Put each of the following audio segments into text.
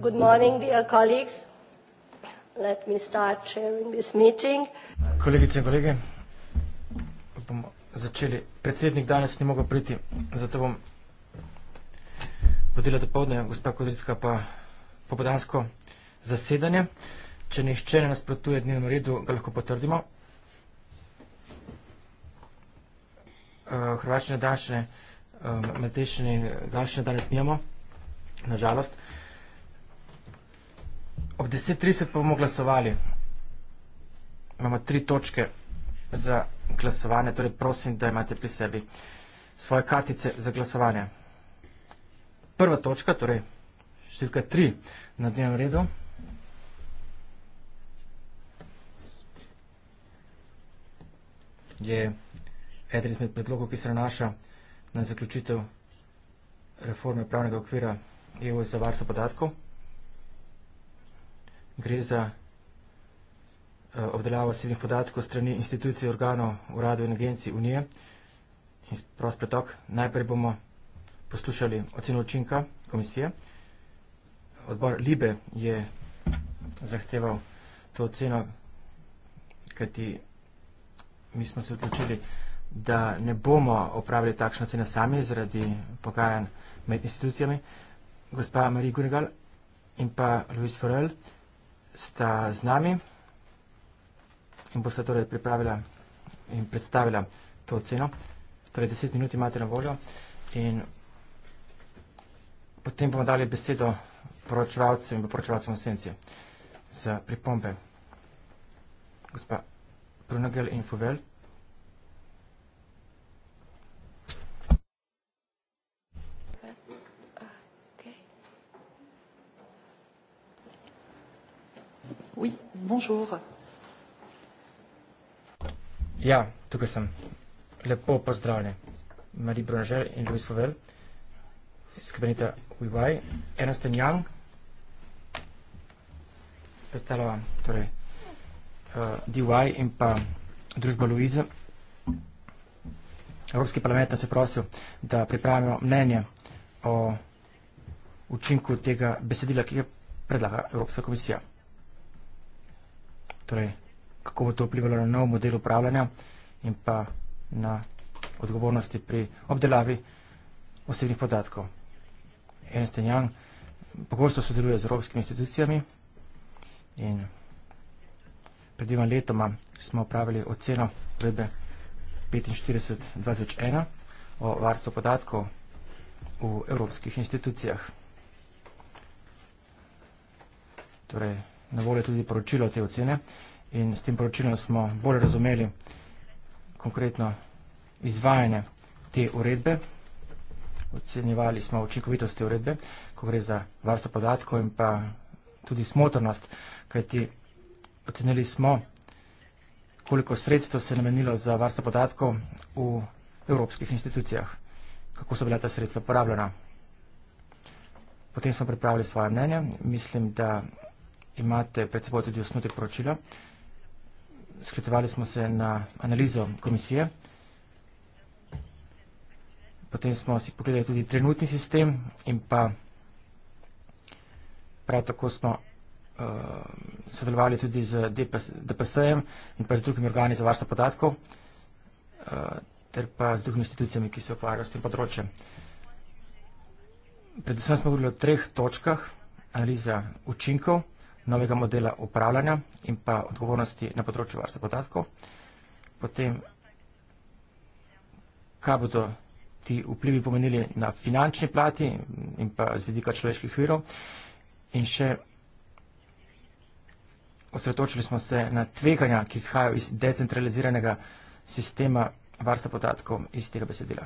Good morning, dear colleagues. Let me start chairing this meeting. Kolegice in kolege, bomo začeli. Predsednik danes ni mogel priti, zato bom vodila dopoldne, gospa Kozlovska pa popoldansko zasedanje. Če nihče ne nasprotuje dnevnemu redu, ga lahko potrdimo. Eh, hrvaščine, danščine, eh, matejščine in galščine danes nimamo, na žalost. Ob 10.30 pa bomo glasovali. Imamo tri točke za glasovanje, torej prosim, da imate pri sebi svoje kartice za glasovanje. Prva točka, torej številka tri na dnevnem redu. je eden izmed predlogov, ki se nanaša na zaključitev reforme pravnega okvira EU za varstvo podatkov gre za eh, obdelavo osebnih podatkov strani institucij, organov, uradov in agencij Unije. In prost pretok, najprej bomo poslušali oceno učinka komisije. Odbor Libe je zahteval to oceno, kajti mi smo se odločili, da ne bomo opravili takšno oceno sami zaradi pogajanj med institucijami. Gospa Marie Gunegal in pa Louis Forel, sta z nami in bosta torej pripravila in predstavila to oceno. Torej, deset minut imate na voljo in potem bomo dali besedo poročevalcem in poročevalcem osencije za pripombe. Gospa Brunagel in Fuvel. Bonjour. Ja, tukaj sem. Lepo pozdravljen. Marie Brunžel in Louis Fauvel iz kabineta UI. Ernest Young. Predstavlja vam torej, uh, eh, DUI in pa družba Louise. Evropski parlament nas je prosil, da pripravimo mnenje o učinku tega besedila, ki ga predlaga Evropska komisija torej kako bo to vplivalo na nov model upravljanja in pa na odgovornosti pri obdelavi osebnih podatkov. Ernst Young pogosto sodeluje z evropskimi institucijami in pred dvima letoma smo upravili oceno uredbe 45.2001 o varstvu podatkov v evropskih institucijah. Torej, na voljo tudi poročilo te ocene in s tem poročilom smo bolj razumeli konkretno izvajanje te uredbe. Ocenjevali smo učinkovitost te uredbe, ko gre za varstvo podatkov in pa tudi smotrnost, kajti ocenili smo, koliko sredstev se je namenilo za varstvo podatkov v evropskih institucijah, kako so bila ta sredstva porabljena. Potem smo pripravili svoje mnenje. Mislim, da imate pred seboj tudi osnutek poročila. Sklicevali smo se na analizo komisije. Potem smo si pogledali tudi trenutni sistem in pa prav tako smo uh, sodelovali tudi z DPS, DPS-em in pa z drugimi organi za varstvo podatkov uh, ter pa z drugimi institucijami, ki se ukvarjajo s tem področjem. Predvsem smo govorili o treh točkah analiza učinkov novega modela upravljanja in pa odgovornosti na področju varstva podatkov, potem kaj bodo ti vplivi pomenili na finančni plati in pa z vidika človeških virov in še osredotočili smo se na tveganja, ki izhajajo iz decentraliziranega sistema varstva podatkov iz tega besedila.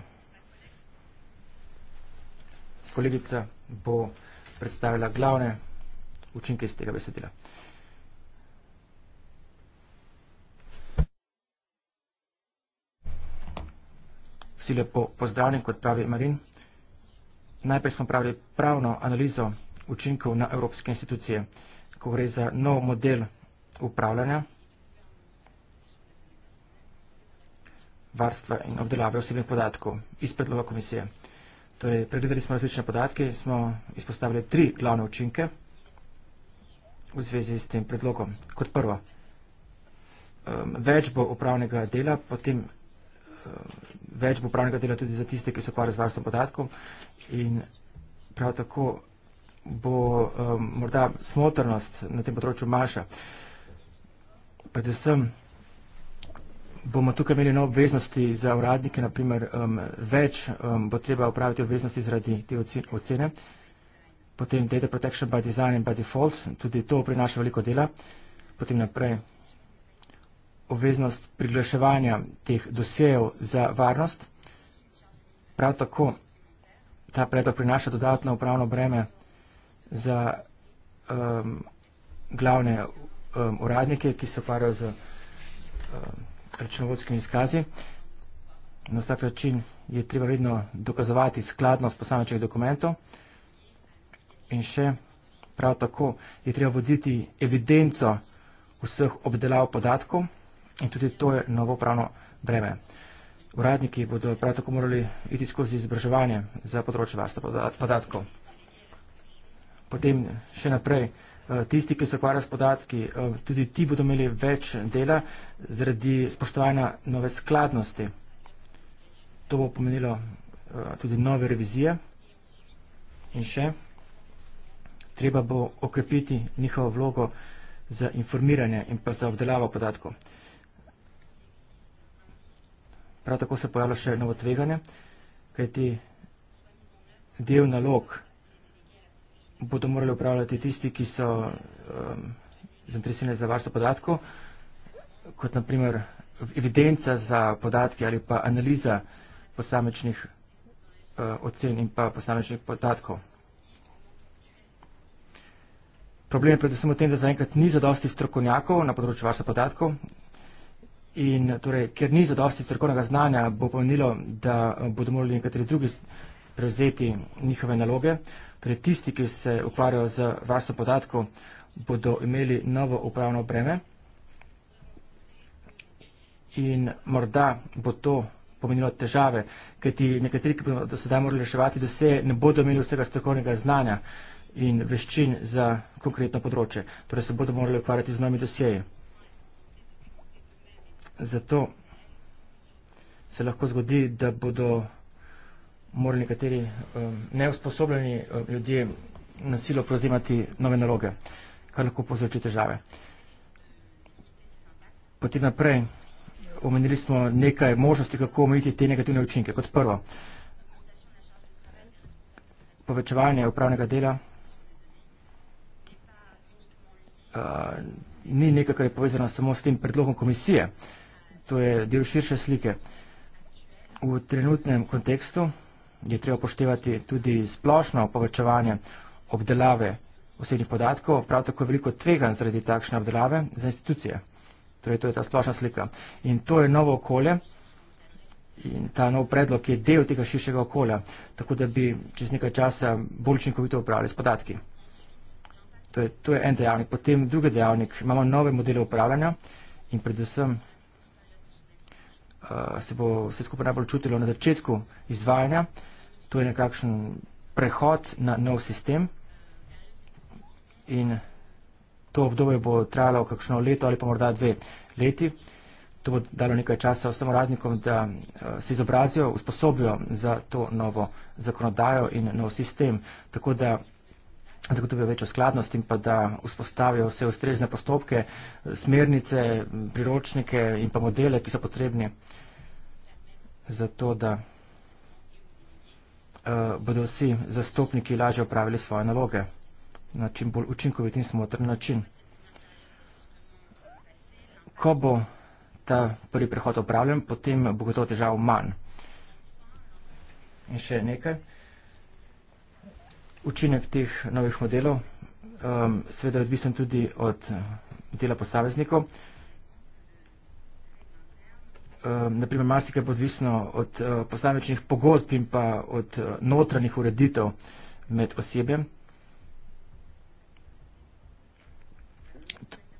Kolegica bo predstavila glavne vprašanje, učinke iz tega besedila. Vsi lepo pozdravljeni, kot pravi Marin. Najprej smo pravili pravno analizo učinkov na evropske institucije, ko gre za nov model upravljanja, varstva in obdelave osebnih podatkov iz predloga komisije. Torej, pregledali smo različne podatke in smo izpostavili tri glavne učinke v zvezi s tem predlogom. Kot prvo, več bo upravnega dela, potem več bo upravnega dela tudi za tiste, ki se ukvarjajo z varstvom podatkov in prav tako bo morda smotrnost na tem področju manjša. Predvsem bomo tukaj imeli nove obveznosti za uradnike, naprimer več bo treba upraviti obveznosti zaradi te ocene, potem data protection by design in by default, tudi to prinaša veliko dela, potem naprej obveznost priglaševanja teh dosejev za varnost, prav tako ta predlog prinaša dodatno upravno breme za um, glavne um, uradnike, ki se oparajo z um, računovodskimi izkazi. Na vsak račin je treba vedno dokazovati skladnost posamečnih dokumentov, In še prav tako je treba voditi evidenco vseh obdelav podatkov in tudi to je novo pravno breme. Uradniki bodo prav tako morali iti skozi izobraževanje za področje varstva podatkov. Potem še naprej, eh, tisti, ki se ukvarjajo s podatki, eh, tudi ti bodo imeli več dela zaradi spoštovanja nove skladnosti. To bo pomenilo eh, tudi nove revizije. In še, treba bo okrepiti njihovo vlogo za informiranje in pa za obdelavo podatkov. Prav tako se pojavlja še novo tveganje, kajti del nalog bodo morali upravljati tisti, ki so um, zainteresirani za varstvo podatkov, kot naprimer evidenca za podatke ali pa analiza posamečnih uh, ocen in pa posamečnih podatkov. Problem je predvsem v tem, da zaenkrat ni zadosti strokovnjakov na področju varstva podatkov. In torej, ker ni zadosti strokovnega znanja, bo pomenilo, da eh, bodo morali nekateri drugi prevzeti njihove naloge. Torej, tisti, ki se ukvarjajo z varstvom podatkov, bodo imeli novo upravno breme. In morda bo to pomenilo težave, ker ti nekateri, ki bodo do sedaj morali reševati dose, ne bodo imeli vsega strokovnega znanja. Uh, in veščin za konkretno področje. Torej se bodo morali ukvarjati z novimi dosjeji. Zato se lahko zgodi, da bodo morali nekateri um, neusposobljeni um, ljudje na silo prevzemati nove naloge, kar lahko povzroči težave. Potem naprej omenili smo nekaj možnosti, kako omejiti te negativne učinke. Kot prvo, povečevanje upravnega dela ni nekaj, kar je povezano samo s tem predlogom komisije. To je del širše slike. V trenutnem kontekstu je treba poštevati tudi splošno povečevanje obdelave osebnih podatkov, prav tako veliko tvegan zaradi takšne obdelave za institucije. Torej, to je ta splošna slika. In to je novo okolje in ta nov predlog je del tega širšega okolja, tako da bi čez nekaj časa bolj učinkovito upravljali s podatki. To je, to je en dejavnik. Potem drugi dejavnik, imamo nove modele upravljanja in predvsem uh, se bo vse skupaj najbolj čutilo na začetku izvajanja. To je nekakšen prehod na nov sistem in to obdobje bo trajalo kakšno leto ali pa morda dve leti. To bo dalo nekaj časa vsem uradnikom, da uh, se izobrazijo, usposobijo za to novo zakonodajo in nov sistem. Tako da zagotovijo večjo skladnost in pa da vzpostavijo vse ustrezne postopke, smernice, priročnike in pa modele, ki so potrebni za to, da uh, bodo vsi zastopniki lažje opravili svoje naloge na čim bolj učinkovit in smotren način. Ko bo ta prvi prehod opravljen, potem bo gotovo težav manj. In še nekaj učinek teh novih modelov, um, seveda odvisen tudi od eh, dela posameznikov. Um, naprimer, marsikaj bo odvisno od uh, posamečnih pogodb in pa od uh, notranjih ureditev med osebjem.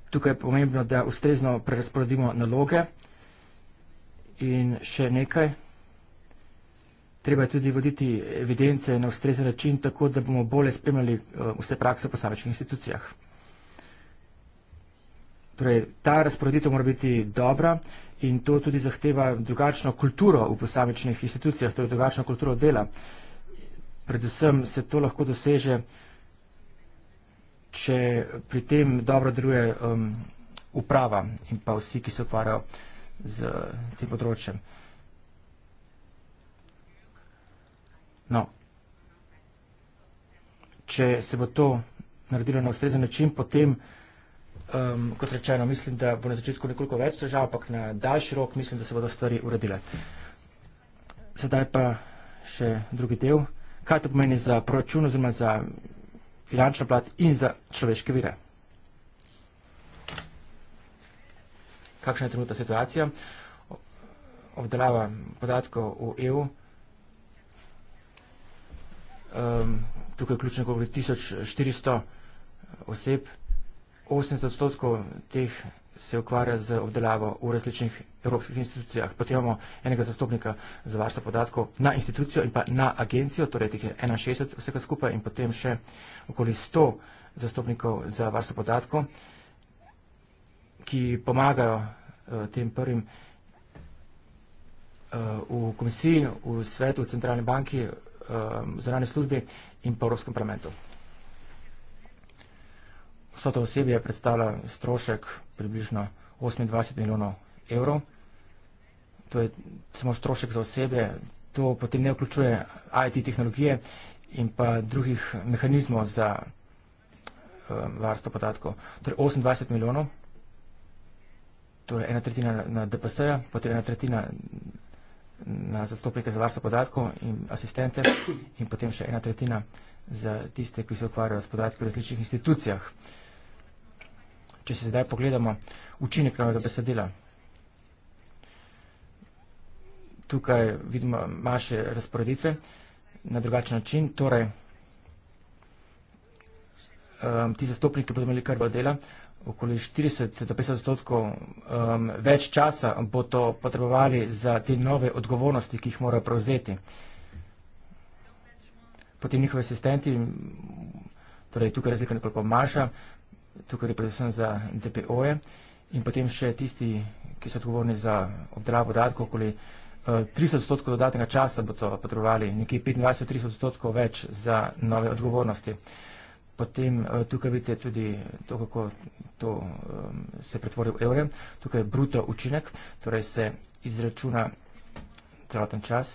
Tukaj je pomembno, da ustrezno prerasporedimo naloge. In še nekaj treba tudi voditi evidence na ustrezen način, tako da bomo bolje spremljali eh, vse prakse v posamečnih institucijah. Torej, ta razporeditev mora biti dobra in to tudi zahteva drugačno kulturo v posamečnih institucijah, torej drugačno kulturo dela. Predvsem se to lahko doseže, če pri tem dobro deluje um, uprava in pa vsi, ki se ukvarjajo z tem področjem. No, če se bo to naredilo na ustrezen način, potem, um, kot rečeno, mislim, da bo na začetku nekoliko več težav, ampak na daljši rok mislim, da se bodo stvari uredile. Sedaj pa še drugi del. Kaj to pomeni za proračun oziroma za finančno plat in za človeške vire? Kakšna je trenutna situacija? Obdelava podatkov v EU um, tukaj ključno govori 1400 oseb, 80 odstotkov teh se ukvarja z obdelavo v različnih evropskih institucijah. Potem imamo enega zastopnika za varstvo podatkov na institucijo in pa na agencijo, torej teh je 61 vsega skupaj in potem še okoli 100 zastopnikov za varstvo podatkov, ki pomagajo uh, tem prvim uh, v komisiji, v svetu, v centralni banki, Um, zunanje službi in pa v Evropskem parlamentu. Vso to osebje predstavlja strošek približno 28 milijonov evrov. To je samo strošek za osebje, to potem ne vključuje IT tehnologije in pa drugih mehanizmov za um, varstvo podatkov. Torej 28 milijonov, torej ena tretjina na DPS-ja, potem ena tretjina na na zastopnike za varstvo podatkov in asistente in potem še ena tretjina za tiste, ki se ukvarjajo s podatki v različnih institucijah. Če se zdaj pogledamo učinek novega besedila. Tukaj vidimo manjše razporeditve na drugačen način, torej um, ti zastopniki bodo imeli kar dva dela, okoli 40 do 50 odstotkov um, več časa bo to potrebovali za te nove odgovornosti, ki jih morajo prevzeti. Potem njihovi asistenti, torej tukaj je razlika nekoliko manjša, tukaj je predvsem za DPO-je in potem še tisti, ki so odgovorni za obdelavo podatkov, okoli uh, 30 odstotkov dodatnega časa bo to potrebovali, nekje 25-30 odstotkov več za nove odgovornosti. Uh, Potem eh, tukaj vidite tudi to, kako to um, se pretvori v evre. Tukaj je bruto učinek, torej se izračuna celoten čas.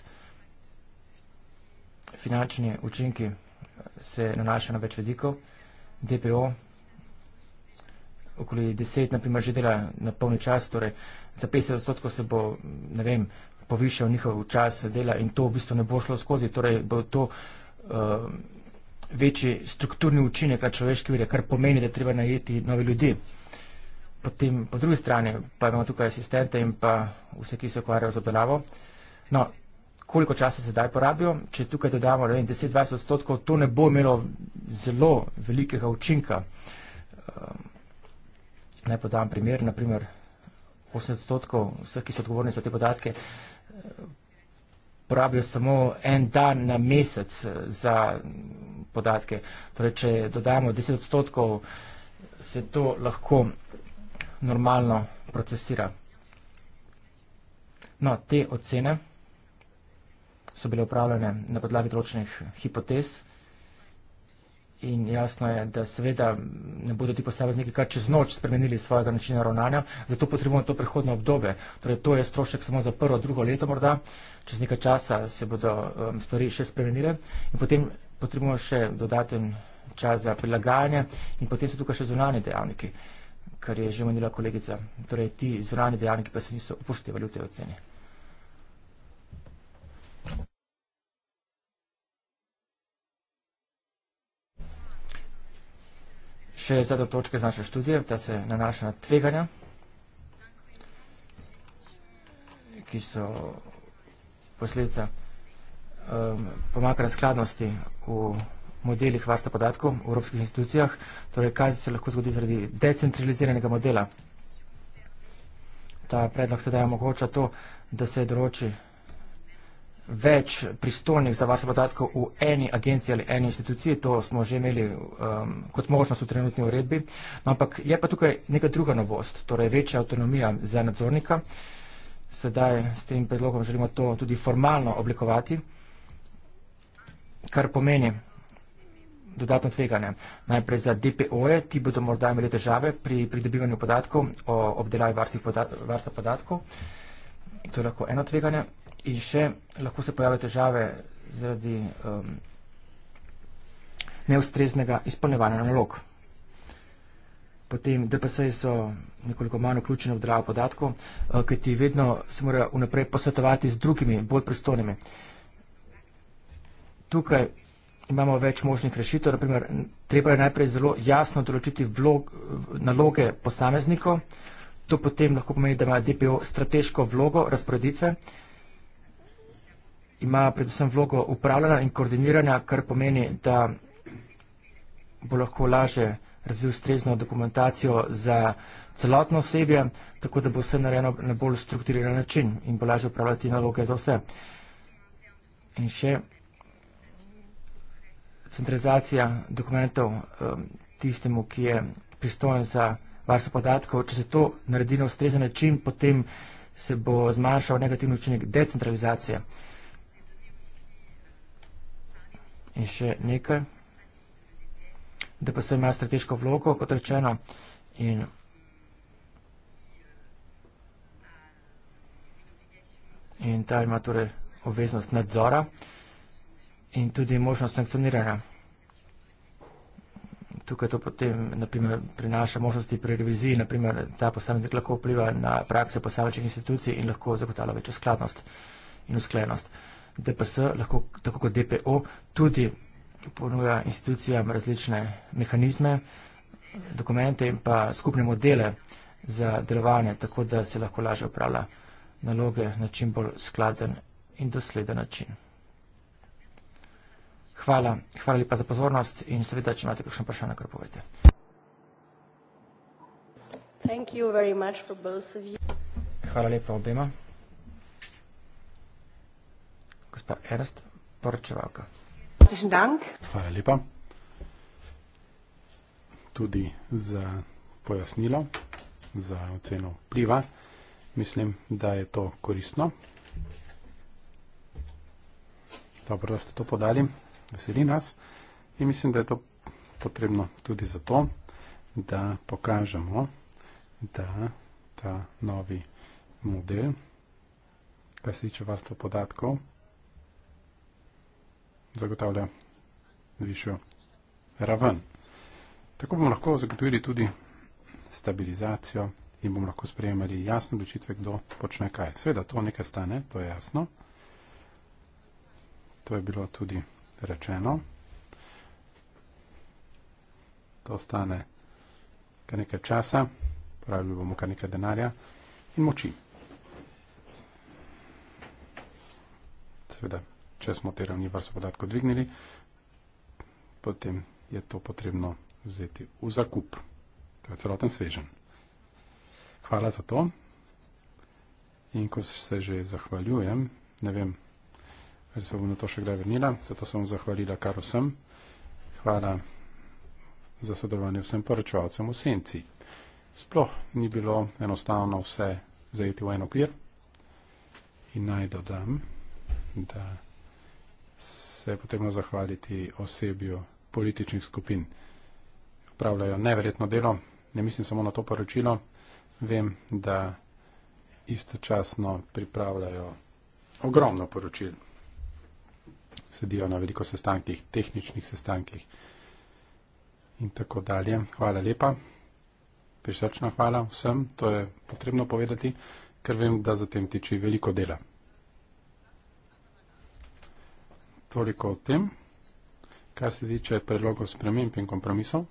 Finančni učinki eh, se nanašajo na več vedikov. DPO, okoli 10, naprimer, že dela na polni čas, torej za 50 odstotkov se bo, ne vem, povišal njihov čas dela in to v bistvu ne bo šlo skozi, torej bo to. Um, večji strukturni učinek na človeški vire, kar pomeni, da treba najeti nove ljudi. Potem po drugi strani pa imamo tukaj asistente in pa vse, ki se ukvarjajo z obdelavo. No, koliko časa se daj porabijo, če tukaj dodamo 10-20 odstotkov, to ne bo imelo zelo velikega učinka. Ehm, naj podam primer, naprimer 8 odstotkov vseh, ki so odgovorni za te podatke, eh, porabijo samo en dan na mesec eh, za podatke. Torej, če dodajamo 10 odstotkov, se to lahko normalno procesira. No, te ocene so bile upravljene na podlagi določenih hipotez in jasno je, da seveda ne bodo ti posamezniki kar čez noč spremenili svojega načina ravnanja, zato potrebujemo to prehodno obdobje. Torej, to je strošek samo za prvo, drugo leto morda, čez nekaj časa se bodo um, stvari še spremenile in potem potrebujemo še dodaten čas za prilagajanje in potem so tukaj še zunani dejavniki, kar je že omenila kolegica. Torej, ti zunani dejavniki pa se niso upoštevali v tej oceni. Še zadnja točka iz naše študije, ta se nanaša na tveganja, ki so posledica tveganja. Um, pomakanje skladnosti v modelih varstva podatkov v evropskih institucijah, torej kaj se lahko zgodi zaradi decentraliziranega modela. Ta predlog sedaj omogoča to, da se določi več pristolnih za varstvo podatkov v eni agenciji ali eni instituciji, to smo že imeli um, kot možnost v trenutni uredbi, no, ampak je pa tukaj neka druga novost, torej večja avtonomija za nadzornika. Sedaj s tem predlogom želimo to tudi formalno oblikovati kar pomeni dodatno tveganje. Najprej za DPO-je, ti bodo morda imeli države pri pridobivanju podatkov o obdelavi varstva podatkov. To je lahko eno tveganje. In še lahko se pojavijo težave zaradi um, neustreznega izpolnevanja nalog. Potem DPS-ji so nekoliko manj vključeni v obdelavo podatkov, uh, kajti vedno se morajo vnaprej posvetovati z drugimi, bolj pristojnimi. Uh, tukaj imamo več možnih rešitev. Naprimer, treba je najprej zelo jasno določiti vlog, naloge posameznikov. To potem lahko pomeni, da ima DPO strateško vlogo razporeditve. Ima predvsem vlogo upravljanja in koordiniranja, kar pomeni, da bo lahko laže razvil strezno dokumentacijo za celotno osebje, tako da bo vse narejeno na bolj strukturiran način in bo lažje upravljati naloge za vse. In še centralizacija dokumentov um, tistemu, ki je pristojen za varstvo podatkov. Če se to naredi na ustrezen način, potem se bo zmanjšal negativni učinek decentralizacije. In še nekaj, da pa se ima strateško vlogo, kot rečeno. In In ta ima torej obveznost nadzora in tudi možnost sankcioniranja. Tukaj to potem naprimer, prinaša možnosti pri reviziji, naprimer ta posameznik lahko vpliva na prakse posamečnih institucij in lahko zagotavlja večjo skladnost in usklenost. DPS lahko, tako kot DPO, tudi ponuja institucijam različne mehanizme, dokumente in pa skupne modele za delovanje, tako da se lahko lažje upravlja naloge na čim bolj skladen in dosleden način. Hvala. Hvala lepa za pozornost in seveda, če imate kakšno vprašanje, kar povejte. Hvala lepa obema. Gospa Ernst, poročevalka. Hvala lepa tudi za pojasnilo, za oceno vpliva. Mislim, da je to koristno. Dobro, da ste to podali veseli nas in mislim, da je to potrebno tudi zato, da pokažemo, da ta novi model, kaj se tiče varstva podatkov, zagotavlja višjo raven. Tako bomo lahko zagotovili tudi stabilizacijo in bomo lahko sprejemali jasno odločitve, kdo počne kaj. Seveda to nekaj stane, to je jasno. To je bilo tudi rečeno. To stane kar nekaj časa, porabili bomo kar nekaj denarja in moči. Seveda, če smo te ravni varstva podatkov dvignili, potem je to potrebno vzeti v zakup. To je celoten svežen. Hvala za to. In ko se že zahvaljujem, ne vem, ker se bom na to še kdaj vrnila, zato sem zahvalila kar vsem. Hvala za sodelovanje vsem poročevalcem v senci. Sploh ni bilo enostavno vse zajeti v en okvir in naj dodam, da se je potrebno zahvaliti osebju političnih skupin. Upravljajo neverjetno delo, ne mislim samo na to poročilo, vem, da istočasno pripravljajo ogromno poročilo sedijo na veliko sestankih, tehničnih sestankih in tako dalje. Hvala lepa. Prisrčna hvala vsem, to je potrebno povedati, ker vem, da zatem tiči veliko dela. Toliko o tem, kar se tiče predlogov sprememb in kompromisov.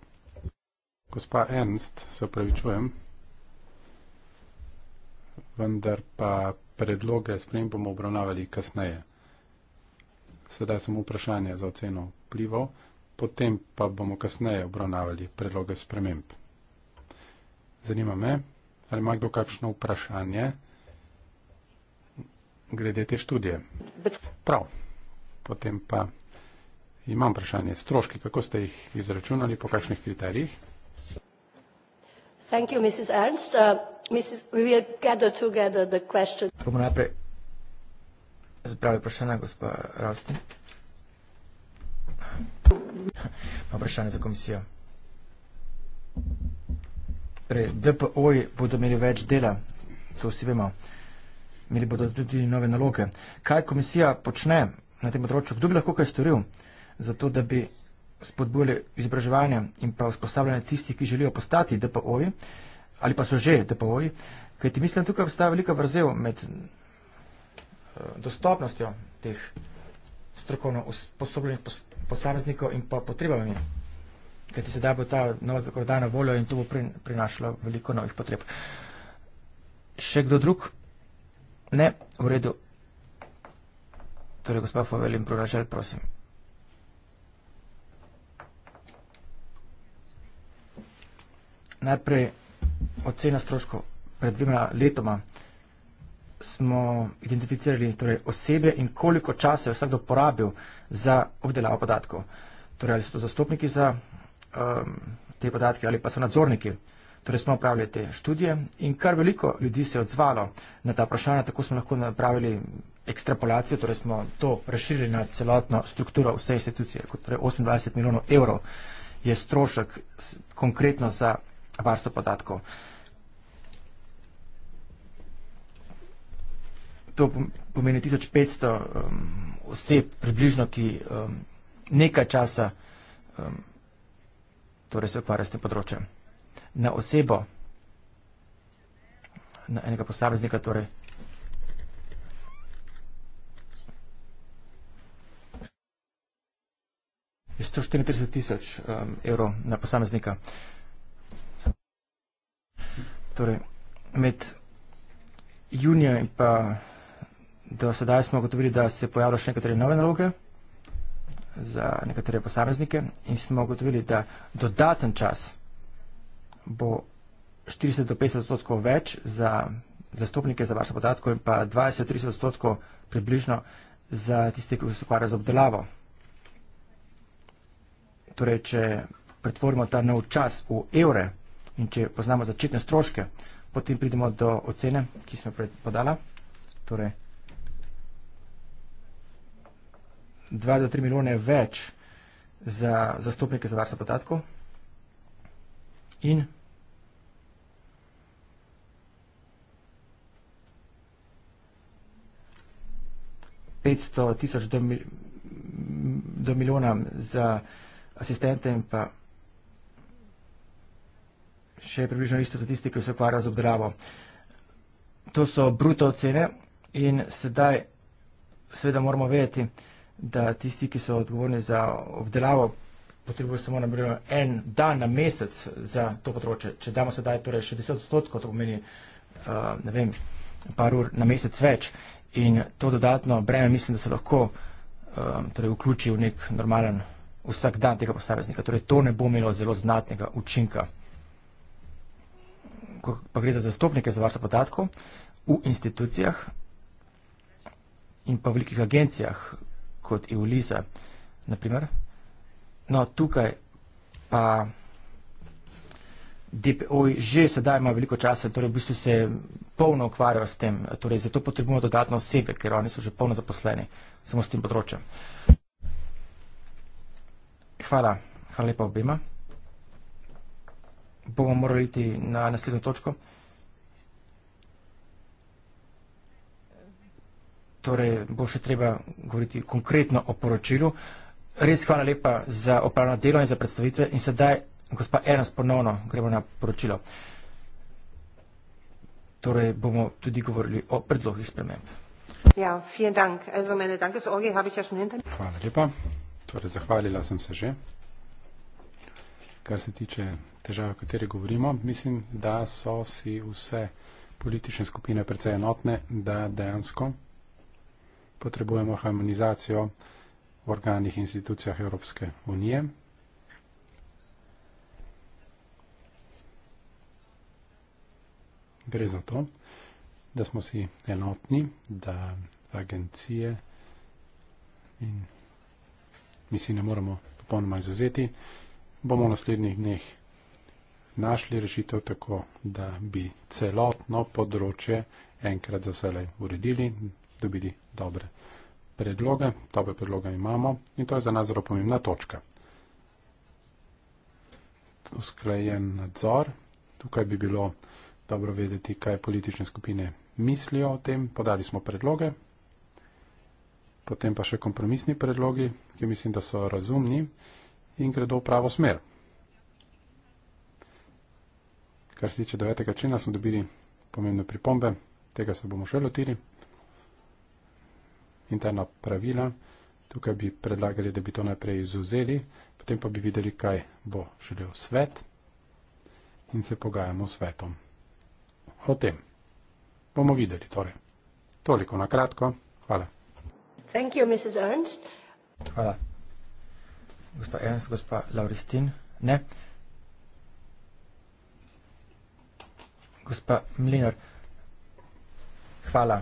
Gospa Ernst, se opravičujem, vendar pa predloge sprememb bomo obravnavali kasneje sedaj samo vprašanje za oceno vplivov, potem pa bomo kasneje obravnavali predloge sprememb. Zanima me, ali ima kdo kakšno vprašanje glede te študije. Prav, potem pa imam vprašanje. Stroški, kako ste jih izračunali, po kakšnih kriterijih? Hvala, gospod Ernst. Uh, Mrs. We will gather together the question. Zdravo, vprašanje, gospod Ravsti. Vprašanje za komisijo. Pre torej, DPO-ji bodo imeli več dela, to vsi vemo. Imeli bodo tudi nove naloge. Kaj komisija počne na tem področju? Kdo bi lahko kaj storil za to, da bi spodbujali izobraževanje in pa usposabljanje tistih, ki želijo postati DPO-ji ali pa so že DPO-ji? Kajti mislim, tukaj obstaja velika vrzel med Eh, dostopnostjo teh strokovno usposobljenih posameznikov in pa potrebami. Ker ti sedaj bo ta nova zakonodajna voljo in to bo prinašalo veliko novih potreb. Še kdo drug? Ne, v redu. Torej, gospod Favel in Proražel, prosim. Najprej ocena stroškov pred dvima letoma smo identificirali torej, osebe in koliko časa je vsakdo porabil za obdelavo podatkov. Torej, ali so to zastopniki za um, te podatke ali pa so nadzorniki. Torej smo upravljali te študije in kar veliko ljudi se je odzvalo na ta vprašanja, tako smo lahko napravili ekstrapolacijo, torej smo to razširili na celotno strukturo vse institucije, kot torej 28 milijonov evrov je strošek konkretno za varstvo podatkov. Uh, to pomeni 1500 um, oseb, približno, ki um, nekaj časa um, torej se ukvarja s tem področjem. Na osebo, na enega posameznika, torej. Je 134 tisoč um, evrov na posameznika. Torej, med junijo in pa Do sedaj smo ugotovili, da se pojavljajo še nekatere nove naloge za nekatere posameznike in smo ugotovili, da dodaten čas bo 40 do 50 odstotkov več za zastopnike za vaše podatko in pa 20-30 odstotkov približno za tiste, ki se ukvarjajo z obdelavo. Torej, če pretvorimo ta nov čas v evre in če poznamo začetne stroške, potem pridemo do ocene, ki smo jo podala. Torej, 2 do 3 milijone več za zastopnike za varstvo podatkov in petsto tisoč do milijona za asistente in pa še približno isto za tisti, ki se ukvarja z obdravo. To so bruto ocene in sedaj seveda moramo vedeti, da da tisti, ki so odgovorni za obdelavo, potrebujejo samo na primer en dan na mesec za to področje. Če damo sedaj torej 60 odstotkov, to pomeni, eh, ne vem, par ur na mesec več in to dodatno breme mislim, da se lahko eh, torej, vključi v nek normalen vsak dan tega posameznika. Torej, to ne bo imelo zelo znatnega učinka. Ko pa gre za zastopnike za varstvo podatkov v institucijah in pa v velikih agencijah, kot Euliza. Naprimer, no, tukaj pa DPO že sedaj ima veliko časa, torej v bistvu se polno ukvarjajo s tem, torej zato potrebujemo dodatno osebe, ker oni so že polno zaposleni, samo s tem področjem. Hvala, hvala lepa obima. Bomo morali iti na naslednjo točko. torej bo še treba govoriti konkretno o poročilu. Res hvala lepa za opravljeno delo in za predstavitve in sedaj, gospa Ernst, ponovno gremo na poročilo. Torej bomo tudi govorili o predlogih sprememb. Ja, vielen Dank. Also meine Dankesorge habe ich ja schon hinter. Hvala lepa. Torej zahvalila sem se že. Kar se tiče težave, o kateri govorimo, mislim, da so si vse politične skupine precej enotne, da dejansko potrebujemo harmonizacijo v organih in institucijah Evropske unije. Gre za to, da smo si enotni, da agencije in mi si ne moremo popolnoma izuzeti, bomo v naslednjih dneh našli rešitev tako, da bi celotno področje enkrat za vse uredili, dobili dobre predloge. Dobre predloge imamo in to je za nas zelo pomembna točka. Usklajen nadzor. Tukaj bi bilo dobro vedeti, kaj politične skupine mislijo o tem. Podali smo predloge. Potem pa še kompromisni predlogi, ki mislim, da so razumni in gredo v pravo smer. Kar se tiče 9. člena, smo dobili pomembne pripombe, tega se bomo še lotili interna pravila. Tukaj bi predlagali, da bi to najprej izuzeli, potem pa bi videli, kaj bo želel svet in se pogajamo s svetom. O tem bomo videli torej. Toliko na kratko. Hvala. Thank you, Mrs. Ernst. Hvala. Gospa Ernst, gospa Lauristin. Ne. Gospa Mlinar. Hvala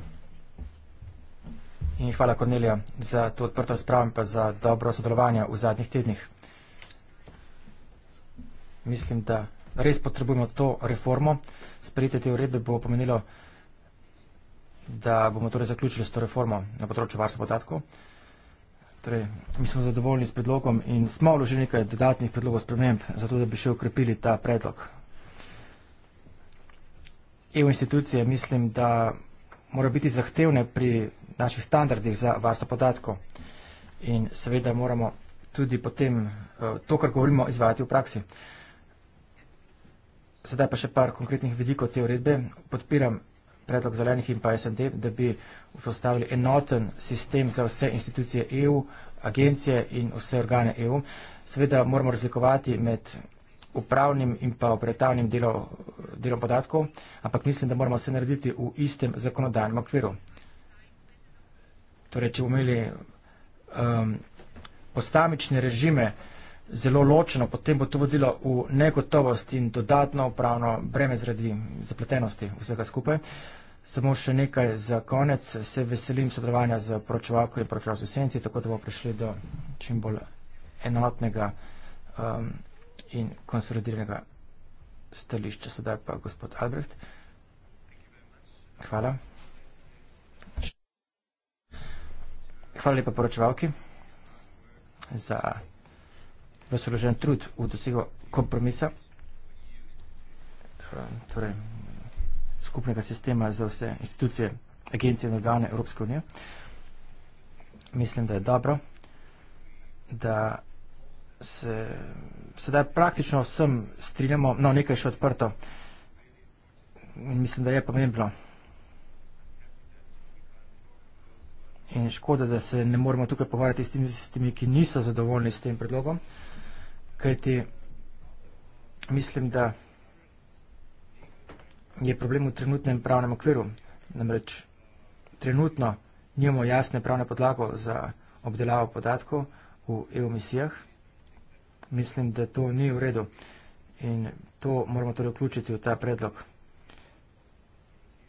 in hvala Kornelija za to odprto spravo in pa za dobro sodelovanje v zadnjih tednih. Mislim, da res potrebujemo to reformo. Sprejetje te uredbe bo pomenilo, da bomo torej zaključili s to reformo na področju varstva podatkov. Torej, mi smo zadovoljni s predlogom in smo vložili nekaj dodatnih predlogov sprememb, zato da bi še ukrepili ta predlog. EU institucije mislim, da morajo biti zahtevne pri naših standardih za varstvo podatkov. In seveda moramo tudi potem eh, to, kar govorimo, izvajati v praksi. Sedaj pa še par konkretnih vidikov te uredbe. Podpiram predlog zelenih in pa SND, da bi vzpostavili enoten sistem za vse institucije EU, agencije in vse organe EU. Seveda moramo razlikovati med upravnim in pa operativnim delom podatkov, ampak mislim, da moramo vse narediti v istem zakonodajnem okviru torej če imeli um, posamične režime zelo ločeno, potem bo to vodilo v negotovost in dodatno upravno breme zredi zapletenosti vsega skupaj. Samo še nekaj za konec. Se veselim sodelovanja z poročevalko in poročevalcem senci, tako da bomo prišli do čim bolj enotnega um, in konsolidiranega stališča. Sedaj pa gospod Albrecht. Hvala. Hvala lepa poročevalki za razložen trud v dosego kompromisa, torej skupnega sistema za vse institucije, agencije in organe Evropske unije. Mislim, da je dobro, da se sedaj praktično vsem strinjamo, no, nekaj še odprto, mislim, da je pomembno, In škoda, da se ne moremo tukaj pogovarjati s tistimi, s tistimi, ki niso zadovoljni s tem predlogom, kajti mislim, da je problem v trenutnem pravnem okviru. Namreč trenutno nimamo jasne pravne podlago za obdelavo podatkov v EU misijah. Mislim, da to ni v redu in to moramo torej vključiti v ta predlog.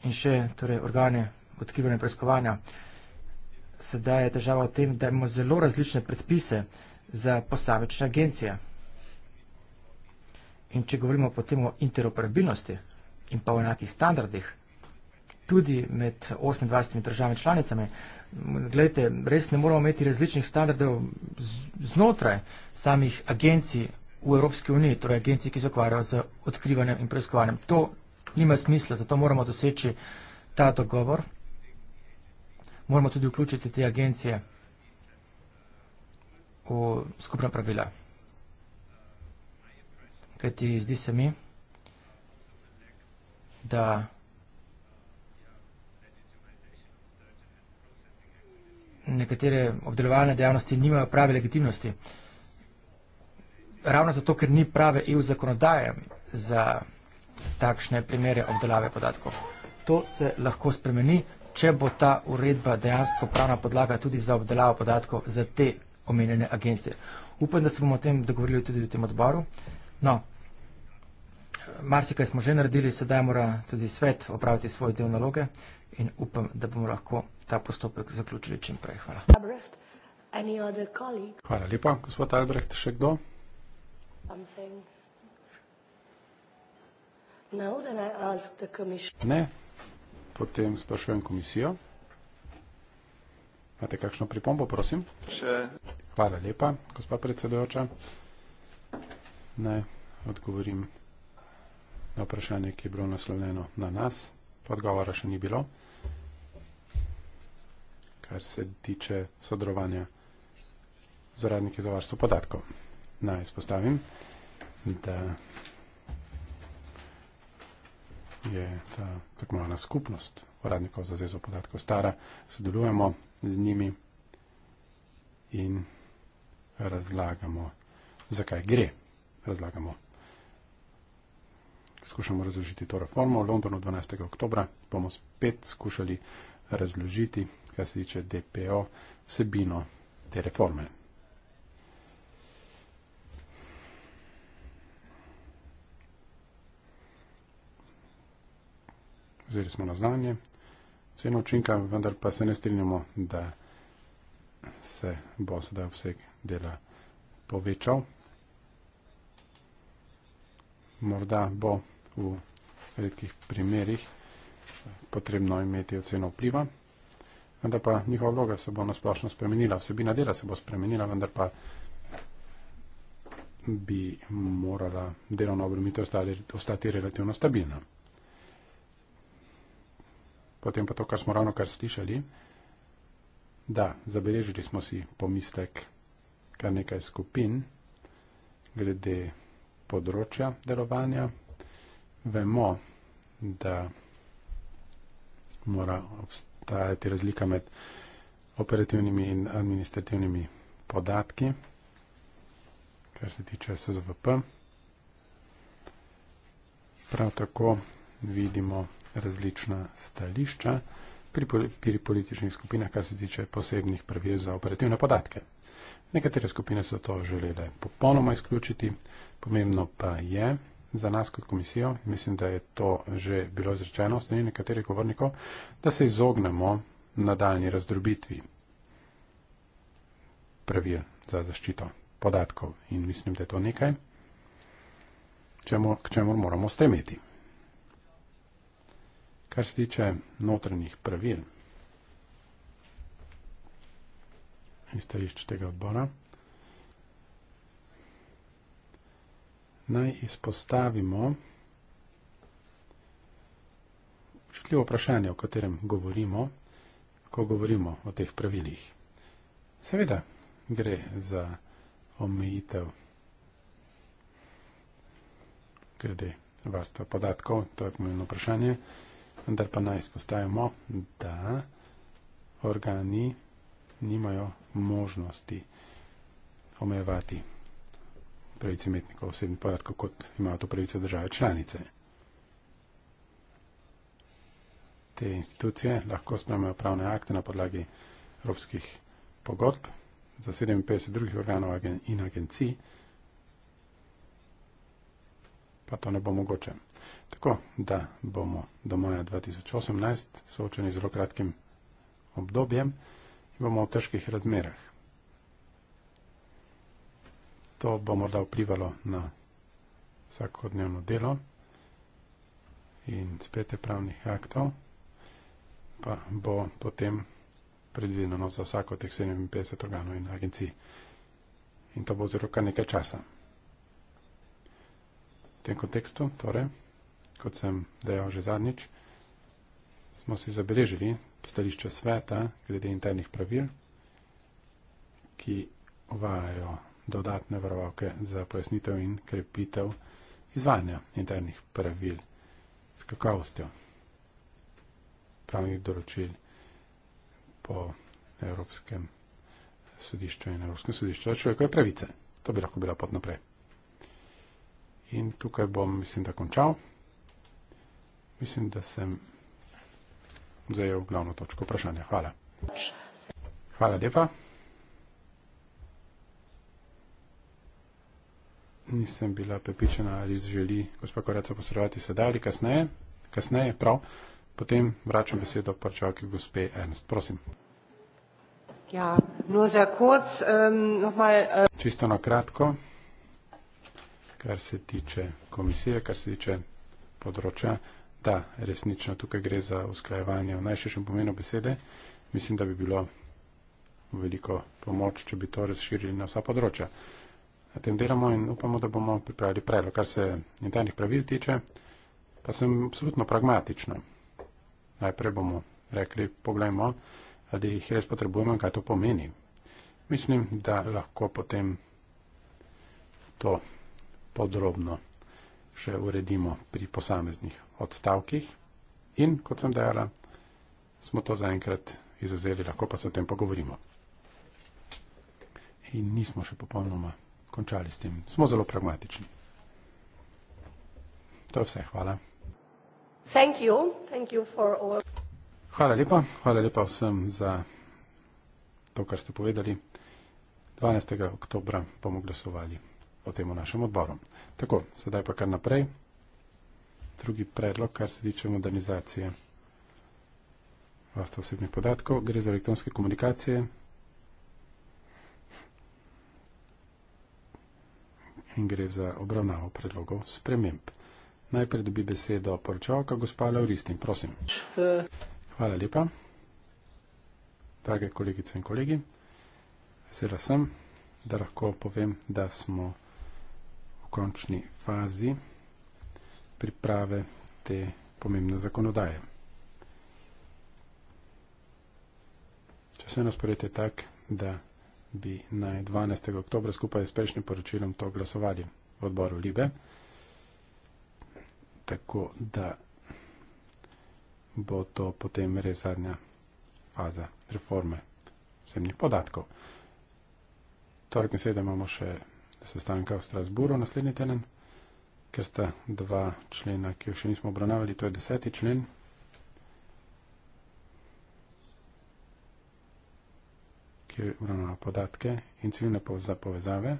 In še torej organe odkrivanja preiskovanja sedaj je težava v tem, da imamo zelo različne predpise za posamečne agencije. In če govorimo potem o interoperabilnosti in pa o enakih standardih, tudi med 28 državami članicami, gledajte, res ne moramo imeti različnih standardov znotraj samih agencij v Evropski uniji, torej agencij, ki se ukvarjajo z odkrivanjem in preiskovanjem. To nima smisla, zato moramo doseči ta dogovor, moramo tudi vključiti te agencije v skupna pravila. Kaj ti zdi se mi, da nekatere obdelovalne dejavnosti nimajo prave legitimnosti. Ravno zato, ker ni prave EU zakonodaje za takšne primere obdelave podatkov. To se lahko spremeni če bo ta uredba dejansko pravna podlaga tudi za obdelavo podatkov za te omenjene agencije. Upam, da se bomo o tem dogovorili tudi v tem odboru. No, marsikaj smo že naredili, sedaj mora tudi svet opraviti svoje del naloge in upam, da bomo lahko ta postopek zaključili čim prej. Hvala. Hvala lepa, gospod Albrecht. Še kdo? No, ne, potem sprašujem komisijo. Imate kakšno pripombo, prosim? Še. Hvala lepa, gospa predsedojoča. Ne, odgovorim na vprašanje, ki je bilo naslovljeno na nas. Odgovora še ni bilo. Kar se tiče sodelovanja z uradniki za varstvo podatkov. Naj izpostavim, da je ta tako imenovana skupnost uradnikov za zvezo podatkov stara, sodelujemo z njimi in razlagamo, zakaj gre. Razlagamo. Skušamo razložiti to reformo. V Londonu 12. oktobra bomo spet skušali razložiti, kar se tiče DPO, vsebino te reforme. vzeli smo na znanje ceno učinka, vendar pa se ne strinjamo, da se bo sedaj obseg dela povečal. Morda bo v redkih primerih potrebno imeti oceno vpliva, vendar pa njihova vloga se bo nasplošno spremenila, vsebina dela se bo spremenila, vendar pa bi morala delovna obremitev ostati relativno stabilna potem pa to, kar smo ravno kar slišali. Da, zabeležili smo si pomislek kar nekaj skupin glede področja delovanja. Vemo, da mora obstajati razlika med operativnimi in administrativnimi podatki, kar se tiče SZVP. Prav tako vidimo različna stališča pri, pri političnih skupinah, kar se tiče posebnih pravil za operativne podatke. Nekatere skupine so to želele popolnoma izključiti, pomembno pa je za nas kot komisijo, mislim, da je to že bilo izrečeno strani nekaterih govornikov, da se izognemo nadaljni razdrobitvi pravil za zaščito podatkov in mislim, da je to nekaj, čemu, k čemu moramo stremeti kar se tiče notranjih pravil in stališč tega odbora. Naj izpostavimo učitljivo vprašanje, o katerem govorimo, ko govorimo o teh pravilih. Seveda gre za omejitev glede varstva podatkov, to je pomembno vprašanje, vendar pa naj izpostavimo, da organi nimajo možnosti omejevati pravic imetnikov osebnih podatkov, kot imajo to pravico države članice. Te institucije lahko sprejmejo pravne akte na podlagi evropskih pogodb za 57 drugih organov in agencij, pa to ne bo mogoče. Tako da bomo do maja 2018 soočeni z zelo kratkim obdobjem in bomo v težkih razmerah. To bo morda vplivalo na vsakodnevno delo in spete pravnih aktov, pa bo potem predvideno za vsako teh 57 organov in agencij. In to bo zelo kar nekaj časa. V tem kontekstu torej kot sem dejal že zadnjič, smo si zabeležili stališče sveta glede internih pravil, ki uvajajo dodatne varovalke za pojasnitev in krepitev izvajanja internih pravil s kakovostjo pravnih določil po Evropskem sodišču in Evropskem sodišču za človekove pravice. To bi lahko bila pot naprej. In tukaj bom, mislim, da končal. Mislim, da sem zajel glavno točko vprašanja. Hvala. Hvala lepa. Nisem bila prepričana, ali želi gospod Koreca posredovati sedaj ali kasneje. Kasneje, prav. Potem vračam besedo poročevalki gospe Ernst. Prosim. Ja, no za kot, um, ähm, nohmal, uh... Äh, Čisto na kratko, kar se tiče komisije, kar se tiče področja. Ja ta resnično. Tukaj gre za usklajevanje v najširšem pomenu besede. Mislim, da bi bilo veliko pomoč, če bi to razširili na vsa področja. Na tem delamo in upamo, da bomo pripravili predlog. Kar se internih pravil tiče, pa sem absolutno pragmatična. Najprej bomo rekli, pogledajmo, ali jih res potrebujemo in kaj to pomeni. Mislim, da lahko potem to podrobno še uredimo pri posameznih odstavkih. In, kot sem dejala, smo to zaenkrat izuzeli, lahko pa se o tem pogovorimo. In nismo še popolnoma končali s tem. Smo zelo pragmatični. To je vse. Hvala. Thank you. Thank you hvala lepa. Hvala lepa vsem za to, kar ste povedali. 12. oktobra bomo glasovali o tem v našem odboru. Tako, sedaj pa kar naprej. Drugi predlog, kar se tiče modernizacije vlastov osebnih podatkov, gre za elektronske komunikacije. In gre za obravnavo predlogov sprememb. Najprej dobi besedo poročavka, gospa Lauristin, prosim. Hvala lepa. Drage kolegice in kolegi, vesela sem, da lahko povem, da smo končni fazi priprave te pomembne zakonodaje. Če se nasporete tak, da bi naj 12. oktober skupaj s prejšnjim poročilom to glasovali v odboru Libe, tako da bo to potem res zadnja faza reforme zemljih podatkov. Torek in sedaj imamo še sestanka v Strasburu naslednji teden, ker sta dva člena, ki jih še nismo obravnavali, to je deseti člen. ki je uravnava podatke in ciljne povezave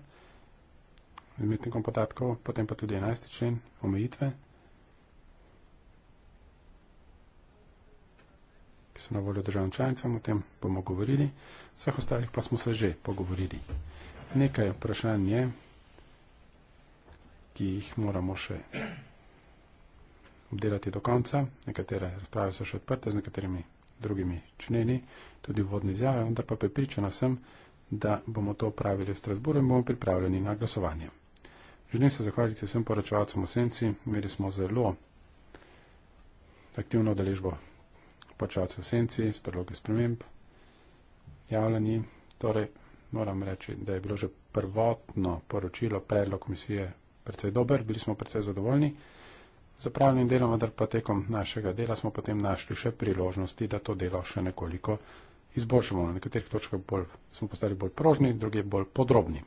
z imetnikom podatkov, potem pa tudi 11. člen omejitve, ki so na voljo državnim članicam, o tem bomo govorili, vseh ostalih pa smo se že pogovorili nekaj vprašanj je, ki jih moramo še obdelati do konca. Nekatere razprave so še odprte z nekaterimi drugimi čneni, tudi vodne izjave, vendar pa pripričana sem, da bomo to opravili v Strasburu in bomo pripravljeni na glasovanje. Želim se zahvaliti vsem poračevalcem v Senci. Imeli smo zelo aktivno deležbo poračevalcev v Senci s predlogi sprememb, javljanji. Torej, moram reči, da je bilo že prvotno poročilo, predlog komisije predvsej dober, bili smo predvsej zadovoljni. Za pravnim delom, vendar pa tekom našega dela smo potem našli še priložnosti, da to delo še nekoliko izboljšamo. Na nekaterih točkah bolj, smo postali bolj prožni, druge bolj podrobni.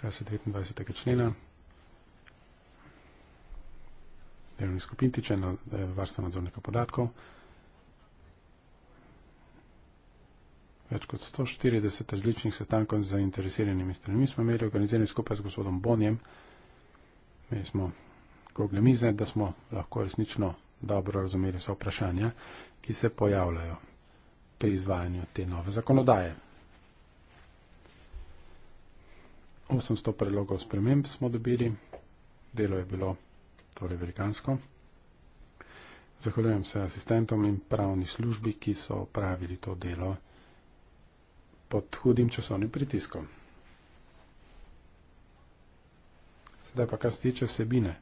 Kaj se 29. člena? Delovni skupin tiče na eh, varstvo nadzornika podatkov. več kot 140 različnih sestankov z zainteresiranimi stranmi smo imeli organizirani skupaj z gospodom Bonjem. Imeli smo krogle mize, da smo lahko resnično dobro razumeli vse vprašanja, ki se pojavljajo pri izvajanju te nove zakonodaje. 800 predlogov sprememb smo dobili, delo je bilo torej velikansko. Zahvaljujem se asistentom in pravni službi, ki so pravili to delo pod hudim časovnim pritiskom. Sedaj pa kar se tiče vsebine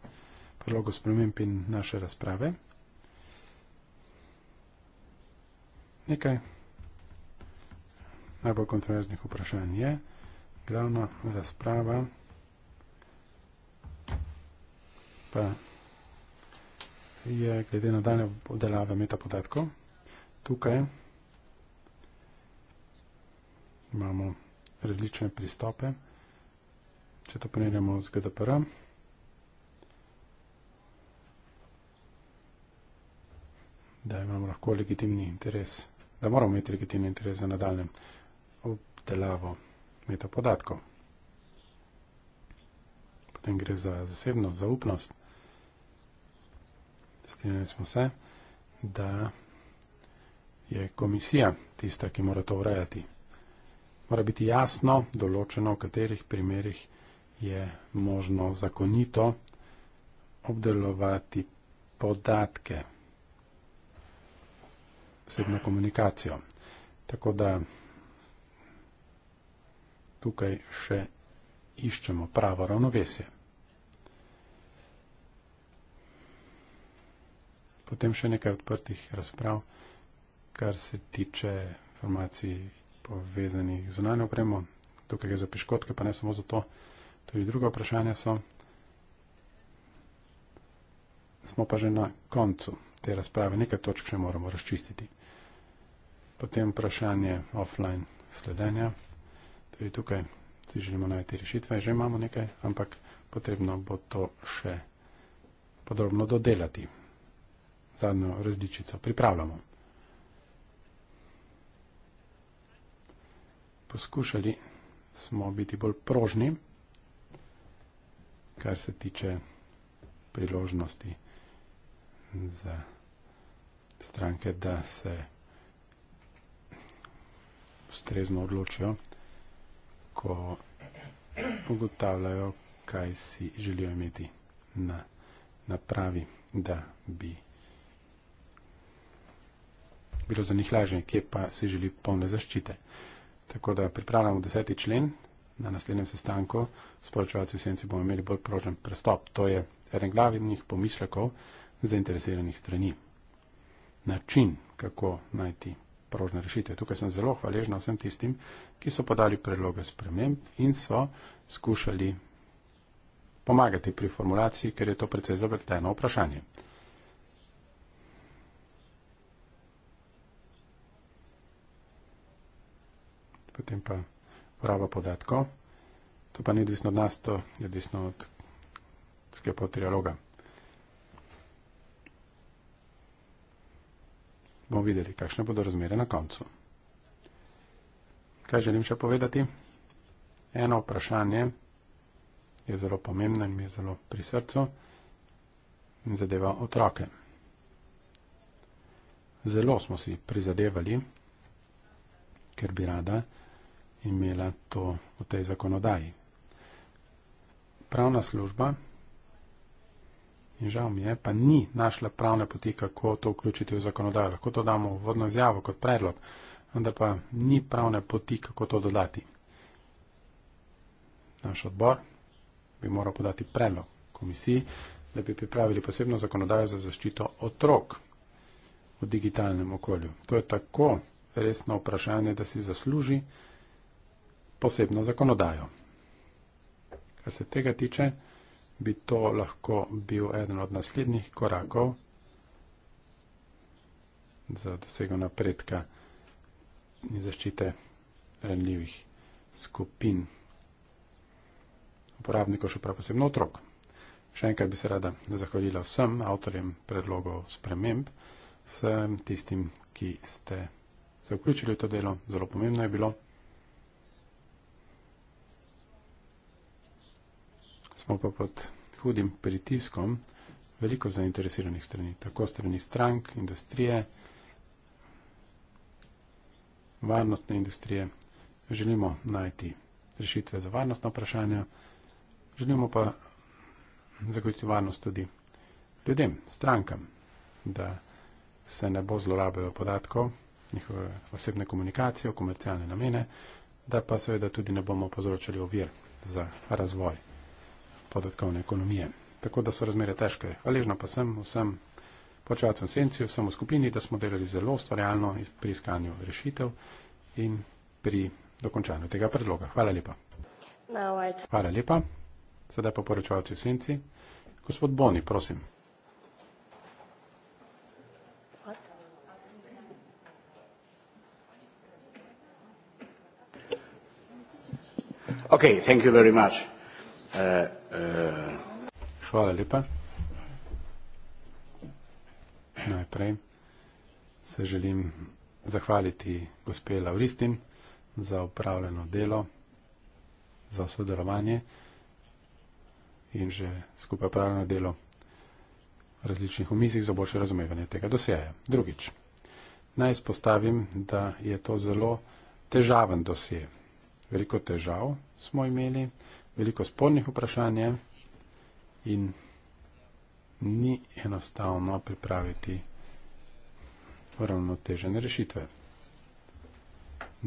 predlogu sprememb in naše razprave. Nekaj najbolj kontroverznih vprašanj je glavna razprava pa je glede na dane obdelave metapodatkov. Tukaj imamo različne pristope. Če to primerjamo z GDPR, da imamo lahko legitimni interes, da moramo imeti legitimni interes za nadaljne obdelavo metapodatkov. Potem gre za zasebno zaupnost. Stinjali smo se, da je komisija tista, ki mora to urejati mora biti jasno določeno, v katerih primerih je možno zakonito obdelovati podatke vsebno komunikacijo. Tako da tukaj še iščemo pravo ravnovesje. Potem še nekaj odprtih razprav, kar se tiče informacij povezanih z zunanjo opremo. Tukaj gre za piškotke, pa ne samo za to. Tudi druga vprašanja so. Smo pa že na koncu te razprave, nekaj točk še moramo razčistiti. Potem vprašanje offline sledenja. Tudi tukaj si želimo najti rešitve, že imamo nekaj, ampak potrebno bo to še podrobno dodelati. Zadnjo različico pripravljamo. poskušali smo biti bolj prožni, kar se tiče priložnosti za stranke, da se ustrezno odločijo, ko ugotavljajo, kaj si želijo imeti na, na pravi, da bi bilo za njih lažje, kje pa si želi polne zaščite. Tako da pripravljamo deseti člen na naslednjem sestanku. Sporočevalci v senci bomo imeli bolj prožen prestop. To je eden glavnih pomišljakov zainteresiranih strani. Način, kako najti prožne rešitve. Tukaj sem zelo hvaležna vsem tistim, ki so podali predloge sprememb in so skušali pomagati pri formulaciji, ker je to precej zapleteno vprašanje. potem pa uporaba podatkov. To pa ni odvisno od nas, to je odvisno od sklepov trialoga. Bomo videli, kakšne bodo razmere na koncu. Kaj želim še povedati? Eno vprašanje je zelo pomembno in mi je zelo pri srcu in zadeva otroke. Zelo smo si prizadevali, ker bi rada imela to v tej zakonodaji. Pravna služba, in žal mi je, pa ni našla pravne poti, kako to vključiti v zakonodajo. Lahko to damo v vodno izjavo kot predlog, vendar pa ni pravne poti, kako to dodati. Naš odbor bi moral podati predlog komisiji, da bi pripravili posebno zakonodajo za zaščito otrok v digitalnem okolju. To je tako resno vprašanje, da si zasluži posebno zakonodajo. Kar se tega tiče, bi to lahko bil eden od naslednjih korakov za dosego napredka in zaščite ranljivih skupin uporabnikov, še prav posebno otrok. Še enkrat bi se rada zahvalila vsem avtorjem predlogov sprememb, vsem tistim, ki ste se vključili v to delo, zelo pomembno je bilo. Smo pa pod hudim pritiskom veliko zainteresiranih strani, tako strani strank, industrije, varnostne industrije. Želimo najti rešitve za varnostno vprašanje, želimo pa zagotoviti varnost tudi ljudem, strankam, da se ne bo zlorabljalo podatkov njihove osebne komunikacije, komercialne namene, da pa seveda tudi ne bomo povzročali ovir za razvoj podatkovne ekonomije. Tako da so razmere težke. Hvaležna pa sem vsem počevalcem senci, vsem v skupini, da smo delali zelo ustvarjalno pri iskanju rešitev in pri dokončanju tega predloga. Hvala lepa. Hvala lepa. Sedaj pa poročevalci v senci. Gospod Boni, prosim. Okay, thank you very much. Uh, uh, Hvala lepa. Najprej se želim zahvaliti gospe Lauristin za upravljeno delo, za sodelovanje in že skupaj upravljeno delo v različnih omizih za boljše razumevanje tega dosjeja. Drugič, naj spostavim, da je to zelo težaven dosje, veliko težav smo imeli, veliko spornih vprašanj in ni enostavno pripraviti uravnotežene rešitve.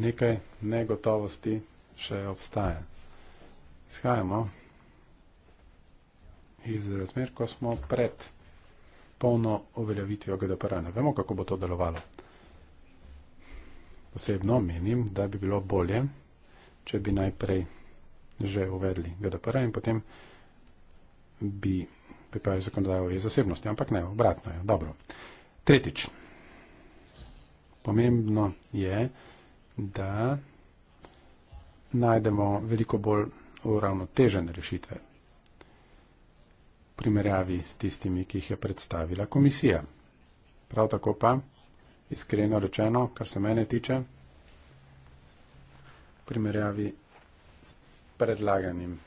Nekaj negotovosti še obstaja. Izhajamo iz razmer, ko smo pred polno uveljavitvijo GDPR. Ne vemo, kako bo to delovalo. Osebno menim, da bi bilo bolje, če bi najprej že uvedli GDPR in potem bi pripravili zakonodajo o zasebnosti. Ampak ne, obratno je. Dobro. Tretjič. Pomembno je, da najdemo veliko bolj uravnotežene rešitve v primerjavi s tistimi, ki jih je predstavila komisija. Prav tako pa, iskreno rečeno, kar se mene tiče, primerjavi s predlaganim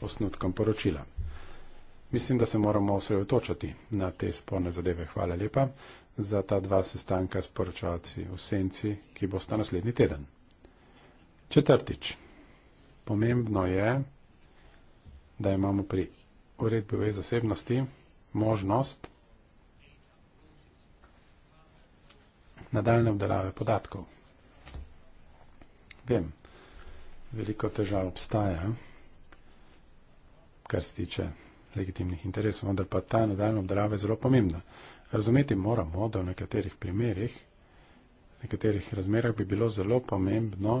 osnutkom poročila. Mislim, da se moramo osredotočati na te sporne zadeve. Hvala lepa za ta dva sestanka s poročavci v senci, ki bosta naslednji teden. Četrtič. Pomembno je, da imamo pri uredbi ve zasebnosti možnost nadaljne obdelave podatkov vem, veliko težav obstaja, kar se tiče legitimnih interesov, vendar pa ta nadaljna obdrava je zelo pomembna. Razumeti moramo, da v nekaterih primerih, v nekaterih razmerah bi bilo zelo pomembno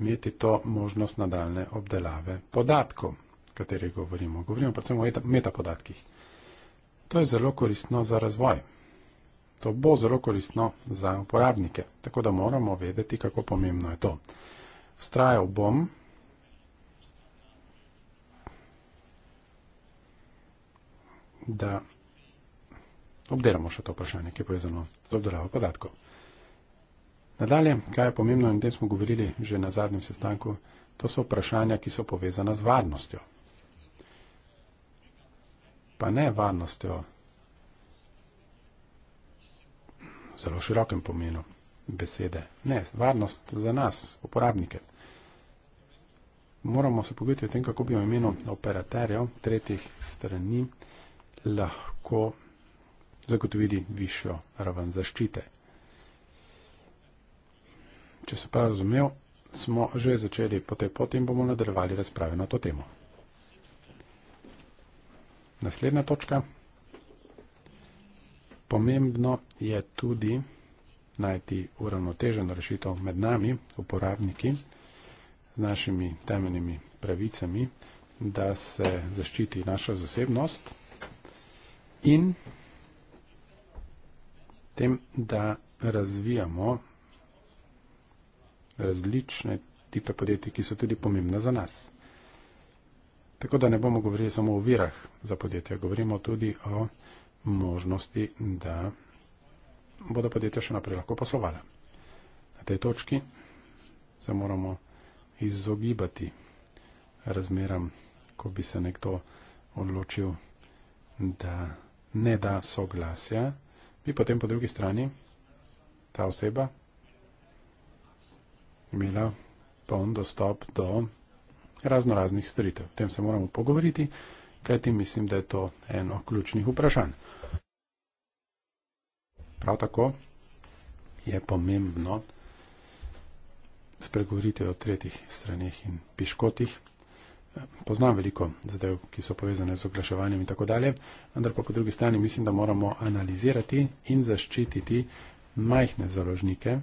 imeti to možnost nadaljne obdelave podatkov, o katerih govorimo. Govorimo predvsem o metapodatkih. To je zelo koristno za razvoj. To bo zelo koristno za uporabnike, tako da moramo vedeti, kako pomembno je to. Vztrajal bom, da obdelamo še to vprašanje, ki je povezano z obdelavo podatkov. Nadalje, kaj je pomembno in o tem smo govorili že na zadnjem sestanku, to so vprašanja, ki so povezana z varnostjo. Pa ne varnostjo zelo širokem pomenu besede. Ne, varnost za nas, uporabnike. Moramo se pogovoriti o tem, kako bi v imenu operaterjev tretjih strani lahko zagotovili višjo raven zaščite. Če se prav razumev, smo že začeli po tej poti in bomo nadaljevali razprave na to temo. Naslednja točka. Pomembno je tudi najti uravnoteženo rešitev med nami, uporabniki, z našimi temeljnimi pravicami, da se zaščiti naša zasebnost in tem, da razvijamo različne tipe podjetij, ki so tudi pomembne za nas. Tako da ne bomo govorili samo o virah za podjetja, govorimo tudi o možnosti, da bodo podjetja še naprej lahko poslovala. Na tej točki se moramo izogibati razmeram, ko bi se nekdo odločil, da ne da soglasja, bi potem po drugi strani ta oseba imela poln dostop do razno raznih storitev. O tem se moramo pogovoriti, kajti mislim, da je to eno ključnih vprašanj. Prav tako je pomembno spregovoriti o tretjih stranih in piškotih. Poznam veliko zadev, ki so povezane z oglaševanjem in tako dalje, vendar pa po drugi strani mislim, da moramo analizirati in zaščititi majhne založnike,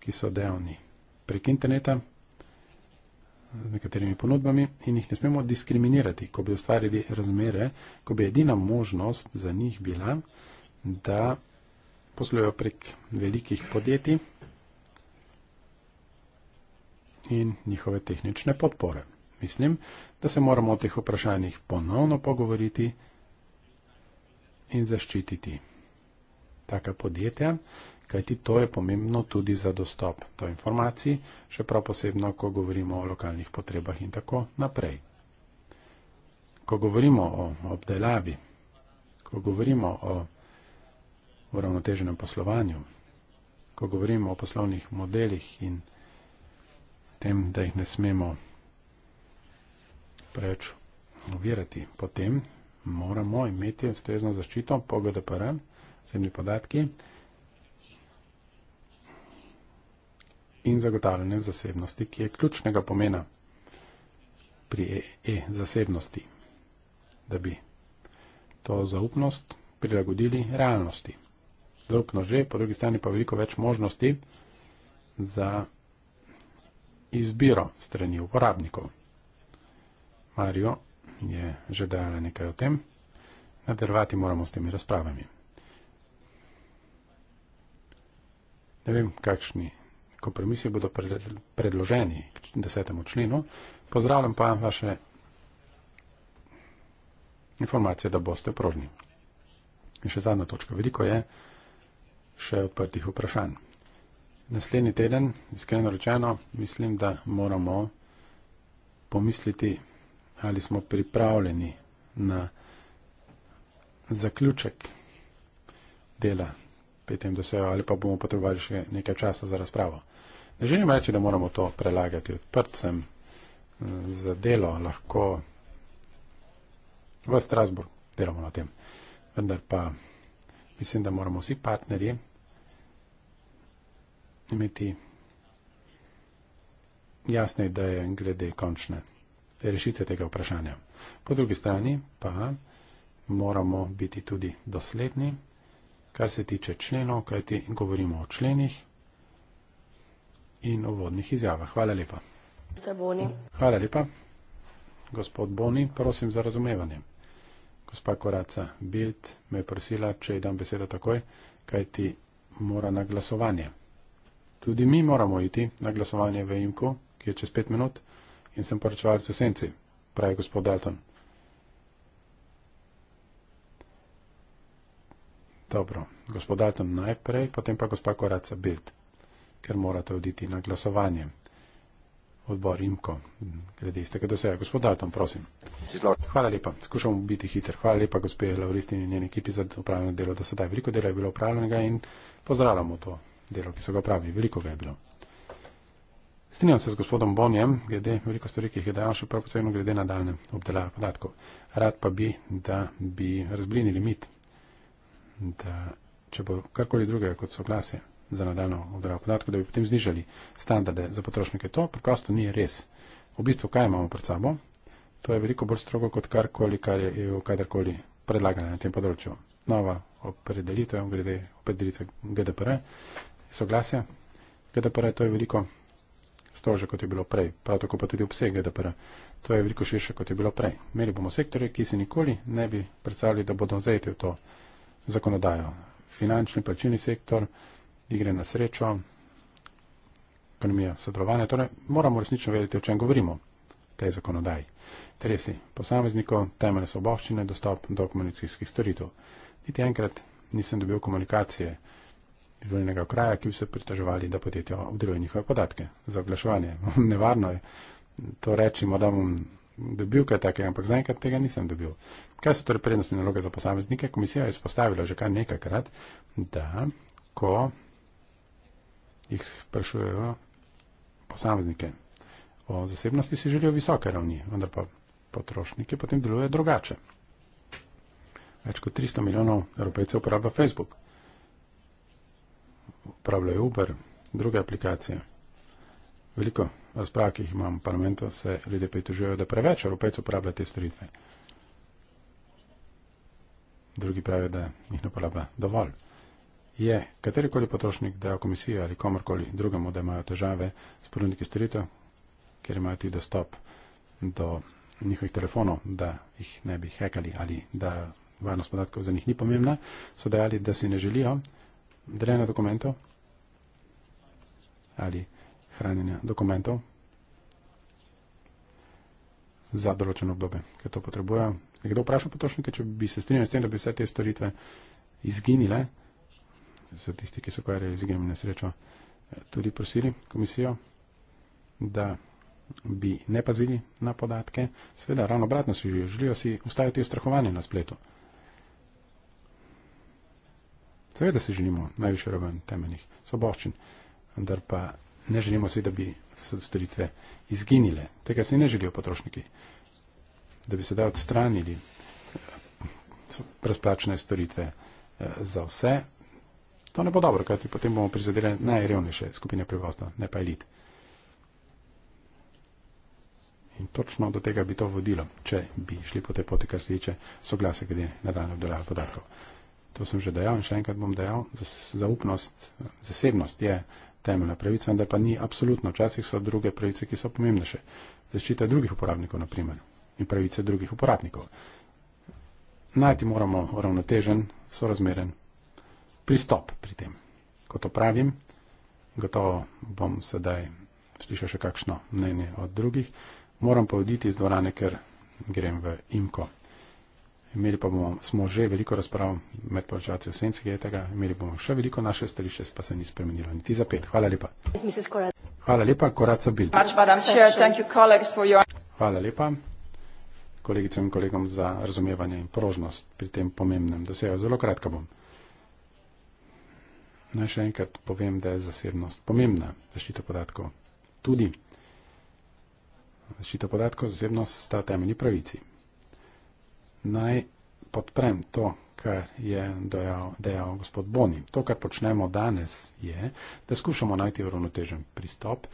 ki so dejavni prek interneta z nekaterimi ponudbami in jih ne smemo diskriminirati, ko bi ustvarili razmere, ko bi edina možnost za njih bila da poslujejo prek velikih podjetij in njihove tehnične podpore. Mislim, da se moramo o teh vprašanjih ponovno pogovoriti in zaščititi taka podjetja, kajti to je pomembno tudi za dostop do informacij, še prav posebno, ko govorimo o lokalnih potrebah in tako naprej. Ko govorimo o obdelavi, ko govorimo o uravnoteženem poslovanju, ko govorimo o poslovnih modelih in tem, da jih ne smemo preveč ovirati, potem moramo imeti ustrezno zaščito po GDPR, osebni podatki in zagotavljanje zasebnosti, ki je ključnega pomena pri e-zasebnosti, e da bi to zaupnost prilagodili realnosti strpno že, po drugi strani pa veliko več možnosti za izbiro strani uporabnikov. Mario je že dajala nekaj o tem, nadervati moramo s temi razpravami. Ne vem, kakšni kompromisi bodo predloženi k desetemu členu, pozdravljam pa vaše informacije, da boste prožni. In še zadnja točka. Veliko je še odprtih vprašanj. Naslednji teden, iskreno rečeno, mislim, da moramo pomisliti, ali smo pripravljeni na zaključek dela petem dosejo ali pa bomo potrebovali še nekaj časa za razpravo. Ne želim reči, da moramo to prelagati odprtcem za delo, lahko v Strasburg delamo na tem. Vendar pa mislim, da moramo vsi partnerji imeti jasne ideje glede končne rešitve tega vprašanja. Po drugi strani pa moramo biti tudi dosledni, kar se tiče členov, kajti govorimo o členih in o vodnih izjavah. Hvala lepa. Hvala lepa. Gospod Boni, prosim za razumevanje. Gospa Koraca Bild me je prosila, če ji dam besedo takoj, kajti mora na glasovanje. Tudi mi moramo iti na glasovanje v Imku, ki je čez pet minut, in sem poročevalec v senci, pravi gospod Dalton. Dobro, gospod Dalton najprej, potem pa gospa Koraca Bild, ker morate oditi na glasovanje. Odbor Imko, glede istega doseja. Gospod Dalton, prosim. Hvala lepa, skušamo biti hiter. Hvala lepa, gospe Lauristin in njeni ekipi za upravljeno delo do sedaj. Veliko dela je bilo upravljenega in pozdravljamo to delo, ki so ga pravili, veliko ga je bilo. Strinjam se z gospodom Bonjem, glede veliko stvari, ki jih je dejal, še prav posebno glede na daljne obdelave podatkov. Rad pa bi, da bi razblinili mit, da če bo karkoli drugega kot soglasje za nadaljno obdelavo podatkov, da bi potem znižali standarde za potrošnike. To preprosto ni res. V bistvu, kaj imamo pred sabo, to je veliko bolj strogo kot karkoli, kar je EU kadarkoli predlagane na tem področju. Nova opredelitev glede opredelitve GDPR soglasja GDPR, to je veliko strože, kot je bilo prej, prav tako pa tudi obseg GDPR, to je veliko širše, kot je bilo prej. Imeli bomo sektore, ki si nikoli ne bi predstavljali, da bodo zajeti v to zakonodajo. Finančni, plačilni sektor, igre na srečo, ekonomija sodelovanja, torej moramo resnično vedeti, o čem govorimo tej zakonodaji. Tresi posameznikov, temeljne svoboščine, dostop do komunikacijskih storitev. Niti enkrat nisem dobil komunikacije iz volilnega kraja, ki bi se pritoževali, da podjetja obdelujejo njihove podatke za oglaševanje. Nevarno je to reči, da bom dobil kaj takega, ampak zaenkrat tega nisem dobil. Kaj so torej prednostne naloge za posameznike? Komisija je izpostavila že kar nekajkrat, da ko jih sprašujejo posameznike o zasebnosti, si želijo visoke ravni, vendar pa potrošniki potem delujejo drugače. Več kot 300 milijonov evropejcev uporablja Facebook uporabljajo Uber, druge aplikacije. Veliko razprav, ki jih imamo v parlamentu, se ljudje pritožujejo, da preveč Evropejcev uporablja te storitve. Drugi pravijo, da jih ne uporablja dovolj. Je katerikoli potrošnik dejal komisiji ali komorkoli drugemu, da imajo težave s ponudniki storitev, ker imajo ti dostop do njihovih telefonov, da jih ne bi hekali ali da varnost podatkov za njih ni pomembna, so dejali, da si ne želijo, deljenja dokumentov ali hranjenja dokumentov za določeno obdobje, ker to potrebujejo. Je kdo vprašal potrošnike, če bi se strinjali s tem, da bi vse te storitve izginile, so tisti, ki so kvarjali z igrami nesrečo, eh, tudi prosili komisijo, da bi ne pazili na podatke. Sveda, ravno obratno si želijo, želijo si ustaviti ustrahovanje na spletu. Seveda si želimo najvišjo raven temeljnih soboščin, vendar pa ne želimo si, da bi storitve izginile. Tega si ne želijo potrošniki, da bi se da odstranili eh, brezplačne storitve eh, za vse. To ne bo dobro, kajti potem bomo prizadeli najrevnejše skupine prebivalstva, ne pa elit. In točno do tega bi to vodilo, če bi šli po tej poti, kar se tiče soglasja glede nadaljnjega obdelave podatkov to sem že dejal in še enkrat bom dejal, zaupnost, zasebnost je temeljna pravica, vendar pa ni absolutno. Včasih so druge pravice, ki so pomembnejše. Zaščita drugih uporabnikov, naprimer, in pravice drugih uporabnikov. Najti moramo ravnotežen, sorazmeren pristop pri tem. Ko to pravim, gotovo bom sedaj slišal še kakšno mnenje od drugih, moram pa oditi iz dvorane, ker grem v imko. Imeli pa bomo, smo že veliko razprav med poročacijo Senci Getega, imeli bomo še veliko naše stališče, pa se ni spremenilo niti za pet. Hvala lepa. Hvala lepa, Koraca Bil. Hvala lepa kolegicam in kolegom za razumevanje in prožnost pri tem pomembnem dosegu. Zelo kratko bom. Naj še enkrat povem, da je zasebnost pomembna, zaščita podatkov tudi. Zaščita podatkov, zasebnost sta temeljni pravici naj podprem to, kar je dojal, dejal gospod Boni. To, kar počnemo danes, je, da skušamo najti uravnotežen pristop,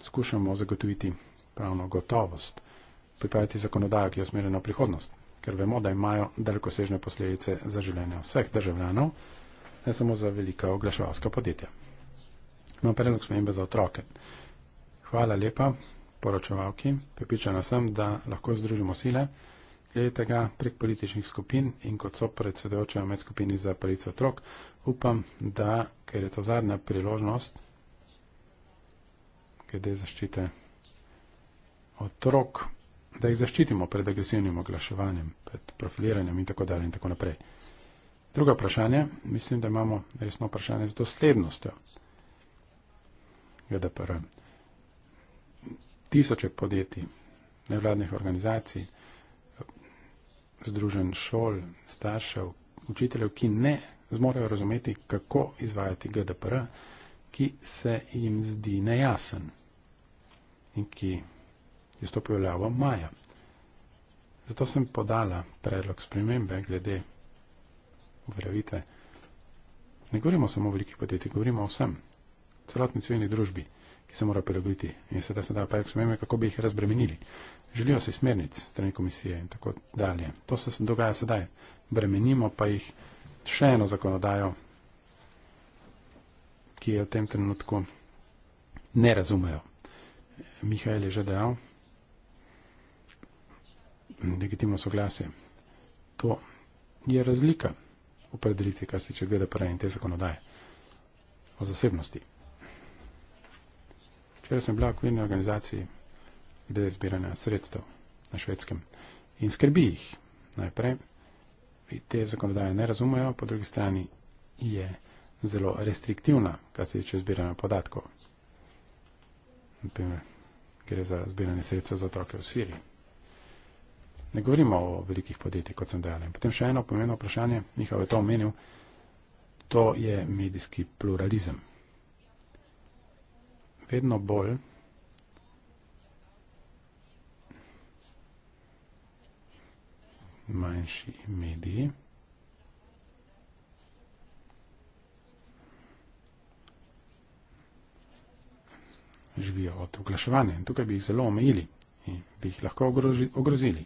skušamo zagotoviti pravno gotovost, pripraviti zakonodajo, ki je usmerjena v prihodnost, ker vemo, da imajo dalekosežne posledice za življenje vseh državljanov, ne samo za velika oglaševalska podjetja. Imam predlog smembe za otroke. Hvala lepa poročevalki, pripričana sem, da lahko združimo sile glede tega prek političnih skupin in kot so predsedojoče med skupini za pravico otrok, upam, da, ker je to zadnja priložnost, glede zaščite otrok, da jih zaščitimo pred agresivnim oglaševanjem, pred profiliranjem in tako dalje in tako naprej. Drugo vprašanje, mislim, da imamo resno vprašanje z doslednostjo. GDPR. Tisoče podjetij, nevladnih organizacij, združenj šol, staršev, učiteljev, ki ne zmorejo razumeti, kako izvajati GDPR, ki se jim zdi nejasen in ki je stopil ljavo maja. Zato sem podala predlog spremembe glede uveljavitve. Ne govorimo samo o velikih podjetjih, govorimo o vsem, celotni civilni družbi ki se morajo prilagoditi in se da se dajo pač spremembe, kako bi jih razbremenili. Želijo si smernic strani komisije in tako dalje. To se dogaja sedaj. Bremenimo pa jih še eno zakonodajo, ki je v tem trenutku ne razumejo. Mihajl je že dejal, legitimno soglasje. To je razlika v predelici, kar se tiče GDPR in te zakonodaje o zasebnosti. Včeraj sem bila v okvirni organizaciji glede zbiranja sredstev na švedskem in skrbi jih najprej. Te zakonodaje ne razumejo, po drugi strani je zelo restriktivna, kar se tiče zbiranja podatkov. Naprimer, gre za zbiranje sredstev za otroke v Siriji. Ne govorimo o velikih podjetjih, kot sem dejal. Potem še eno pomembno vprašanje, Mihael je to omenil, to je medijski pluralizem vedno bolj. manjši mediji. Živijo od oglaševanja in tukaj bi jih zelo omejili in bi jih lahko ogrozili.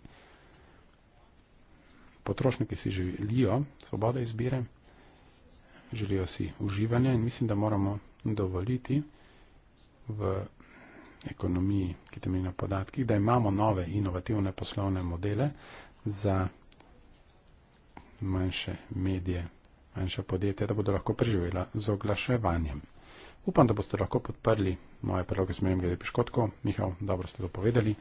Potrošniki si želijo svobode izbire, želijo si uživanje in mislim, da moramo dovoliti, da v ekonomiji, ki temelji na podatkih, da imamo nove inovativne poslovne modele za manjše medije, manjša podjetja, da bodo lahko preživela z oglaševanjem. Upam, da boste lahko podprli moje predloge s menim glede piškotkov. Mihal, dobro ste to povedali.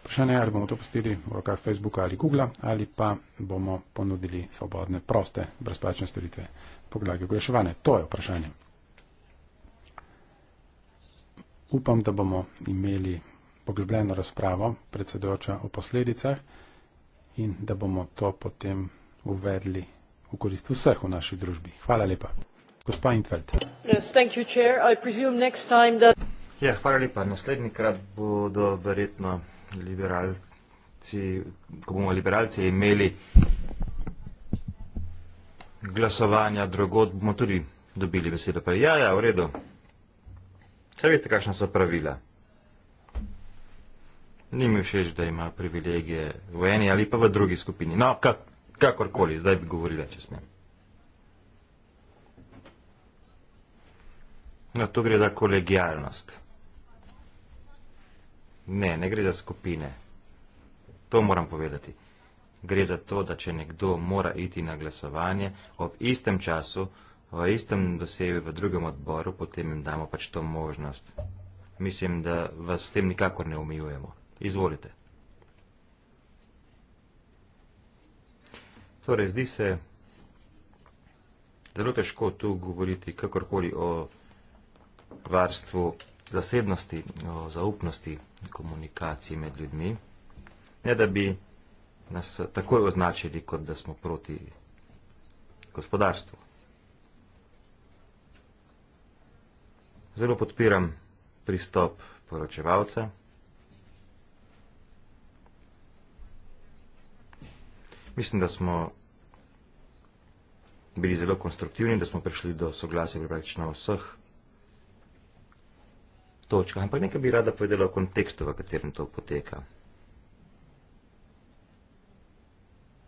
Vprašanje je, ali bomo to postili v rokah Facebooka ali Googlea, ali pa bomo ponudili svobodne, proste, brezplačne storitve po glagi oglaševanja. To je vprašanje. upam, da bomo imeli poglobljeno razpravo predsedojoča o posledicah in da bomo to potem uvedli v korist vseh v naši družbi. Hvala lepa. Gospa Intveld. Yes, that... ja, hvala lepa. Naslednjikrat bodo verjetno liberalci, ko bomo liberalci imeli glasovanja drugod, bomo tudi dobili besedo. Pa ja, ja, v redu. Saj veste, kakšna so pravila. Ni mi všeč, da ima privilegije v eni ali pa v drugi skupini. No, kak, kakorkoli, zdaj bi govorila, če smem. No, tu gre za kolegijalnost. Ne, ne gre za skupine. To moram povedati. Gre za to, da če nekdo mora iti na glasovanje ob istem času, v istem dosegu, v drugem odboru, potem jim damo pač to možnost. Mislim, da vas s tem nikakor ne omejujemo. Izvolite. Torej, zdi se zelo težko tu govoriti kakorkoli o varstvu zasebnosti, o zaupnosti komunikaciji med ljudmi, ne da bi nas takoj označili, kot da smo proti gospodarstvu. zelo podpiram pristop poročevalca. Mislim, da smo bili zelo konstruktivni, da smo prišli do soglasja pri praktično vseh točkah, ampak nekaj bi rada povedala o kontekstu, v katerem to poteka.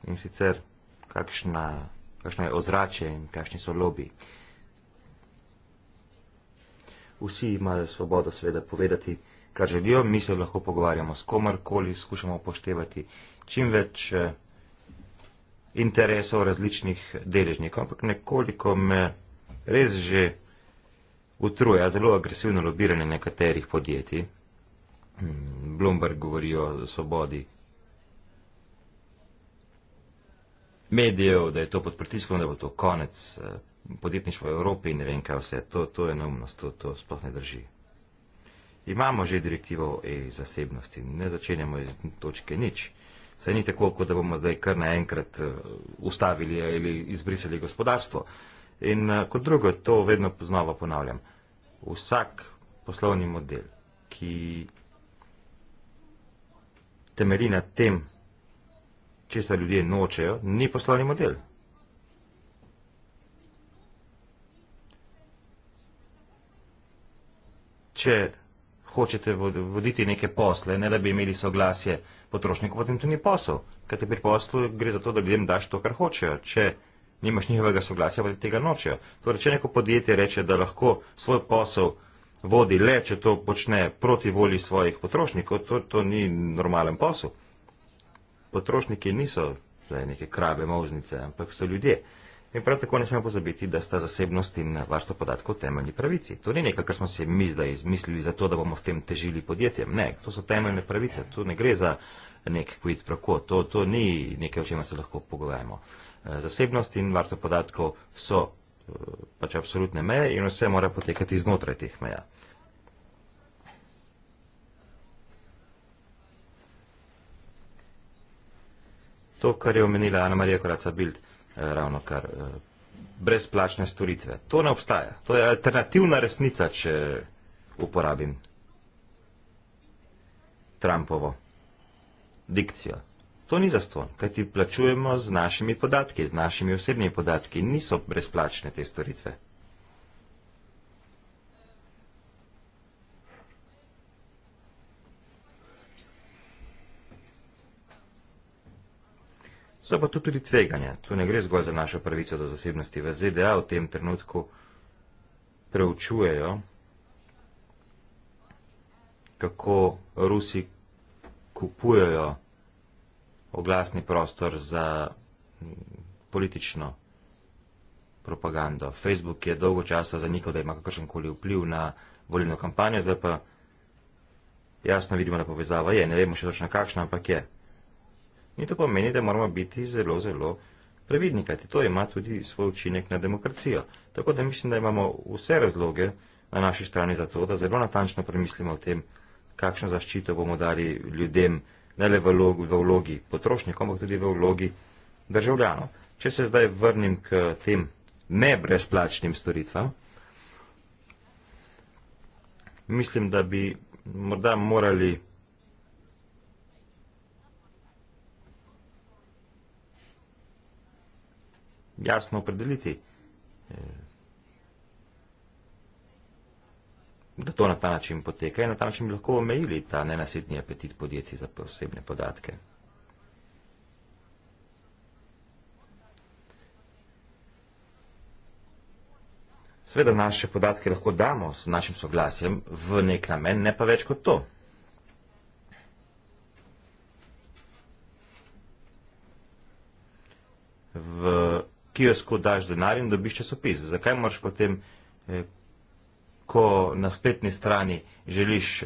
In sicer, kakšna, kakšno je ozračje in kakšni so lobi vsi imajo svobodo seveda povedati, kar želijo, mi se lahko pogovarjamo s komarkoli, skušamo upoštevati čim več eh, interesov različnih deležnikov, ampak nekoliko me res že utruja zelo agresivno lobiranje nekaterih podjetij. Hmm, Bloomberg govori o svobodi medijev, da je to pod pritiskom, da bo to konec eh, podjetništvo v Evropi in ne vem, kaj vse. To, to je neumnost, to, to sploh ne drži. Imamo že direktivo o zasebnosti, ne začenjamo iz točke nič. Saj ni tako, kot da bomo zdaj kar naenkrat eh, ustavili ali izbrisali gospodarstvo. In eh, kot drugo, to vedno znova ponavljam. Vsak poslovni model, ki temelji na tem, česar ljudje nočejo, ni poslovni model. če hočete voditi neke posle, ne da bi imeli soglasje potrošnikov, potem to ni posel. Kajte pri poslu gre za to, da ljudem daš to, kar hočejo. Če nimaš njihovega soglasja, pa tega nočejo. Torej, če neko podjetje reče, da lahko svoj posel vodi le, če to počne proti volji svojih potrošnikov, to, to ni normalen posel. Potrošniki niso neke krave, moznice, ampak so ljudje. In prav tako ne smemo pozabiti, da sta zasebnost in varstvo podatkov temeljni pravici. To ni nekaj, kar smo se mi zdaj izmislili za to, da bomo s tem težili podjetjem. Ne, to so temeljne pravice. To ne gre za nek kvit prako. To, to ni nekaj, o čem se lahko pogovarjamo. Eh, zasebnost in varstvo podatkov so eh, pač absolutne meje in vse mora potekati iznotraj teh meja. To, kar je omenila Ana Marija Koraca Bild, ravno kar eh, brezplačne storitve. To ne obstaja. To je alternativna resnica, če uporabim Trumpovo dikcijo. To ni zaston, kaj ti plačujemo z našimi podatki, z našimi osebnimi podatki. Niso brezplačne te storitve. So pa tu tudi tveganja. Tu ne gre zgolj za našo pravico do zasebnosti. V ZDA v tem trenutku preučujejo, kako Rusi kupujejo oglasni prostor za mm, politično propagando. Facebook je dolgo časa zanikal, da ima kakršen koli vpliv na volilno kampanjo, zdaj pa jasno vidimo, da povezava je. Ne vemo še točno kakšna, ampak je. In to pomeni, da moramo biti zelo, zelo previdni, kajti to ima tudi svoj učinek na demokracijo. Tako da mislim, da imamo vse razloge na naši strani za to, da zelo natančno premislimo o tem, kakšno zaščito bomo dali ljudem, ne le v, log, v vlogi potrošnikov, ampak tudi v vlogi državljanov. Če se zdaj vrnim k tem ne brezplačnim storitvam, mislim, da bi morda morali jasno opredeliti, eh, da to na ta način poteka in na ta način bi lahko omejili ta nenasitni apetit podjetij za posebne podatke. Sveda naše podatke lahko damo s našim soglasjem v nek namen, ne pa več kot to. V kiosku daš denar in dobiš časopis. Zakaj moraš potem, eh, ko na spletni strani želiš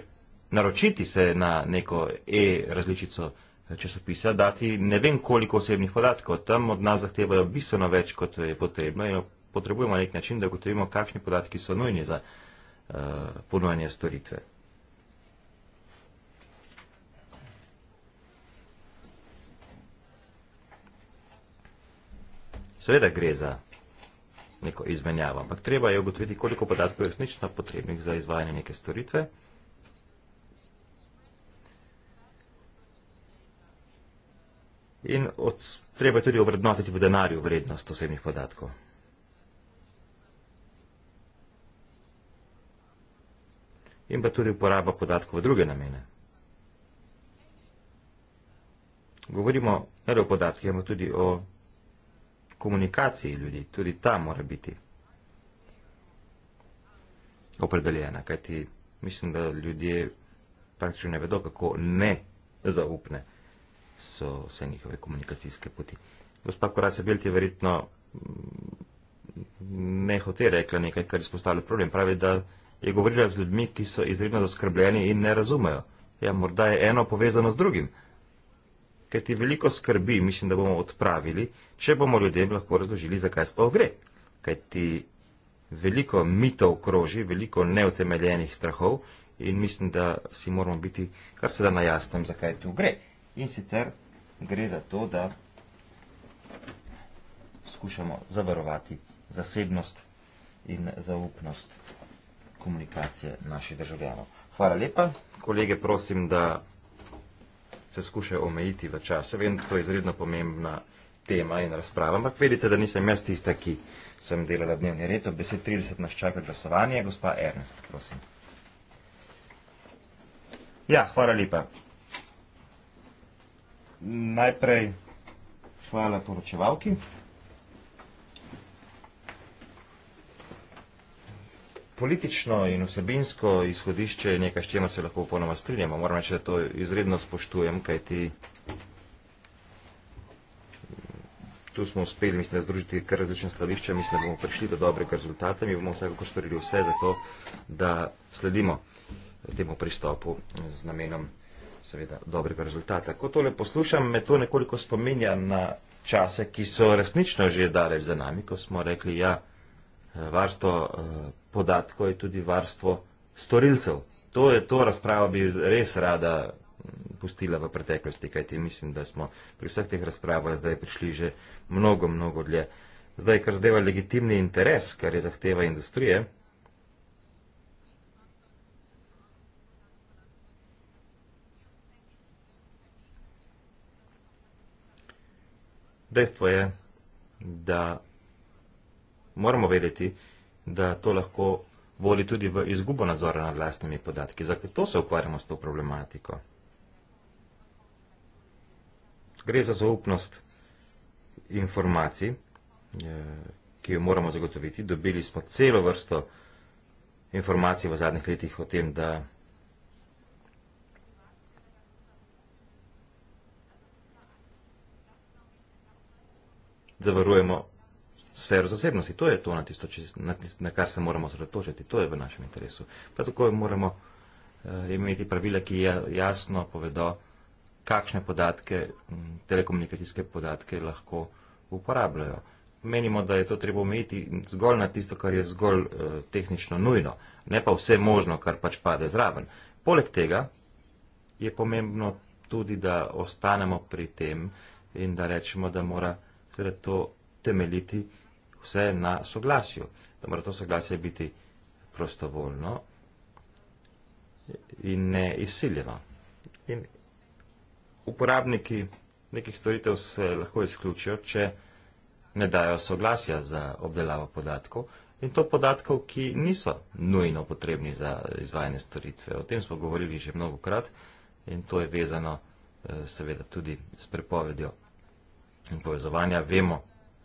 naročiti se na neko e-različico eh, časopisa, dati ne vem koliko osebnih podatkov. Tam od nas zahtevajo bistveno več, kot je potrebno in potrebujemo nek način, da ugotovimo, kakšni podatki so nujni za uh, ponujanje storitve. Seveda gre za neko izmenjavo, ampak treba je ugotoviti, koliko podatkov je resnično potrebnih za izvajanje neke storitve. In od, treba je tudi obrednotiti v denarju vrednost osebnih podatkov. In pa tudi uporaba podatkov v druge namene. Govorimo ne le o podatkih, ampak tudi o komunikaciji ljudi, tudi ta mora biti opredeljena, kajti mislim, da ljudje praktično ne vedo, kako ne zaupne so vse njihove komunikacijske poti. Gospa Koraca Bilti je verjetno mm, ne hote rekla nekaj, kar izpostavlja problem. Pravi, da je govorila z ljudmi, ki so izredno zaskrbljeni in ne razumejo. Ja, morda je eno povezano z drugim ker ti veliko skrbi, mislim, da bomo odpravili, če bomo ljudem lahko razložili, zakaj sploh gre. Ker ti veliko mitov kroži, veliko neutemeljenih strahov in mislim, da si moramo biti kar se da na jasnem, zakaj tu gre. In sicer gre za to, da skušamo zavarovati zasebnost in zaupnost komunikacije naših državljanov. Hvala lepa. Kolege, prosim, da se skušajo omejiti v času. Vem, da to je izredno pomembna tema in razprava, ampak vedite, da nisem jaz tista, ki sem delala dnevni red. Ob 10.30 nas čaka glasovanje. Gospa Ernest, prosim. Ja, hvala lepa. Najprej hvala poročevalki. Politično in vsebinsko izhodišče je nekaj, s čemer se lahko ponoma strinjamo. Moram reči, da to izredno spoštujem, kaj ti tu smo uspeli, mislim, da združiti kar različne stališče, mislim, da bomo prišli do dobrega rezultata, mi bomo vsekakor storili vse za to, da sledimo temu pristopu z namenom seveda dobrega rezultata. Ko tole poslušam, me to nekoliko spominja na čase, ki so resnično že daleč za nami, ko smo rekli, ja, varstvo eh, podatkov je tudi varstvo storilcev. To, je, to razpravo bi res rada mm, pustila v preteklosti, kajti mislim, da smo pri vseh teh razpravah zdaj prišli že mnogo, mnogo dlje. Zdaj, kar zdaj je legitimni interes, kar je zahteva industrije. Dejstvo je, da moramo vedeti, da to lahko vodi tudi v izgubo nadzora nad vlastnimi podatki. Zato se ukvarjamo s to problematiko. Gre za zaupnost informacij, ki jo moramo zagotoviti. Dobili smo celo vrsto informacij v zadnjih letih o tem, da zavarujemo informacij sfero zasebnosti. To je to, na, tisto, na, tisto, na kar se moramo zretočiti. To je v našem interesu. Prav tako moramo uh, imeti pravila, ki ja, jasno povedo, kakšne podatke, m, telekomunikacijske podatke lahko uporabljajo. Menimo, da je to treba omejiti zgolj na tisto, kar je zgolj uh, tehnično nujno, ne pa vse možno, kar pač pade zraven. Poleg tega je pomembno tudi, da ostanemo pri tem in da rečemo, da mora to temeljiti uh, vse na soglasju, da mora to soglasje biti prostovoljno in ne izsiljeno. In uporabniki nekih storitev se lahko izključijo, če ne dajo soglasja za obdelavo podatkov in to podatkov, ki niso nujno potrebni za izvajanje storitve. O tem smo govorili že mnogo krat in to je vezano eh, seveda tudi s prepovedjo in povezovanja. Vemo,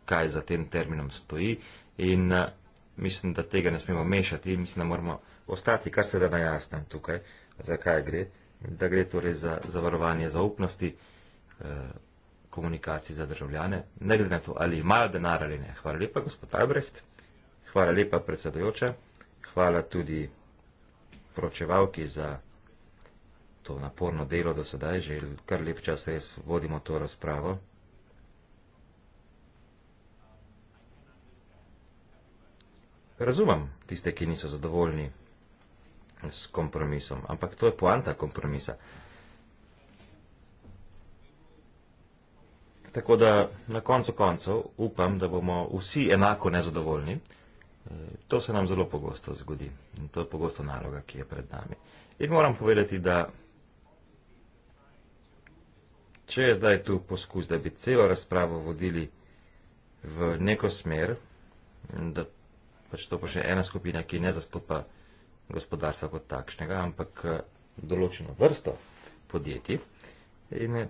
kaj za tem terminom stoji in eh, mislim, da tega ne smemo mešati in mislim, da moramo ostati kar se da najasnem tukaj, za kaj gre, da gre torej za zavarovanje zaupnosti eh, komunikacij za državljane, ne glede na to, ali imajo denar ali ne. Hvala lepa, gospod Albrecht, hvala lepa, predsedojoča, hvala tudi pročevalki za to naporno delo do sedaj, že kar lep čas res vodimo to razpravo. razumem tiste, ki niso zadovoljni s kompromisom, ampak to je poanta kompromisa. Tako da na koncu koncev upam, da bomo vsi enako nezadovoljni. To se nam zelo pogosto zgodi in to je pogosto naloga, ki je pred nami. In moram povedati, da če je zdaj tu poskus, da bi celo razpravo vodili v neko smer, da pač to pa še ena skupina, ki ne zastopa gospodarstva kot takšnega, ampak eh, določeno vrsto podjetij. In eh,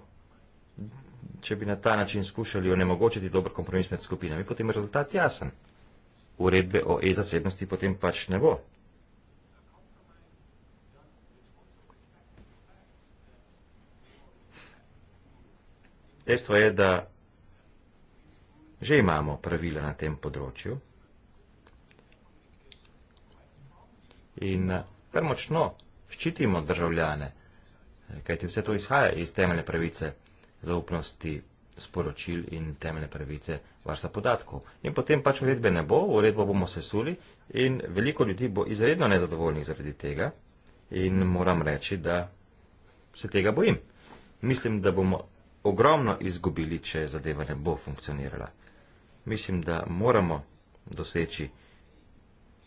če bi na ta način skušali onemogočiti dober kompromis med skupinami, potem je rezultat jasen. Uredbe o e-zasebnosti potem pač ne bo. Dejstvo je, da že imamo pravila na tem področju. In eh, kar močno ščitimo državljane, eh, kajti vse to izhaja iz temeljne pravice zaupnosti sporočil in temeljne pravice varstva podatkov. In potem pač uredbe ne bo, uredbo bomo sesuli in veliko ljudi bo izredno nezadovoljnih zaradi tega in moram reči, da se tega bojim. Mislim, da bomo ogromno izgubili, če zadeva ne bo funkcionirala. Mislim, da moramo doseči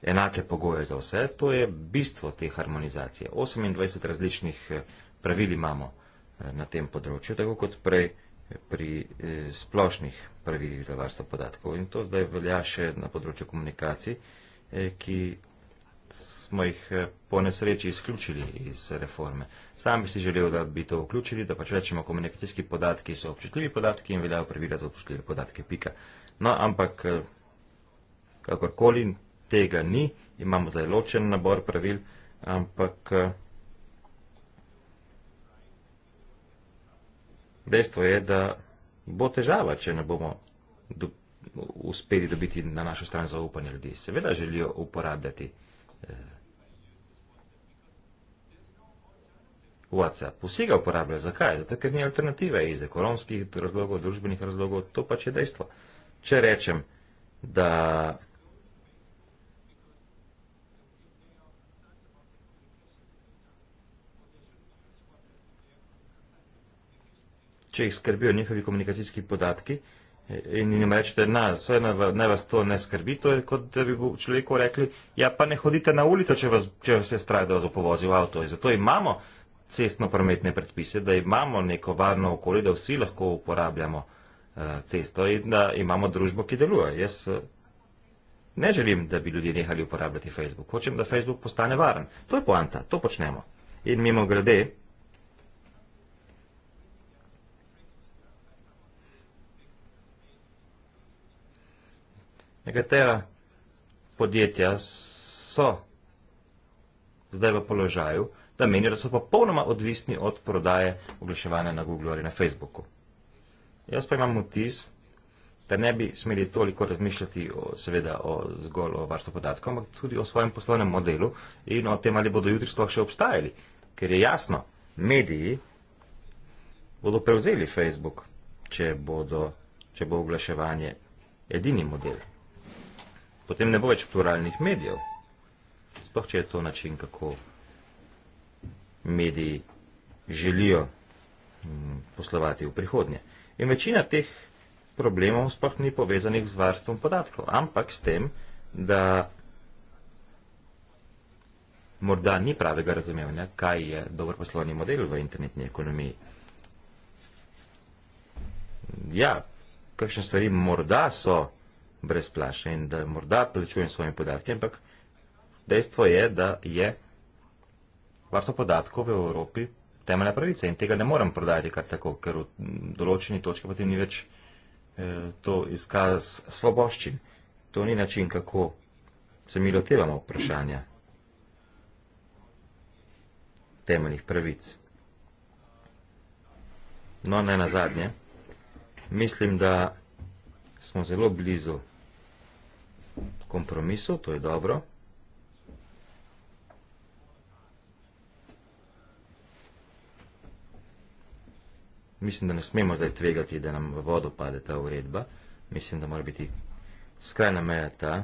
enake pogoje za vse, to je bistvo te harmonizacije. 28 različnih eh, pravil imamo eh, na tem področju, tako kot prej eh, pri splošnih pravilih za varstvo podatkov. In to zdaj velja še na področju komunikacij, ki smo jih po nesreči izključili iz reforme. Sam bi si želel, da bi to vključili, da pač rečemo, komunikacijski podatki so občutljivi podatki in veljajo pravila za občutljive podatke. Pika. No, ampak kakorkoli tega ni, imamo zdaj ločen nabor pravil, ampak dejstvo je, da bo težava, če ne bomo do, uspeli dobiti na našo stran zaupanje ljudi. Seveda želijo uporabljati eh, WhatsApp. Vsi ga uporabljajo. Zakaj? Zato, ker ni alternative iz ekonomskih razlogov, družbenih razlogov. To pač je dejstvo. Če rečem, da če jih skrbijo njihovi komunikacijski podatki eh, in jim rečete, na, vse naj vas to ne skrbi, to je kot da bi človeku rekli, ja pa ne hodite na ulico, če vas, če vas je strah, da vas bo povozil avto. Zato imamo cestno-prometne predpise, da imamo neko varno okolje, da vsi lahko uporabljamo eh, cesto in da imamo družbo, ki deluje. Jaz eh, ne želim, da bi ljudje nehali uporabljati Facebook. Hočem, da Facebook postane varen. To je poanta, to počnemo. In mimo grede, Nekatera podjetja so zdaj v položaju, da menijo, da so popolnoma odvisni od prodaje oglaševanja na Google ali na Facebooku. Jaz pa imam vtis, da ne bi smeli toliko razmišljati o, seveda o zgolj o varstvu podatkov, ampak tudi o svojem poslovnem modelu in o tem, ali bodo jutri sploh še obstajali. Ker je jasno, mediji bodo prevzeli Facebook, če, bodo, če bo oglaševanje edini model potem ne bo več pluralnih medijev. Sploh, če je to način, kako mediji želijo mm, poslovati v prihodnje. In večina teh problemov sploh ni povezanih z varstvom podatkov, ampak s tem, da morda ni pravega razumevanja, kaj je dober poslovni model v internetni ekonomiji. Ja, kakšne stvari morda so brez plaše in da morda plačujem svoje podatke, ampak dejstvo je, da je varstvo podatkov v Evropi temeljna pravica in tega ne morem prodajati kar tako, ker v določeni točki potem ni več eh, to izkaz svoboščin. To ni način, kako se mi lotevamo vprašanja temeljnih pravic. No, ne na zadnje. Mislim, da smo zelo blizu kompromisu, to je dobro. Mislim, da ne smemo zdaj tvegati, da nam v vodo pade ta uredba. Mislim, da mora biti skrajna meja ta.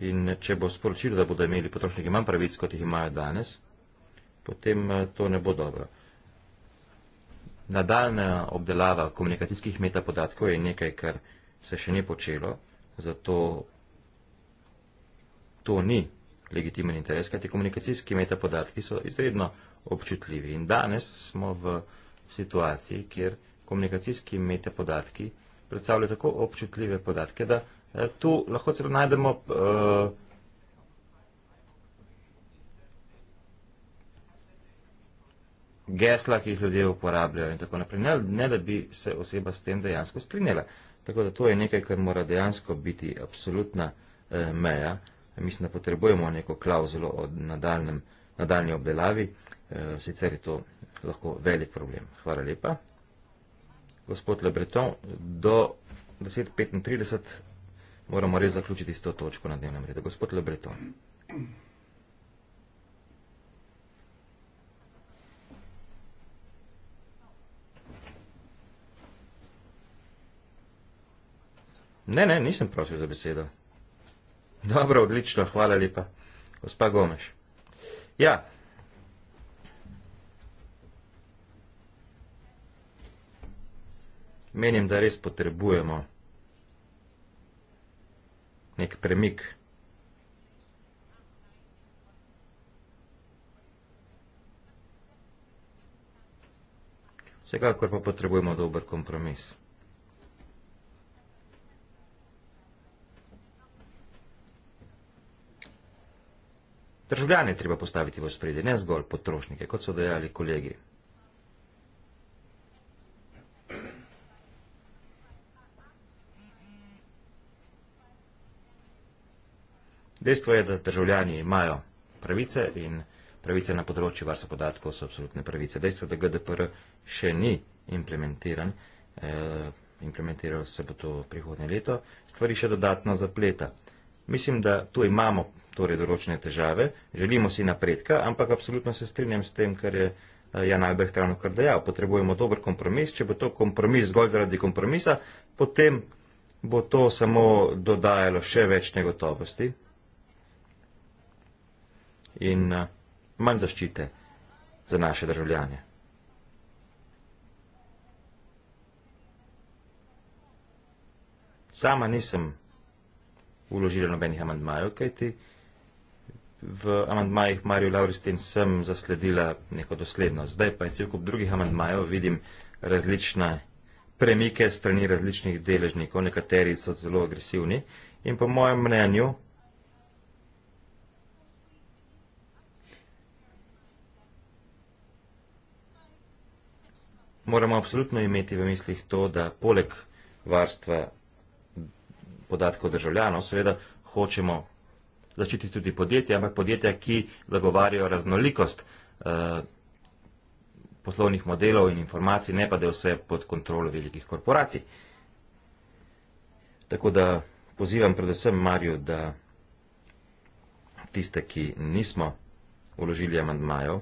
In če bo sporočilo, da bodo imeli potrošniki manj pravic, kot jih imajo danes, potem eh, to ne bo dobro. Nadaljna obdelava komunikacijskih metapodatkov je nekaj, kar se še ni počelo, zato to ni legitimen interes, kajti komunikacijski metapodatki so izredno občutljivi. In danes smo v situaciji, kjer komunikacijski metapodatki predstavljajo tako občutljive podatke, da eh, tu lahko celo najdemo uh, gesla, ki jih ljudje uporabljajo in tako naprej, ne, ne da bi se oseba s tem dejansko strinjala. Tako da to je nekaj, kar mora dejansko biti absolutna eh, meja. Mislim, da potrebujemo neko klauzulo o nadaljni obdelavi, eh, sicer je to lahko velik problem. Hvala lepa. Gospod Lebreton, do 10.35 moramo res zaključiti s to točko na dnevnem redu. Gospod Lebreton. Thank you. Ne, ne, nisem prosil za besedo. Dobro, odlično, hvala lepa. Gospa Gomeš. Ja. Menim, da res potrebujemo nek premik. Vsekakor pa potrebujemo dober kompromis. Državljane treba postaviti v spredje, ne zgolj potrošnike, kot so dejali kolegi. Dejstvo je, da državljani imajo pravice in pravice na področju varstva podatkov so absolutne pravice. Dejstvo je, da GDPR še ni implementiran, eh, implementiral se bo to v prihodnje leto, stvari še dodatno zapleta. Mislim, da tu imamo torej določene težave, želimo si napredka, ampak absolutno se strinjam s tem, kar je eh, Jan Albrecht ravno kar dejal. Potrebujemo dober kompromis, če bo to kompromis zgolj zaradi kompromisa, potem bo to samo dodajalo še več negotovosti in eh, manj zaščite za naše državljanje. Sama nisem vložili nobenih amantmajev, kajti v amantmajih Marijo Lauristin sem zasledila neko doslednost. Zdaj pa je cel kup drugih amantmajev, vidim različne premike strani različnih deležnikov, nekateri so zelo agresivni in po mojem mnenju moramo apsolutno imeti v mislih to, da poleg varstva podatkov državljanov, seveda hočemo zaščititi tudi podjetja, ampak podjetja, ki zagovarjajo raznolikost eh, poslovnih modelov in informacij, ne pa da je vse pod kontrolo velikih korporacij. Tako da pozivam predvsem Marju, da tiste, ki nismo uložili amandmajev,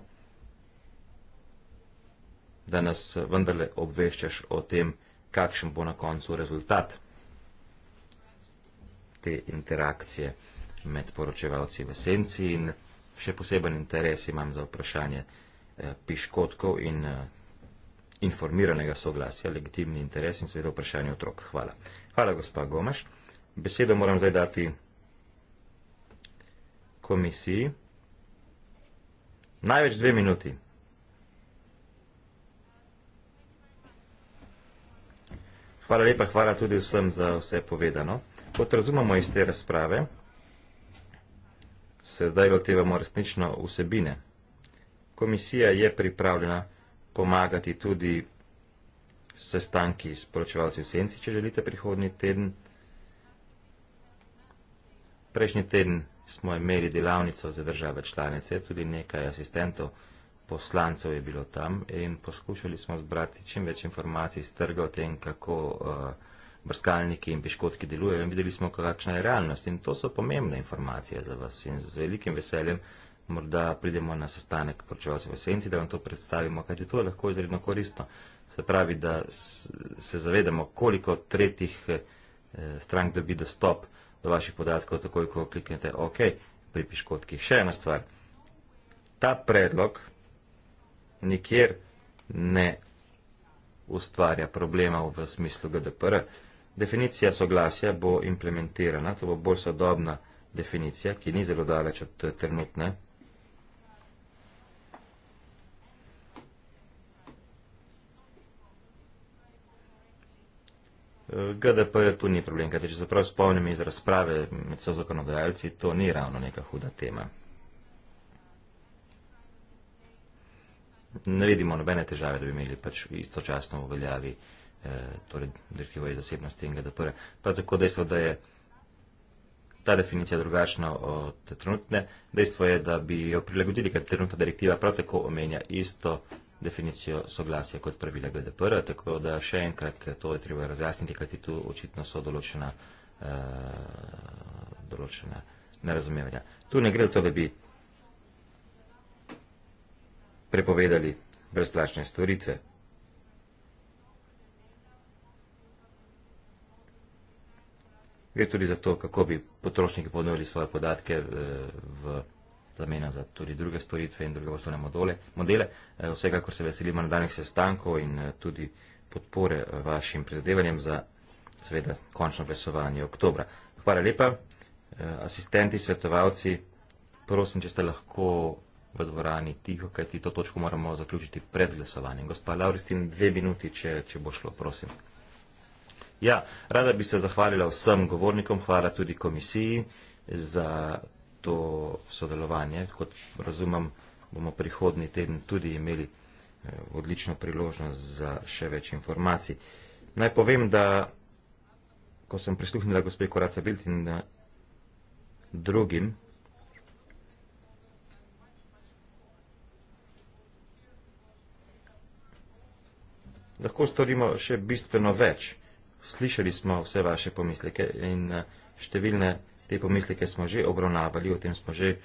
da nas vendarle obveščaš o tem, kakšen bo na koncu rezultat te interakcije med poročevalci v senci in še poseben interes imam za vprašanje eh, piškotkov in eh, informiranega soglasja, legitimni interes in seveda vprašanje otrok. Hvala. Hvala, gospa Gomaš. Besedo moram zdaj dati komisiji. Največ dve minuti. Hvala lepa, hvala tudi vsem za vse povedano. Kot razumemo iz te razprave, se zdaj lotevamo resnično vsebine. Komisija je pripravljena pomagati tudi sestanki s poročevalci v senci, če želite prihodni teden. Prejšnji teden smo imeli delavnico za države članice, tudi nekaj asistentov članice poslancev je bilo tam in poskušali smo zbrati čim več informacij z trga o tem, kako uh, brskalniki in piškotki delujejo in videli smo, kakšna je realnost. In to so pomembne informacije za vas in z velikim veseljem morda pridemo na sestanek poročevalcev v senci, da vam to predstavimo, kajti to je lahko izredno koristno. Se pravi, da se zavedamo, koliko tretjih eh, strank dobi dostop do vaših podatkov, takoj ko kliknete OK pri piškotki. Še ena stvar. Ta predlog, nikjer ne ustvarja problemov v smislu GDPR. Definicija soglasja bo implementirana, to bo bolj sodobna definicija, ki ni zelo daleč od eh, trenutne. Eh, GDPR tu ni problem, kajte če se prav spomnim iz razprave med so zakonodajalci, to ni ravno neka huda tema. ne vidimo nobene težave, da bi imeli pač istočasno v veljavi eh, torej direktivo iz zasebnosti in GDPR. Prav tako dejstvo, da je ta definicija drugačna od trenutne, dejstvo je, da bi jo prilagodili, ker trenutna direktiva prav tako omenja isto definicijo soglasja kot pravila GDPR, tako da še enkrat eh, to je treba razjasniti, kajti tu očitno so določena, uh, določena nerazumevanja. Tu ne gre za to, da bi prepovedali brezplačne storitve. Gre tudi za to, kako bi potrošniki ponovili svoje podatke eh, v zameno za tudi druge storitve in druge poslovne modele. Eh, vsekakor se veselimo nadaljnih sestankov in eh, tudi podpore vašim prizadevanjem za seveda končno glasovanje oktobra. Hvala lepa, asistenti, svetovalci, prosim, če ste lahko v dvorani tiho, kajti to točko moramo zaključiti pred glasovanjem. Gospa Lauristin, dve minuti, če, če bo šlo, prosim. Ja, rada bi se zahvalila vsem govornikom, hvala tudi komisiji za to sodelovanje. Kot razumem, bomo prihodni teden tudi imeli eh, odlično priložnost za še več informacij. Naj povem, da ko sem prisluhnila gospe Koraca Biltin drugim, lahko storimo še bistveno več. Slišali smo vse vaše pomisleke in eh, številne te pomisleke smo že obravnavali, o tem smo že eh,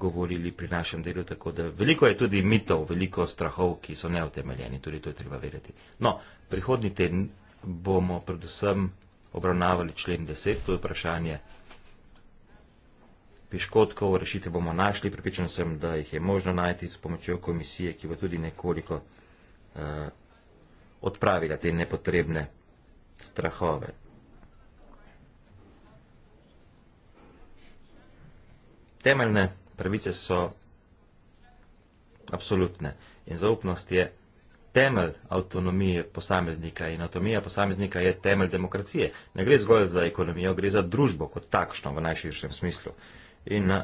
govorili pri našem delu, tako da veliko je tudi mitov, veliko strahov, ki so neotemeljeni, tudi to je treba verjeti. No, prihodni teden bomo predvsem obravnavali člen 10, to je vprašanje piškotkov, rešitev bomo našli, pripričan sem, da jih je možno najti s pomočjo komisije, ki bo tudi nekoliko. Eh, odpravila te nepotrebne strahove. Temeljne pravice so absolutne in zaupnost je temelj avtonomije posameznika in avtonomija posameznika je temelj demokracije. Ne gre zgolj za ekonomijo, gre za družbo kot takšno v najširšem smislu. In eh,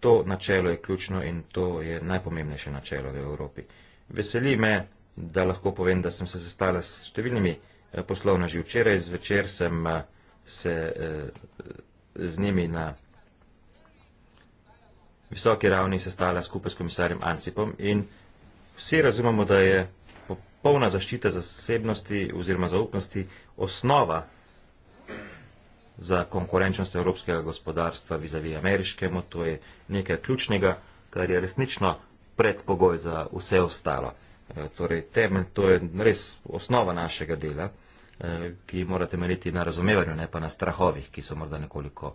to načelo je ključno in to je najpomembnejše načelo v Evropi. Veseli me, da lahko povem, da sem se sestala s številnimi eh, poslovneži. Včeraj zvečer sem eh, se eh, z njimi na visoki ravni sestala skupaj s komisarjem Ansipom in vsi razumemo, da je popolna zaščita zasebnosti oziroma zaupnosti osnova za konkurenčnost evropskega gospodarstva vizavi ameriškemu. To je nekaj ključnega, kar je resnično predpogoj za vse ostalo. Eh, torej temelj, to je res osnova našega dela, eh, ki morate meriti na razumevanju, ne pa na strahovih, ki so morda nekoliko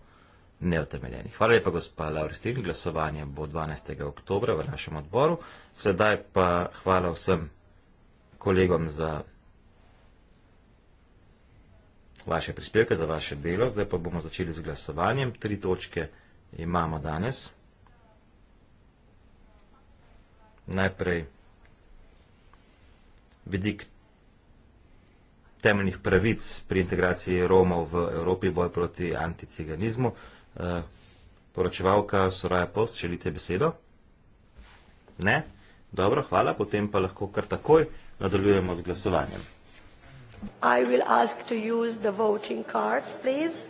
neotemeljeni. Hvala lepa, gospa Laura Stil, glasovanje bo 12. oktober v našem odboru. Sedaj pa hvala vsem kolegom za vaše prispevke, za vaše delo. Zdaj pa bomo začeli z glasovanjem. Tri točke imamo danes. Najprej vidik temeljnih pravic pri integraciji Romov v Evropi, boj proti anticiganizmu. Eh, poročevalka Soraja Post, želite besedo? Ne? Dobro, hvala, potem pa lahko kar takoj nadaljujemo z glasovanjem. I will ask to use the voting cards, please.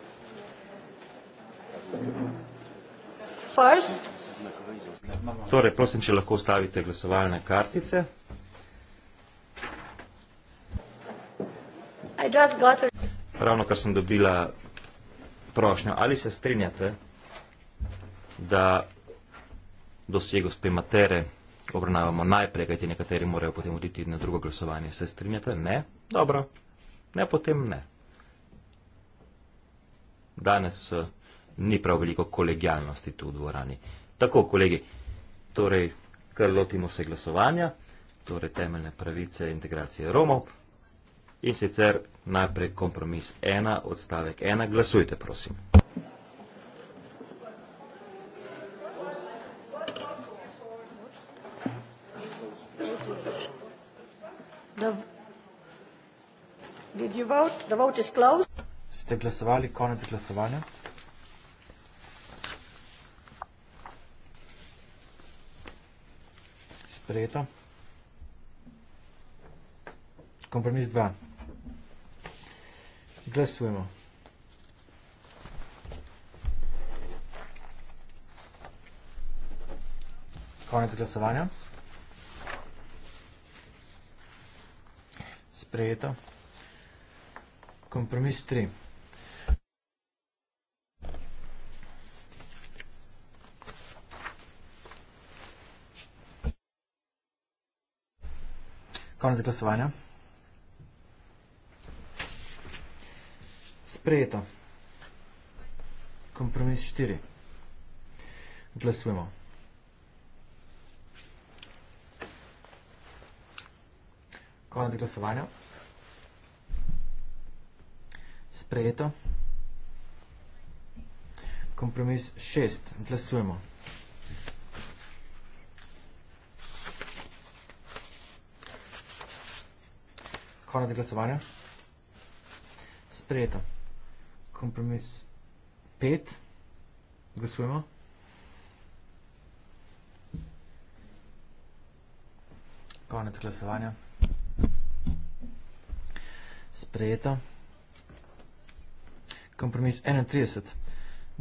First. Torej, prosim, če lahko ustavite glasovalne kartice. Ravno kar sem dobila prošnjo, ali se strinjate, da dosje gospe Matere obravnavamo najprej, kajti nekateri morajo potem oditi na drugo glasovanje. Se strinjate? Ne? Dobro. Ne, potem ne. Danes eh, ni prav veliko kolegijalnosti tu v dvorani. Tako, kolegi, torej, kar lotimo se glasovanja, torej temeljne pravice integracije Romov in sicer najprej kompromis ena, odstavek ena, glasujte prosim. Ste glasovali konec glasovanja? Sprejeto. Kompromis 2. Glasujemo. Konec glasovanja. Sprejeto. Kompromis 3. Konec glasovanja. sprejeta. Kompromis 4. Glasujemo. Konec glasovanja. Sprejeto. Kompromis 6. Glasujemo. Konec glasovanja. Sprejeto kompromis 5, glasujemo. Konec glasovanja. Sprejeto. Kompromis 31,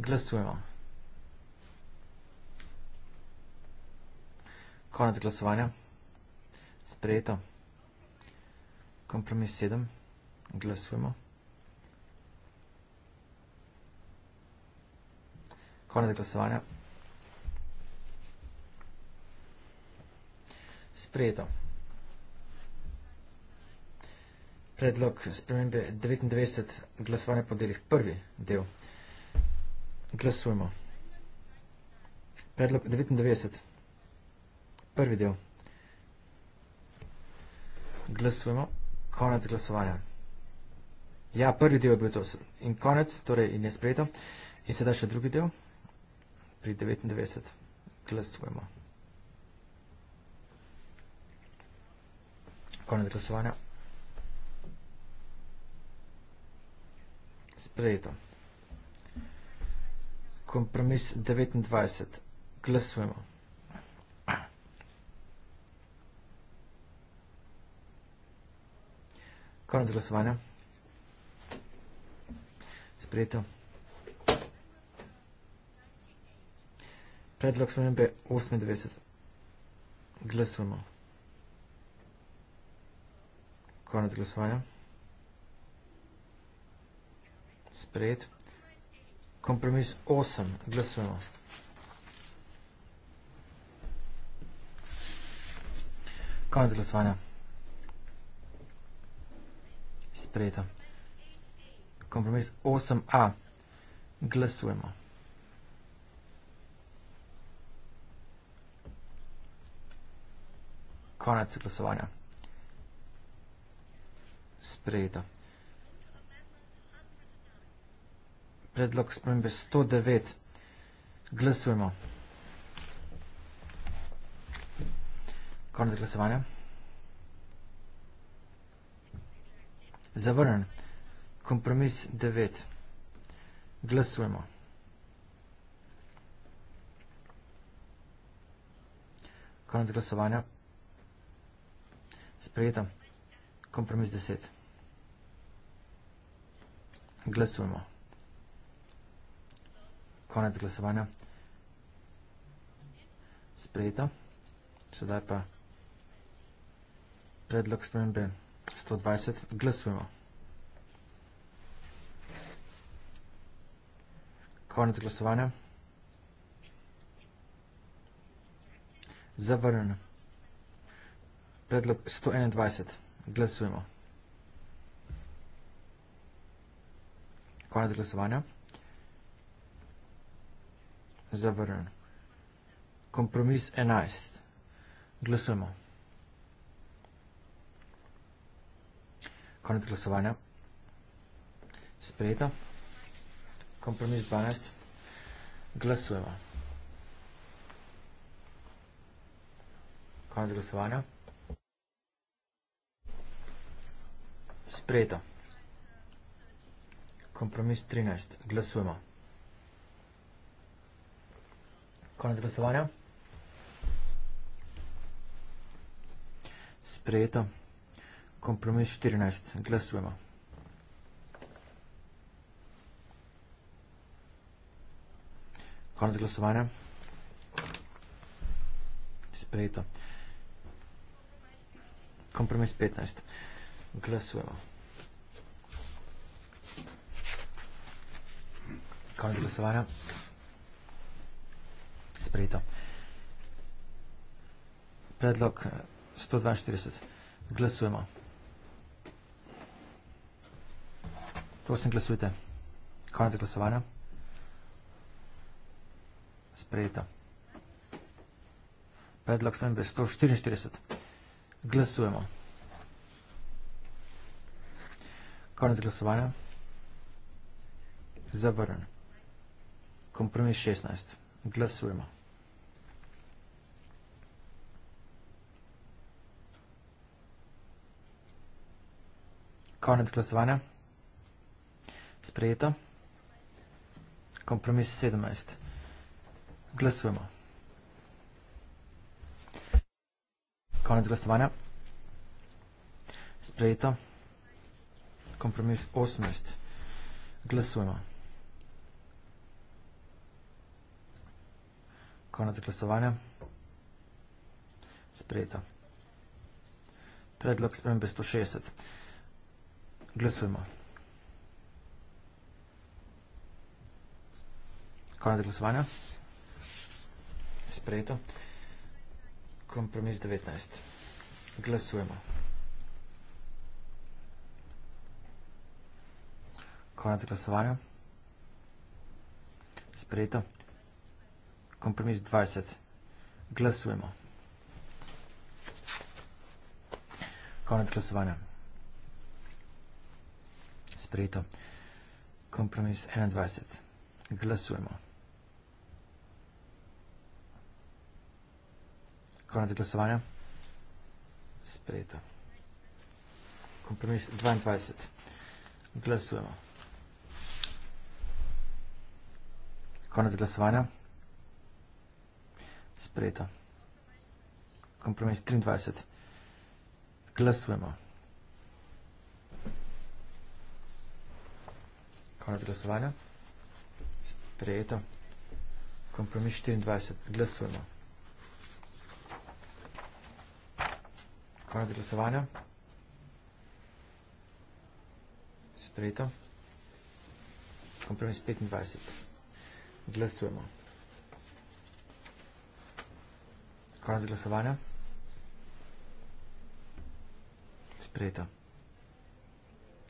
glasujemo. Konec glasovanja. Sprejeto. Kompromis 7, glasujemo. Glasujemo. Konec glasovanja. Sprejeto. Predlog spremembe 99 glasovanja po delih. Prvi del. Glasujemo. Predlog 99. Prvi del. Glasujemo. Konec glasovanja. Ja, prvi del je bil to in konec, torej in je sprejeto. In sedaj še drugi del pri 99 glasujemo. Konec glasovanja. Sprejeto. Kompromis 29. Glasujemo. Konec glasovanja. Sprejeto. predlog spremembe 98. Glasujemo. Konec glasovanja. Sprejet. Kompromis 8. Glasujemo. Konec glasovanja. Sprejeto. Kompromis 8a. Glasujemo. konec glasovanja. Sprejeto. Predlog spremembe 109. Glasujemo. Konec glasovanja. Zavrnen. Kompromis 9. Glasujemo. Konec glasovanja. Sprejeta. Kompromis 10. Glasujemo. Konec glasovanja. Sprejeta. Sedaj pa predlog spremembe 120. Glasujemo. Konec glasovanja. Zavrnjeno predlog 121. Glasujemo. Konec glasovanja. Zavrnjen. Kompromis 11. Glasujemo. Konec glasovanja. Sprejeto. Kompromis 12. Glasujemo. Konec glasovanja. Glasujemo. Sprejeto. Kompromis 13. Glasujemo. Konec glasovanja. Sprejeto. Kompromis 14. Glasujemo. Konec glasovanja. Sprejeto. Kompromis 15. Kompromis 15 glasujemo. Konec glasovanja. Sprejeto. Predlog 142. Glasujemo. Prosim, glasujte. Konec glasovanja. Sprejeto. Predlog spremembe 144. Glasujemo. Glasujemo. Konec glasovanja. Zavrn. Kompromis 16. Glasujemo. Konec glasovanja. Sprejeto. Kompromis 17. Glasujemo. Konec glasovanja. Sprejeto kompromis 18. Glasujemo. Konec glasovanja. Sprejeto. Predlog spremembe 160. Glasujemo. Konec glasovanja. Sprejeto. Kompromis 19. Glasujemo. konec glasovanja. Sprejeto. Kompromis 20. Glasujemo. Konec glasovanja. Sprejeto. Kompromis 21. Glasujemo. Konec glasovanja. Sprejeto. Kompromis 22. Glasujemo. Glasujemo. Konec glasovanja. Sprejeto. Kompromis 23. Glasujemo. Konec glasovanja. Sprejeto. Kompromis 24. Glasujemo. Konec glasovanja. Sprejeto. Kompromis 25 glasujemo. Konec glasovanja. Sprejeta.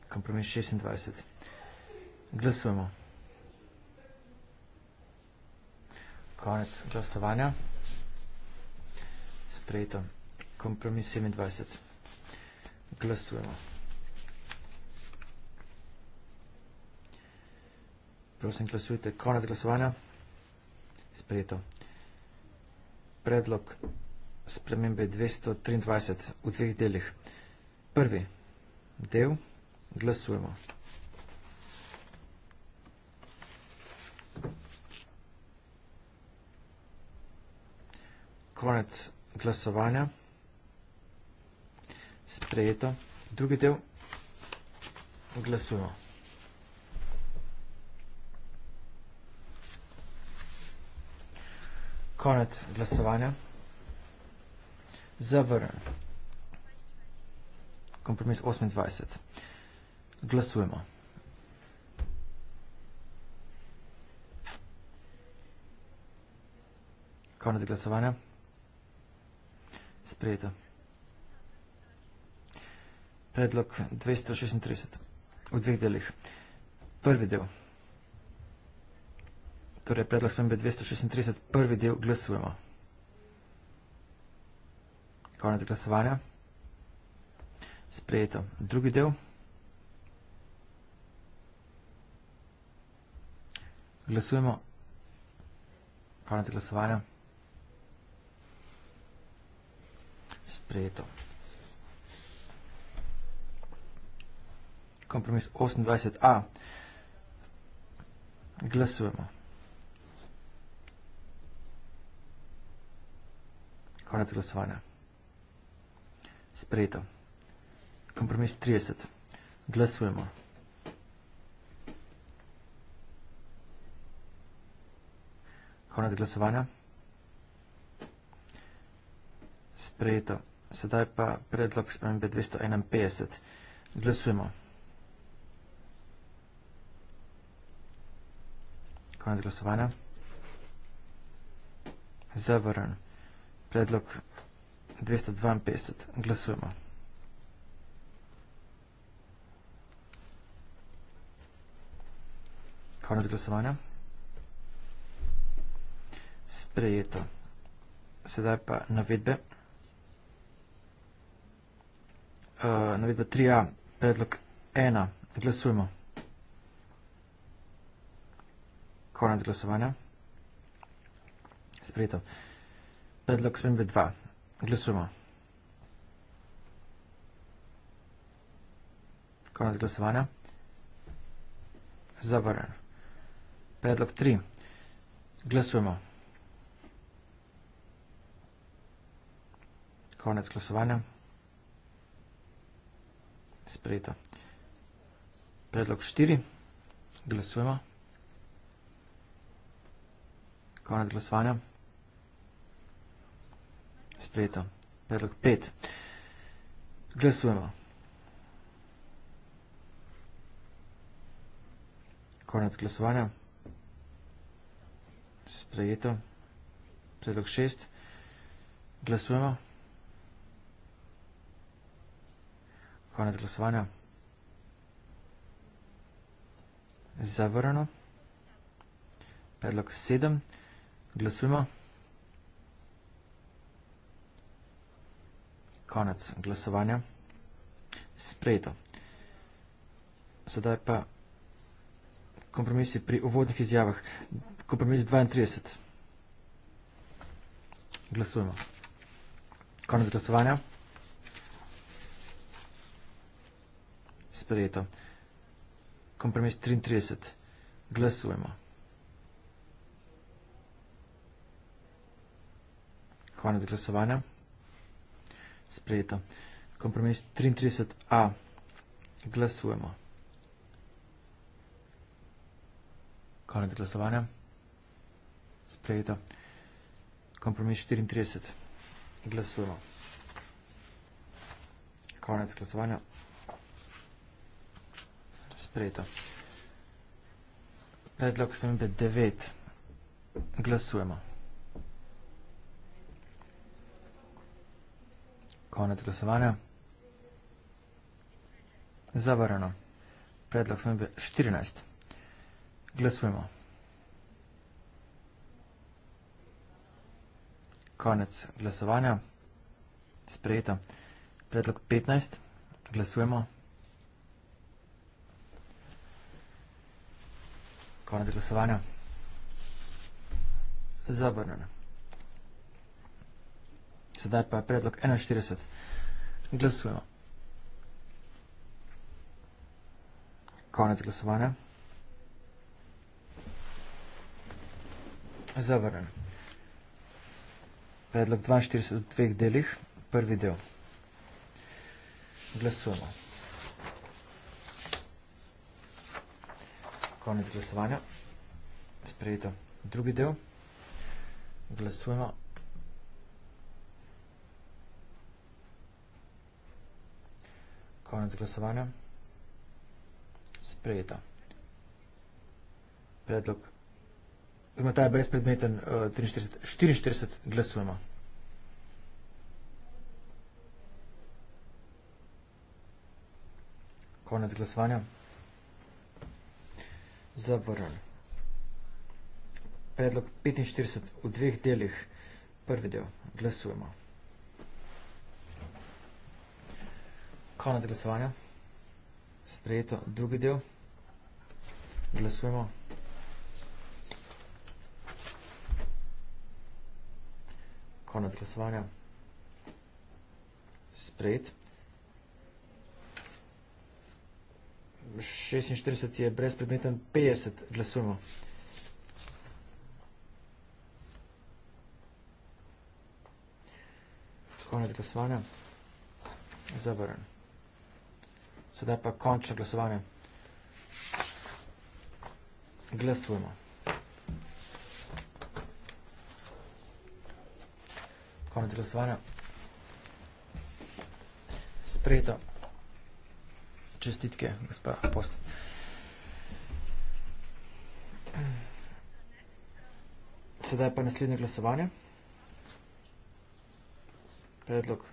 Kompromis 26. Glasujemo. Konec glasovanja. Sprejeta. Kompromis 27. Glasujemo. Prosim, glasujte. Konec glasovanja. Sprejeto. Predlog spremembe 223 v dveh delih. Prvi del glasujemo. Konec glasovanja. Sprejeto. Drugi del glasujemo. Konec glasovanja. Zavrn. Kompromis 28. Glasujemo. Konec glasovanja. Sprejeto. Predlog 236. V dveh delih. Prvi del. Torej, predlog spembe 236, prvi del, glasujemo. Konec glasovanja. Sprejeto. Drugi del. Glasujemo. Konec glasovanja. Sprejeto. Kompromis 28a. Glasujemo. Glasujemo. Konec glasovanja. Sprejeto. Kompromis 30. Glasujemo. Konec glasovanja. Sprejeto. Sedaj pa predlog spremembe 251. Glasujemo. Konec glasovanja. Zavrn predlog 252. Glasujemo. Konec glasovanja. Sprejeto. Sedaj pa navedbe. Eh, navedba 3a, predlog 1. Glasujemo. Konec glasovanja. Sprejeto. Sprejeto. Predlog spremembe 2. Glasujemo. Konec glasovanja. Zavrnjen. Predlog 3. Glasujemo. Konec glasovanja. Sprejeto. Predlog 4. Glasujemo. Konec glasovanja. Glasujemo sprejeto. Predlog 5. Glasujemo. Konec glasovanja. Sprejeto. Predlog 6. Glasujemo. Konec glasovanja. Zavrano. Predlog 7. Glasujemo. Glasujemo. konec glasovanja. Sprejeto. Sedaj pa kompromisi pri uvodnih izjavah. Kompromis 32. Glasujemo. Konec glasovanja. Sprejeto. Kompromis 33. Glasujemo. Konec glasovanja sprejeta. Kompromis 33a. Glasujemo. Konec glasovanja. Sprejeta. Kompromis 34. Glasujemo. Konec glasovanja. Sprejeta. Predlog spremembe 9. Glasujemo. Glasujemo. Konec glasovanja. Zavarano. Predlog smo imeli 14. Glasujemo. Konec glasovanja. Sprejeto. Predlog 15. Glasujemo. Konec glasovanja. Zavrnjeno. Sedaj pa je predlog 41. Glasujemo. Konec glasovanja. Zavrnem. Predlog 42 v dveh delih. Prvi del. Glasujemo. Konec glasovanja. Sprejeto. Drugi del. Glasujemo. Glasujemo. konec glasovanja. Sprejeta. Predlog. Zdaj, ta je brezpredmeten 43, eh, 44 glasujemo. Konec glasovanja. Zavrn. Predlog 45 v dveh delih. Prvi del. Glasujemo. konec glasovanja. Sprejeto drugi del. Glasujemo. Konec glasovanja. Sprejet. 46 je brezpredmeten, 50 glasujemo. Konec glasovanja. Zavrn. Sedaj pa končno glasovanje. Glasujemo. Konec glasovanja. Sprejeto. Čestitke, gospa Post. Sedaj pa naslednje glasovanje. Predlog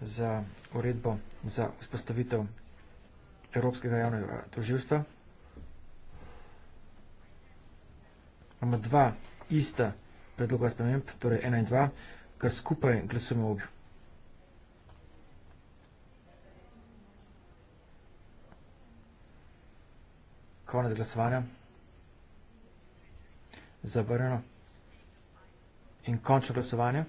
za uredbo za vzpostavitev Evropskega javnega toživstva. Imamo dva ista predloga sprememb, torej ena in dva, kar skupaj glasujemo obi. Konec glasovanja. Zabrano. In končno glasovanje.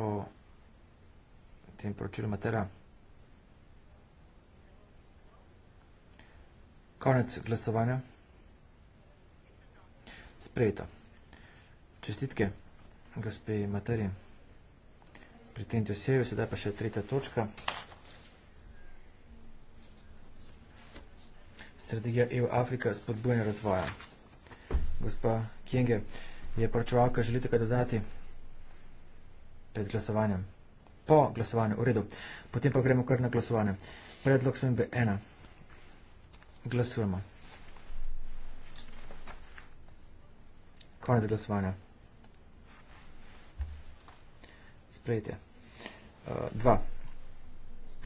o tem poročilu Matera. Konec glasovanja. Sprejeto. Čestitke gospe Materi pri tem dosjeju. Sedaj pa še tretja točka. Strategija EU Afrika spodbujanja razvoja. Gospa Kjenge, je poročevalka, želite kaj dodati? Hvala pred glasovanjem. Po glasovanju, v redu. Potem pa gremo kar na glasovanje. Predlog smo imbe ena. Glasujemo. Konec glasovanja. Sprejte. Eh, dva.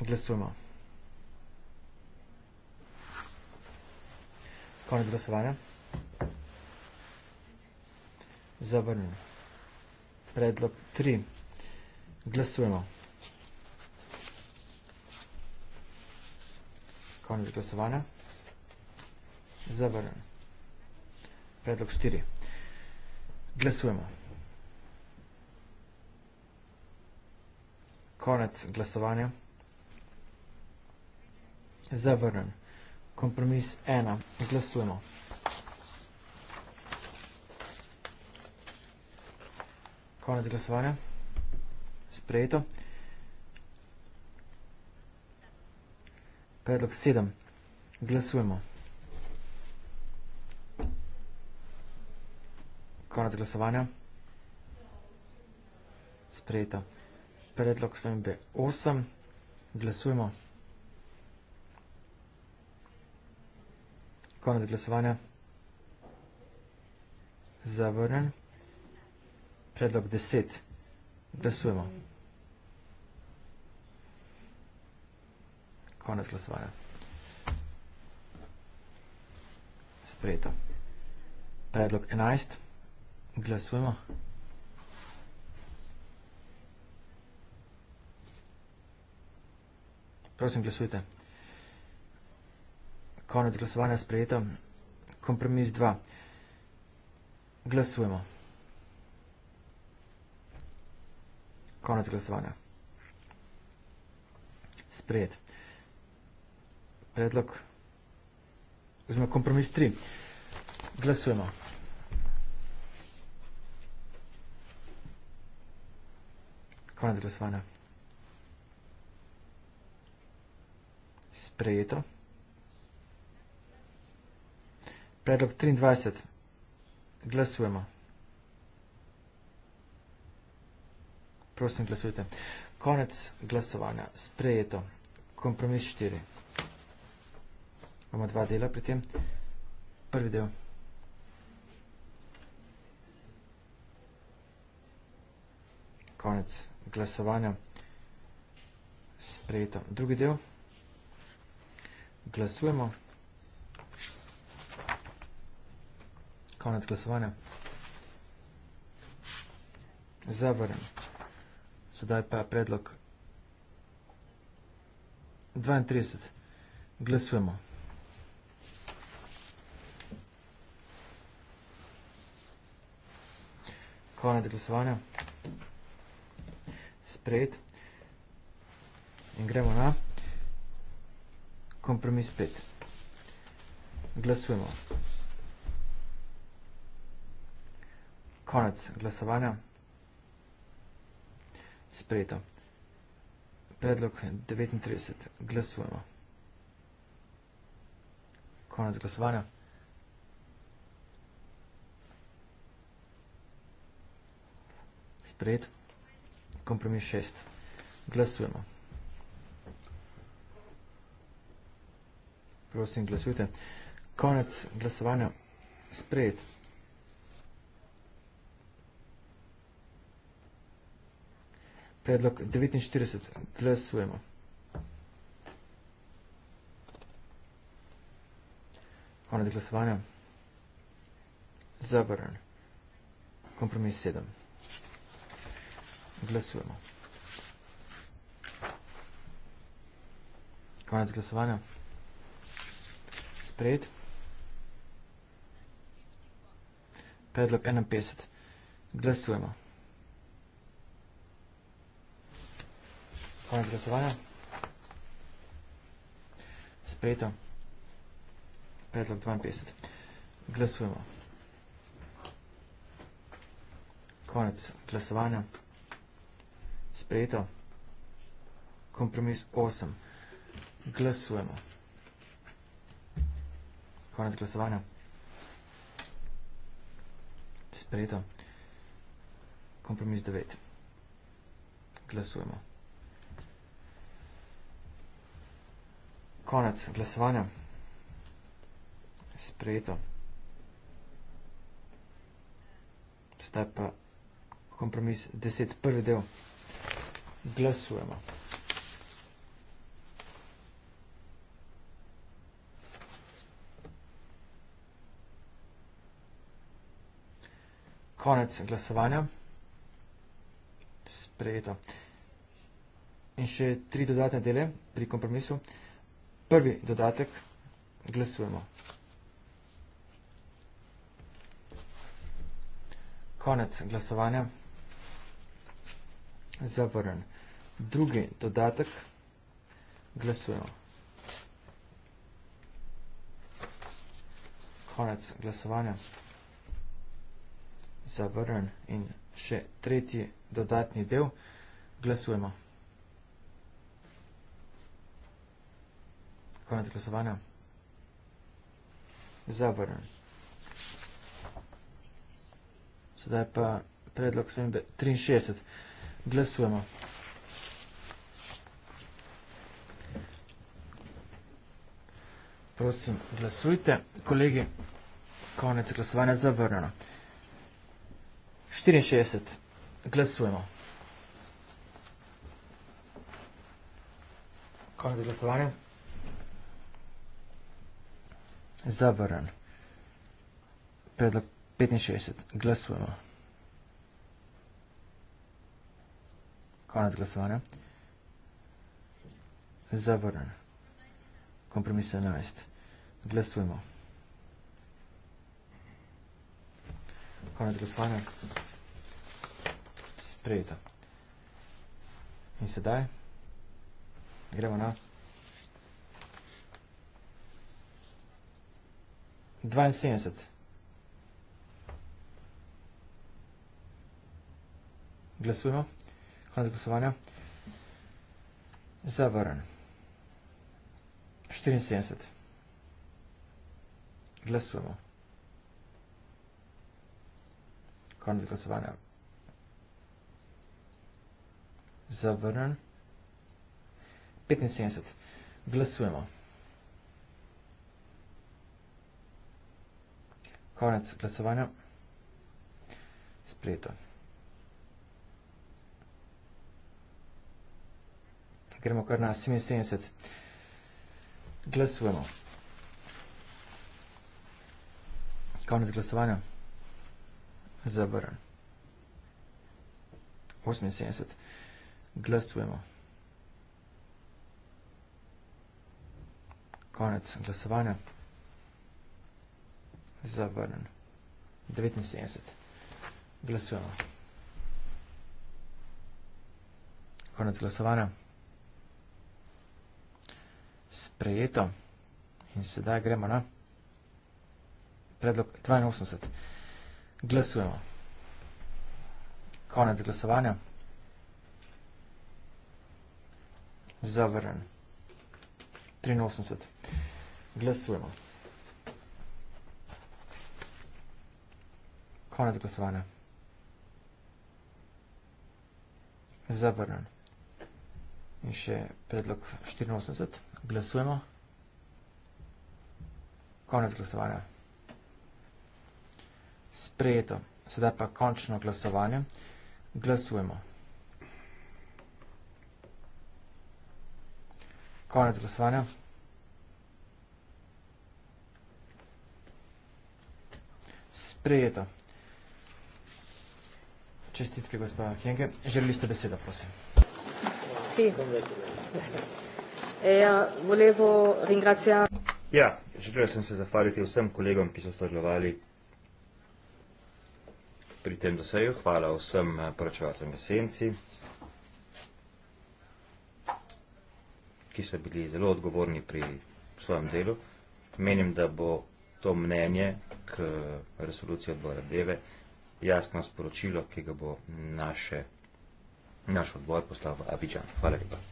Glasujemo. Konec glasovanja. Zavrnjeno. Predlog tri. Predlog tri glasujemo. Konec glasovanja. Zavrnjen. Predlog 4. Glasujemo. Konec glasovanja. Zavrnjen. Kompromis 1. Glasujemo. Konec glasovanja sprejeto. Predlog sedem. Glasujemo. Konec glasovanja. Sprejeto. Predlog svembe osem. Glasujemo. Konec glasovanja. Zavrnen. Predlog deset. Glasujemo. Glasujemo. konec glasovanja. Sprejeto. Predlog 11. Glasujemo. Prosim, glasujte. Konec glasovanja sprejeto. Kompromis 2. Glasujemo. Konec glasovanja. Sprejeto predlog, oziroma kompromis 3. Glasujemo. Konec glasovanja. Sprejeto. Predlog 23. Glasujemo. Prosim, glasujte. Konec glasovanja. Sprejeto. Kompromis 4 imamo dva dela pri tem. Prvi del. Konec glasovanja. Sprejeto. Drugi del. Glasujemo. Konec glasovanja. Zavrnem. Sedaj pa predlog 32. Glasujemo. Konec glasovanja. Sprejet. In gremo na kompromis 5. Glasujemo. Konec glasovanja. Sprejeto. Predlog 39. Glasujemo. Konec glasovanja. sprejet. Kompromis šest. Glasujemo. Prosim, glasujte. Konec glasovanja. Sprejet. Predlog 49. Glasujemo. Konec glasovanja. Zabaran. Kompromis 7 glasujemo. Konec glasovanja. Sprejet. Predlog 51. Glasujemo. Konec glasovanja. Sprejeto. Predlog 52. Glasujemo. Konec glasovanja sprejeto. Kompromis 8. Glasujemo. Konec glasovanja. Sprejeto. Kompromis 9. Glasujemo. Konec glasovanja. Sprejeto. Zdaj pa kompromis 10. Prvi del. Sprejeto glasujemo. Konec glasovanja. Sprejeto. In še tri dodatne dele pri kompromisu. Prvi dodatek glasujemo. Konec glasovanja zavrn. Drugi dodatek glasujemo. Konec glasovanja. Zavrn in še tretji dodatni del glasujemo. Konec glasovanja. Zavrn. Sedaj pa predlog svembe 63. Glasujemo. Prosim, glasujte. Kolegi, konec glasovanja zavrnjeno. 64. Glasujemo. Konec glasovanja. Zavrnjen. Predlog 65. Glasujemo. Konec glasovanja. Zavrnen. Kompromis 11. Glasujmo. Konec glasovanja. Sprejeta. In sedaj gremo na 72. Glasujmo konec glasovanja. Zavrn. 74. Glasujemo. Konec glasovanja. Zavrn. 75. Glasujemo. Konec glasovanja. Sprejeto. Gremo kar na 77. Glasujemo. Konec glasovanja. Zavrn. 78. Glasujemo. Konec glasovanja. Zavrn. 79. Glasujemo. Konec glasovanja sprejeto. In sedaj gremo na predlog 82. Glasujemo. Konec glasovanja. Zavrn. 83. Glasujemo. Konec glasovanja. Zavrn. In še predlog 84. Zavrn glasujemo. Konec glasovanja. Sprejeto. Sedaj pa končno glasovanje. Glasujemo. Konec glasovanja. Sprejeto. Čestitke, gospod Kenge. Želili ste besedo, prosim. Si. Hvala. Eja, volevo ringracija. Ja, želel sem se zahvaliti vsem kolegom, ki so sodelovali pri tem doseju. Hvala vsem eh, poročevalcem v senci, ki so bili zelo odgovorni pri svojem delu. Menim, da bo to mnenje k resoluciji odbora Deve jasno sporočilo, ki ga bo naše, naš odbor poslal v Abidžan. Hvala lepa.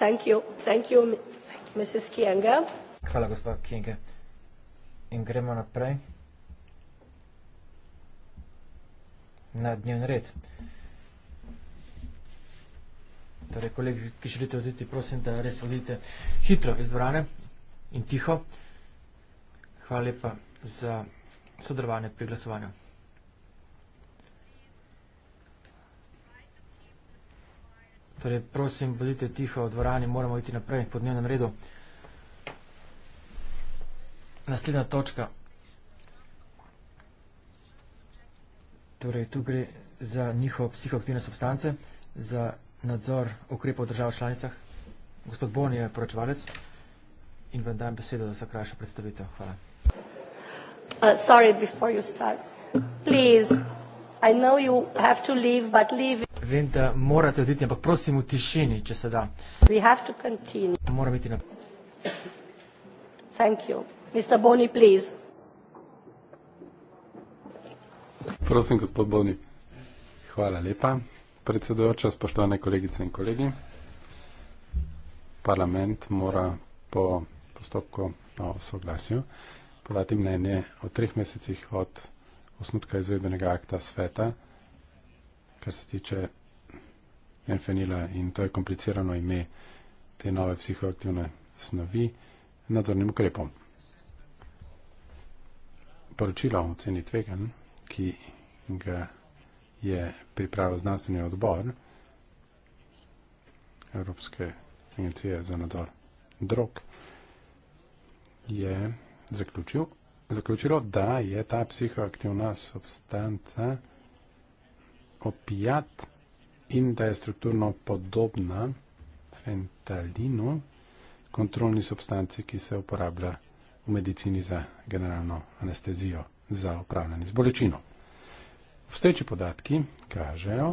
Thank you. Thank you, Mrs. Kienge. Hvala, gospod Kienge. In gremo naprej. Na dnevni red. Torej, kolegi, ki želite oditi, prosim, da res odite hitro iz dvorane in tiho. Hvala lepa za sodelovanje pri glasovanju. Torej, prosim, bodite tiho v dvorani, moramo iti naprej po dnevnem redu. Naslednja točka. Torej, tu gre za njihovo psihoaktivne substance, za nadzor ukrepov držav članicah. Gospod Bon je poročevalec in vam dajem besedo za krajšo predstavitev. Hvala. Uh, sorry, before you start. Please, I know you have to leave, but leave. Vem, da morate oditi, ampak prosim v tišini, če se da. Moram iti naprej. Mr. Boni, prosim. Prosim, gospod Boni. Hvala lepa, predsedujoča, spoštovane kolegice in kolegi. Parlament mora po postopku o soglasju podati mnenje o treh mesecih od osnutka izvedbenega akta sveta kar se tiče enfenila in to je komplicirano ime te nove psihoaktivne snovi, nadzornim ukrepom. Poročilo o ceni tvegan, ki ga je pripravil znanstveni odbor Evropske agencije za nadzor drog, je zaključil, zaključilo, da je ta psihoaktivna substanca opiat in da je strukturno podobna fentalinu, kontrolni substanci, ki se uporablja v medicini za generalno anestezijo za upravljanje z bolečino. Vsteči podatki kažejo,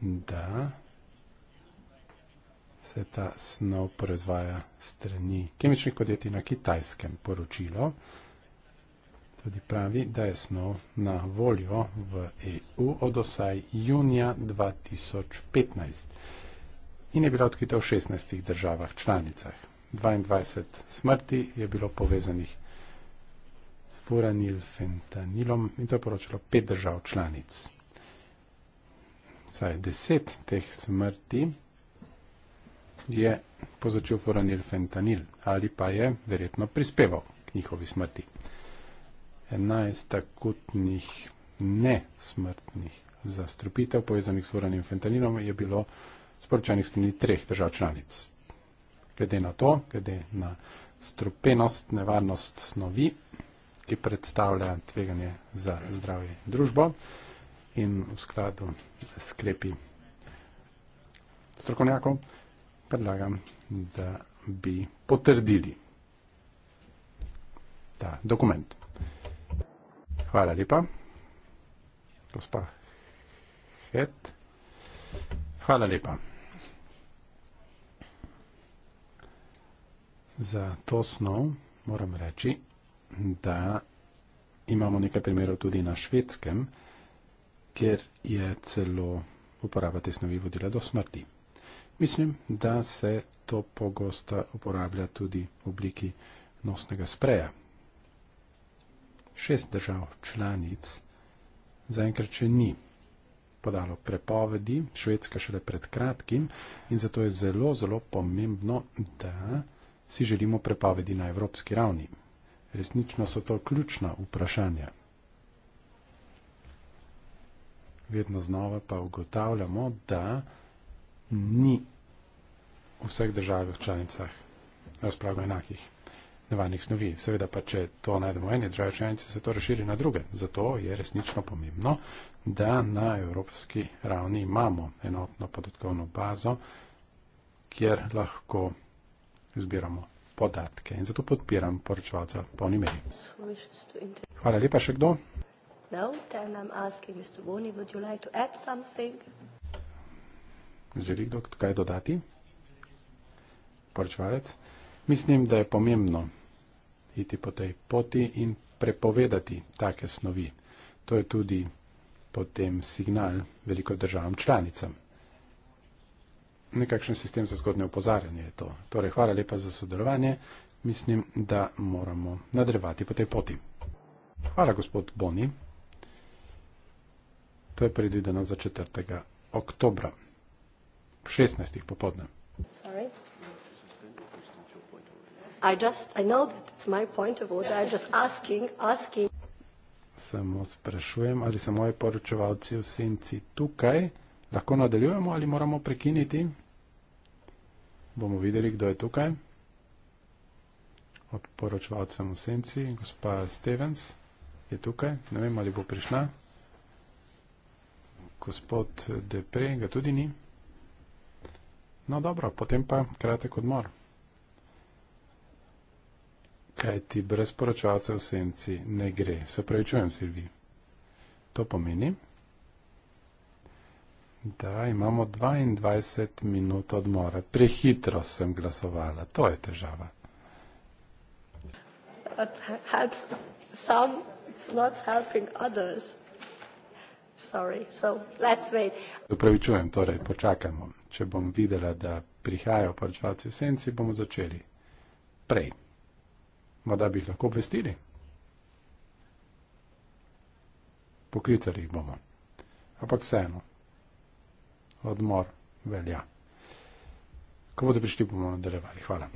da se ta snov proizvaja strani kemičnih podjetij na kitajskem poročilo, tudi pravi, da je snov na voljo v EU od osaj junija 2015 in je bila odkrita v 16 državah članicah. 22 smrti je bilo povezanih s furanil fentanilom in to je poročalo pet držav članic. Vsaj deset teh smrti je povzročil furanil fentanil ali pa je verjetno prispeval k njihovi smrti. 11 akutnih nesmrtnih zastrupitev povezanih s furanim fentanilom je bilo sporočanih strani treh držav članic. Glede na to, glede na strupenost, nevarnost snovi, ki predstavlja tveganje za zdravje družbo in v skladu sklepi strokovnjakov, predlagam, da bi potrdili ta dokument. Hvala lepa. Gospa Het. Hvala lepa. Za to snov moram reči, da imamo nekaj primerov tudi na švedskem, kjer je celo uporaba te snovi vodila do smrti. Mislim, da se to pogosto uporablja tudi v obliki nosnega spreja, šest držav članic, zaenkrat še ni podalo prepovedi, švedska šele pred kratkim in zato je zelo, zelo pomembno, da si želimo prepovedi na evropski ravni. Resnično so to ključna vprašanja. Vedno znova pa ugotavljamo, da ni v vseh državah članicah razpravo enakih nevarnih snovi. Seveda pa, če to najdemo v eni državi članici, se to razširi na druge. Zato je resnično pomembno, da na evropski ravni imamo enotno podatkovno bazo, kjer lahko zbiramo podatke. In zato podpiram poročevalca po nimeri. Hvala lepa še kdo. No, then I'm asking Mr. Boni, would you like to add something? Želi kdo kaj dodati? Poročevalec. Mislim, da je pomembno, iti po tej poti in prepovedati take snovi. To je tudi potem signal veliko državam članicam. Nekakšen sistem za zgodnje opozarjanje je to. Torej, hvala lepa za sodelovanje. Mislim, da moramo nadrevati po tej poti. Hvala, gospod Boni. To je predvideno za 4. oktobra. 16. popodne. I just, I know that it's my point of order, I'm just asking, asking. Samo sprašujem, ali so moji poročevalci v senci tukaj. Lahko nadaljujemo ali moramo prekiniti? Bomo videli, kdo je tukaj. Od poročevalca v senci, gospa Stevens je tukaj. Ne vem, ali bo prišla. Gospod Depre ga tudi ni. No dobro, potem pa kratek odmor kaj ti brez poročevalca v senci ne gre. Se pravi, čujem, Silvi. To pomeni, da imamo 22 minut odmora. Prehitro sem glasovala, to je težava. Upravičujem, so, torej počakamo. Če bom videla, da prihajajo poročevalci v senci, bomo začeli prej morda bi jih lahko obvestili. Poklicali jih bomo. Ampak vseeno, odmor velja. Ko bodo prišli, bomo nadaljevali. Hvala.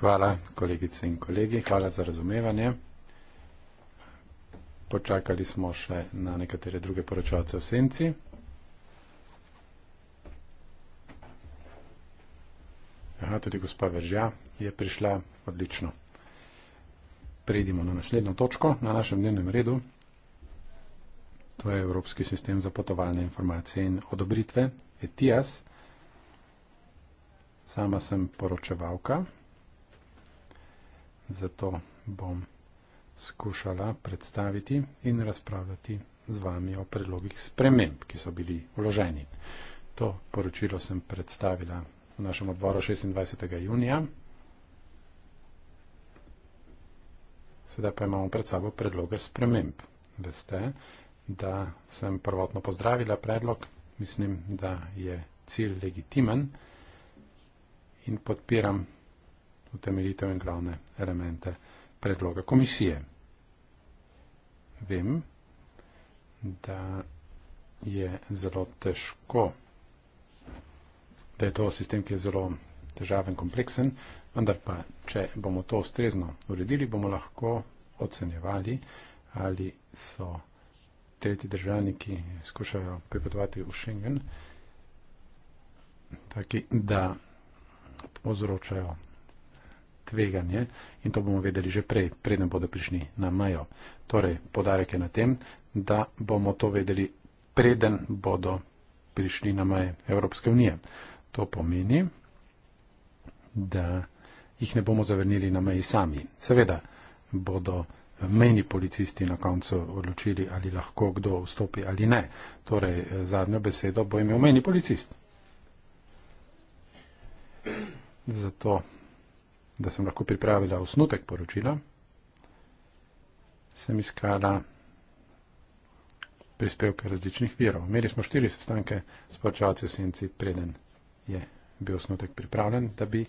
Hvala, kolegice in kolegi, hvala za razumevanje. Počakali smo še na nekatere druge poročavce v senci. Aha, tudi gospa Veržja je prišla odlično. Prejdimo na naslednjo točko na našem dnevnem redu. To je Evropski sistem za potovalne informacije in odobritve, ETIAS. Sama sem poročevalka, zato bom skušala predstaviti in razpravljati z vami o predlogih sprememb, ki so bili vloženi. To poročilo sem predstavila v našem odboru 26. junija. Sedaj pa imamo pred sabo predloge sprememb. Veste, da sem prvotno pozdravila predlog, mislim, da je cilj legitimen in podpiram utemeljitev in glavne elemente predloga komisije. Vem, da je zelo težko, da je to sistem, ki je zelo težaven, kompleksen, vendar pa, če bomo to ustrezno uredili, bomo lahko ocenjevali, ali so tretji državni, ki skušajo pripotovati v Schengen, taki, da povzročajo tveganje in to bomo vedeli že prej, preden bodo prišli na mejo. Torej, podarek je na tem, da bomo to vedeli, preden bodo prišli na meje Evropske unije. To pomeni, da jih ne bomo zavrnili na meji sami. Seveda bodo meni policisti na koncu odločili, ali lahko kdo vstopi ali ne. Torej, zadnjo besedo bo imel meni policist zato da sem lahko pripravila osnutek poročila, sem iskala prispevke različnih virov. Imeli smo štiri sestanke s počalci senci, preden je bil osnutek pripravljen, da bi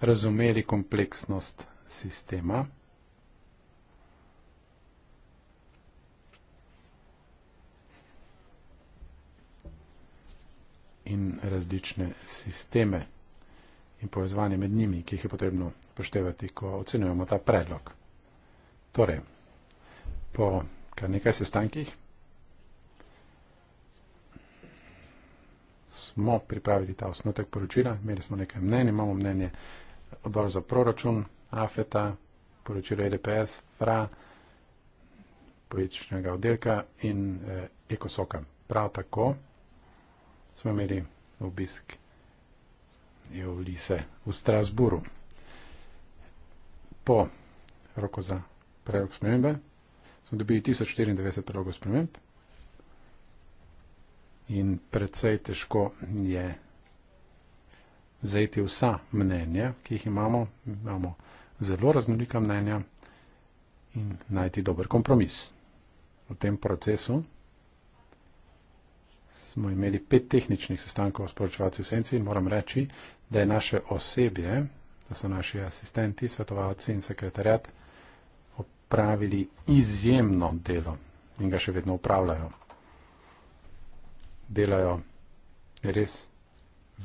razumeli kompleksnost sistema. in različne sisteme in povezovanje med njimi, ki jih je potrebno poštevati, ko ocenujemo ta predlog. Torej, po kar nekaj sestankih smo pripravili ta osnotek poročila, imeli smo nekaj mnenj, imamo mnenje odbor za proračun, AFETA, poročilo EDPS, FRA, političnega oddelka in eh, ECOSOKA. Prav tako smo imeli obisk je v Lise v Strasburu. Po roko za prerok spremembe smo dobili 1094 prerokov sprememb in predvsej težko je zajeti vsa mnenja, ki jih imamo. Imamo zelo raznolika mnenja in najti dober kompromis. V tem procesu smo imeli pet tehničnih sestankov s poročevalci v senci in moram reči, da je naše osebje, da so naši asistenti, svetovalci in sekretarjat opravili izjemno delo in ga še vedno upravljajo. Delajo res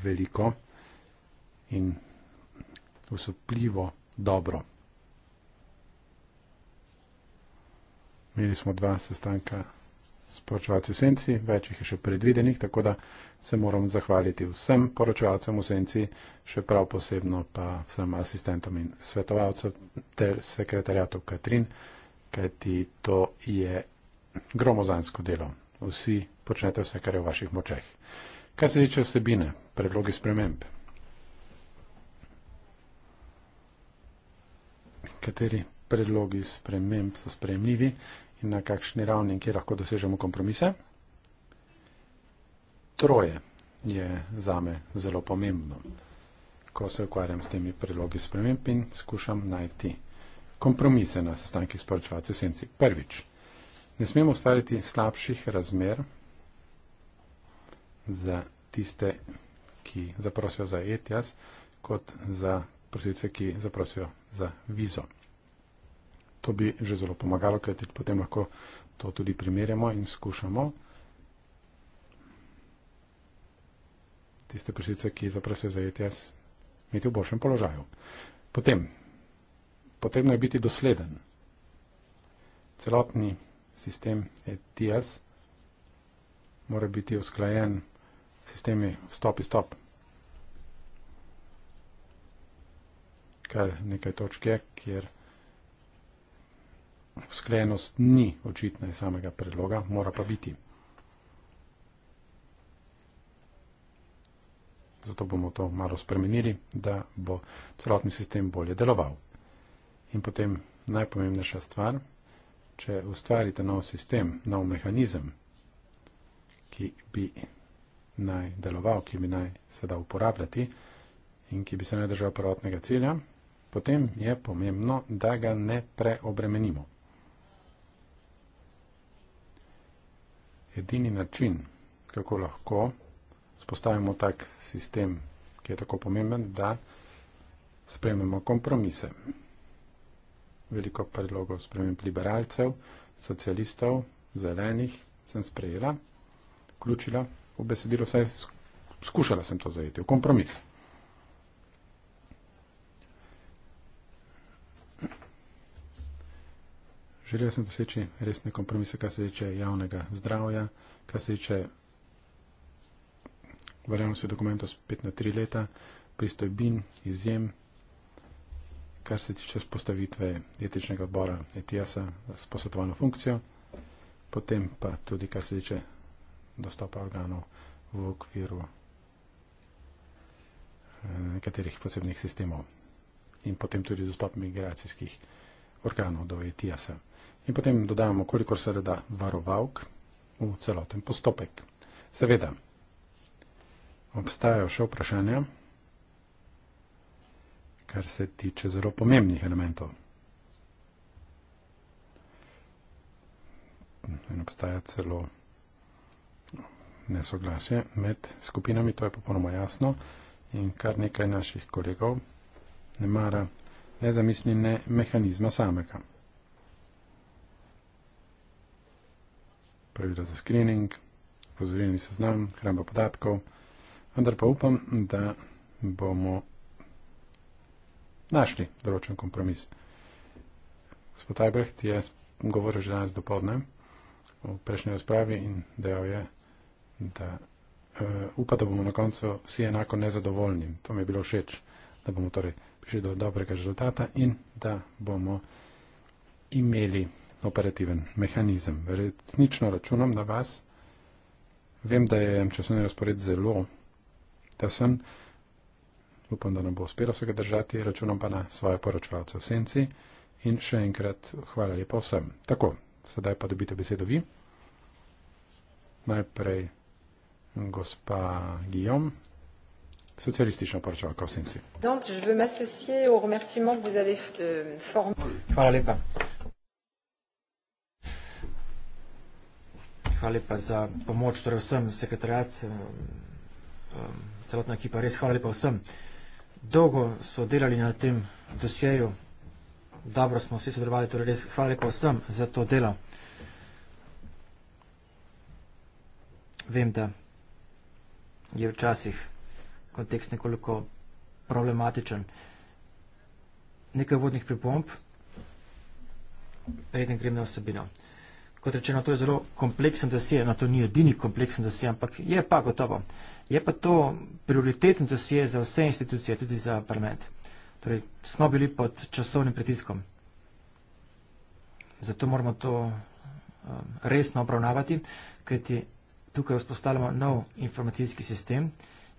veliko in usupljivo dobro. Imeli smo dva sestanka sporočevalci v senci, več jih je še predvidenih, tako da se moram zahvaliti vsem poročevalcem v senci, še prav posebno pa vsem asistentom in svetovalcem ter sekretarjatu Katrin, kajti to je gromozansko delo. Vsi počnete vse, kar je v vaših močeh. Kaj se tiče vsebine, predlogi sprememb. Kateri predlogi sprememb so sprejemljivi, in na kakšni ravni, kjer lahko dosežemo kompromise. Troje je zame zelo pomembno, ko se ukvarjam s temi predlogi sprememb in skušam najti kompromise na sestankih s poročevalci v senci. Prvič, ne smemo ustvariti slabših razmer za tiste, ki zaprosijo za ETIAS, kot za prosilce, ki zaprosijo za vizo to bi že zelo pomagalo, ker potem lahko to tudi primerjamo in skušamo. Tiste prosice, ki zaprosijo za ETS, imeti v boljšem položaju. Potem, potrebno je biti dosleden. Celotni sistem ETS mora biti usklajen v sistemi stop-istop. Kar nekaj točke, kjer je. Usklenost ni očitna iz samega predloga, mora pa biti. Zato bomo to malo spremenili, da bo celotni sistem bolje deloval. In potem najpomembnejša stvar, če ustvarite nov sistem, nov mehanizem, ki bi naj deloval, ki bi naj se da uporabljati in ki bi se naj držal prvotnega cilja, potem je pomembno, da ga ne preobremenimo. edini način, kako lahko spostavimo tak sistem, ki je tako pomemben, da sprememo kompromise. Veliko predlogov sprememb liberalcev, socialistov, zelenih sem sprejela, vključila v besedilo, vsaj skušala sem to zajeti v kompromis. Želel sem doseči resne kompromise, kar se tiče javnega zdravja, kar se tiče veljavnosti dokumentov z 5 na 3 leta, pristojbin, izjem, kar se tiče spostavitve etičnega odbora ETS-a s posvetovalno funkcijo, potem pa tudi, kar se tiče dostopa organov v okviru eh, nekaterih posebnih sistemov in potem tudi dostop migracijskih organov do ETS-a in potem dodajamo, kolikor se reda varovalk v celoten postopek. Seveda, obstajajo še vprašanja, kar se tiče zelo pomembnih elementov. In obstaja celo nesoglasje med skupinami, to je popolnoma jasno. In kar nekaj naših kolegov ne mara nezamislene mehanizma samega. pravila za screening, pozorilni seznam, hramba podatkov, vendar pa upam, da bomo našli določen kompromis. Gospod Ajbrecht je govoril že danes do podne v prejšnji razpravi in dejal je, da uh, upa, da bomo na koncu vsi enako nezadovoljni. To mi je bilo všeč, da bomo torej prišli do dobrega rezultata in da bomo imeli operativen mehanizem. Resnično računam na vas. Vem, da je časovni razpored zelo tesen. Upam, da nam bo uspelo se ga držati, računam pa na svoje poročevalce v senci. In še enkrat hvala lepo vsem. Tako, sedaj pa dobite besedo vi. Najprej gospa Guillaume. Socialistično poročevalko v senci. Hvala lepa. hvala lepa za pomoč, torej vsem sekretarjat, eh, eh, celotna ekipa, res hvala lepa vsem. Dolgo so delali na tem dosjeju, dobro smo vsi sodelovali, torej res hvala lepa vsem za to delo. Vem, da je včasih kontekst nekoliko problematičen. Nekaj vodnih pripomb, preden grem na vsebino kot rečeno, to je zelo kompleksen dosje, na no, to ni edini kompleksen dosje, ampak je pa gotovo. Je pa to prioritetni dosje za vse institucije, tudi za parlament. Torej, smo bili pod časovnim pritiskom. Zato moramo to um, resno obravnavati, kajti tukaj vzpostavljamo nov informacijski sistem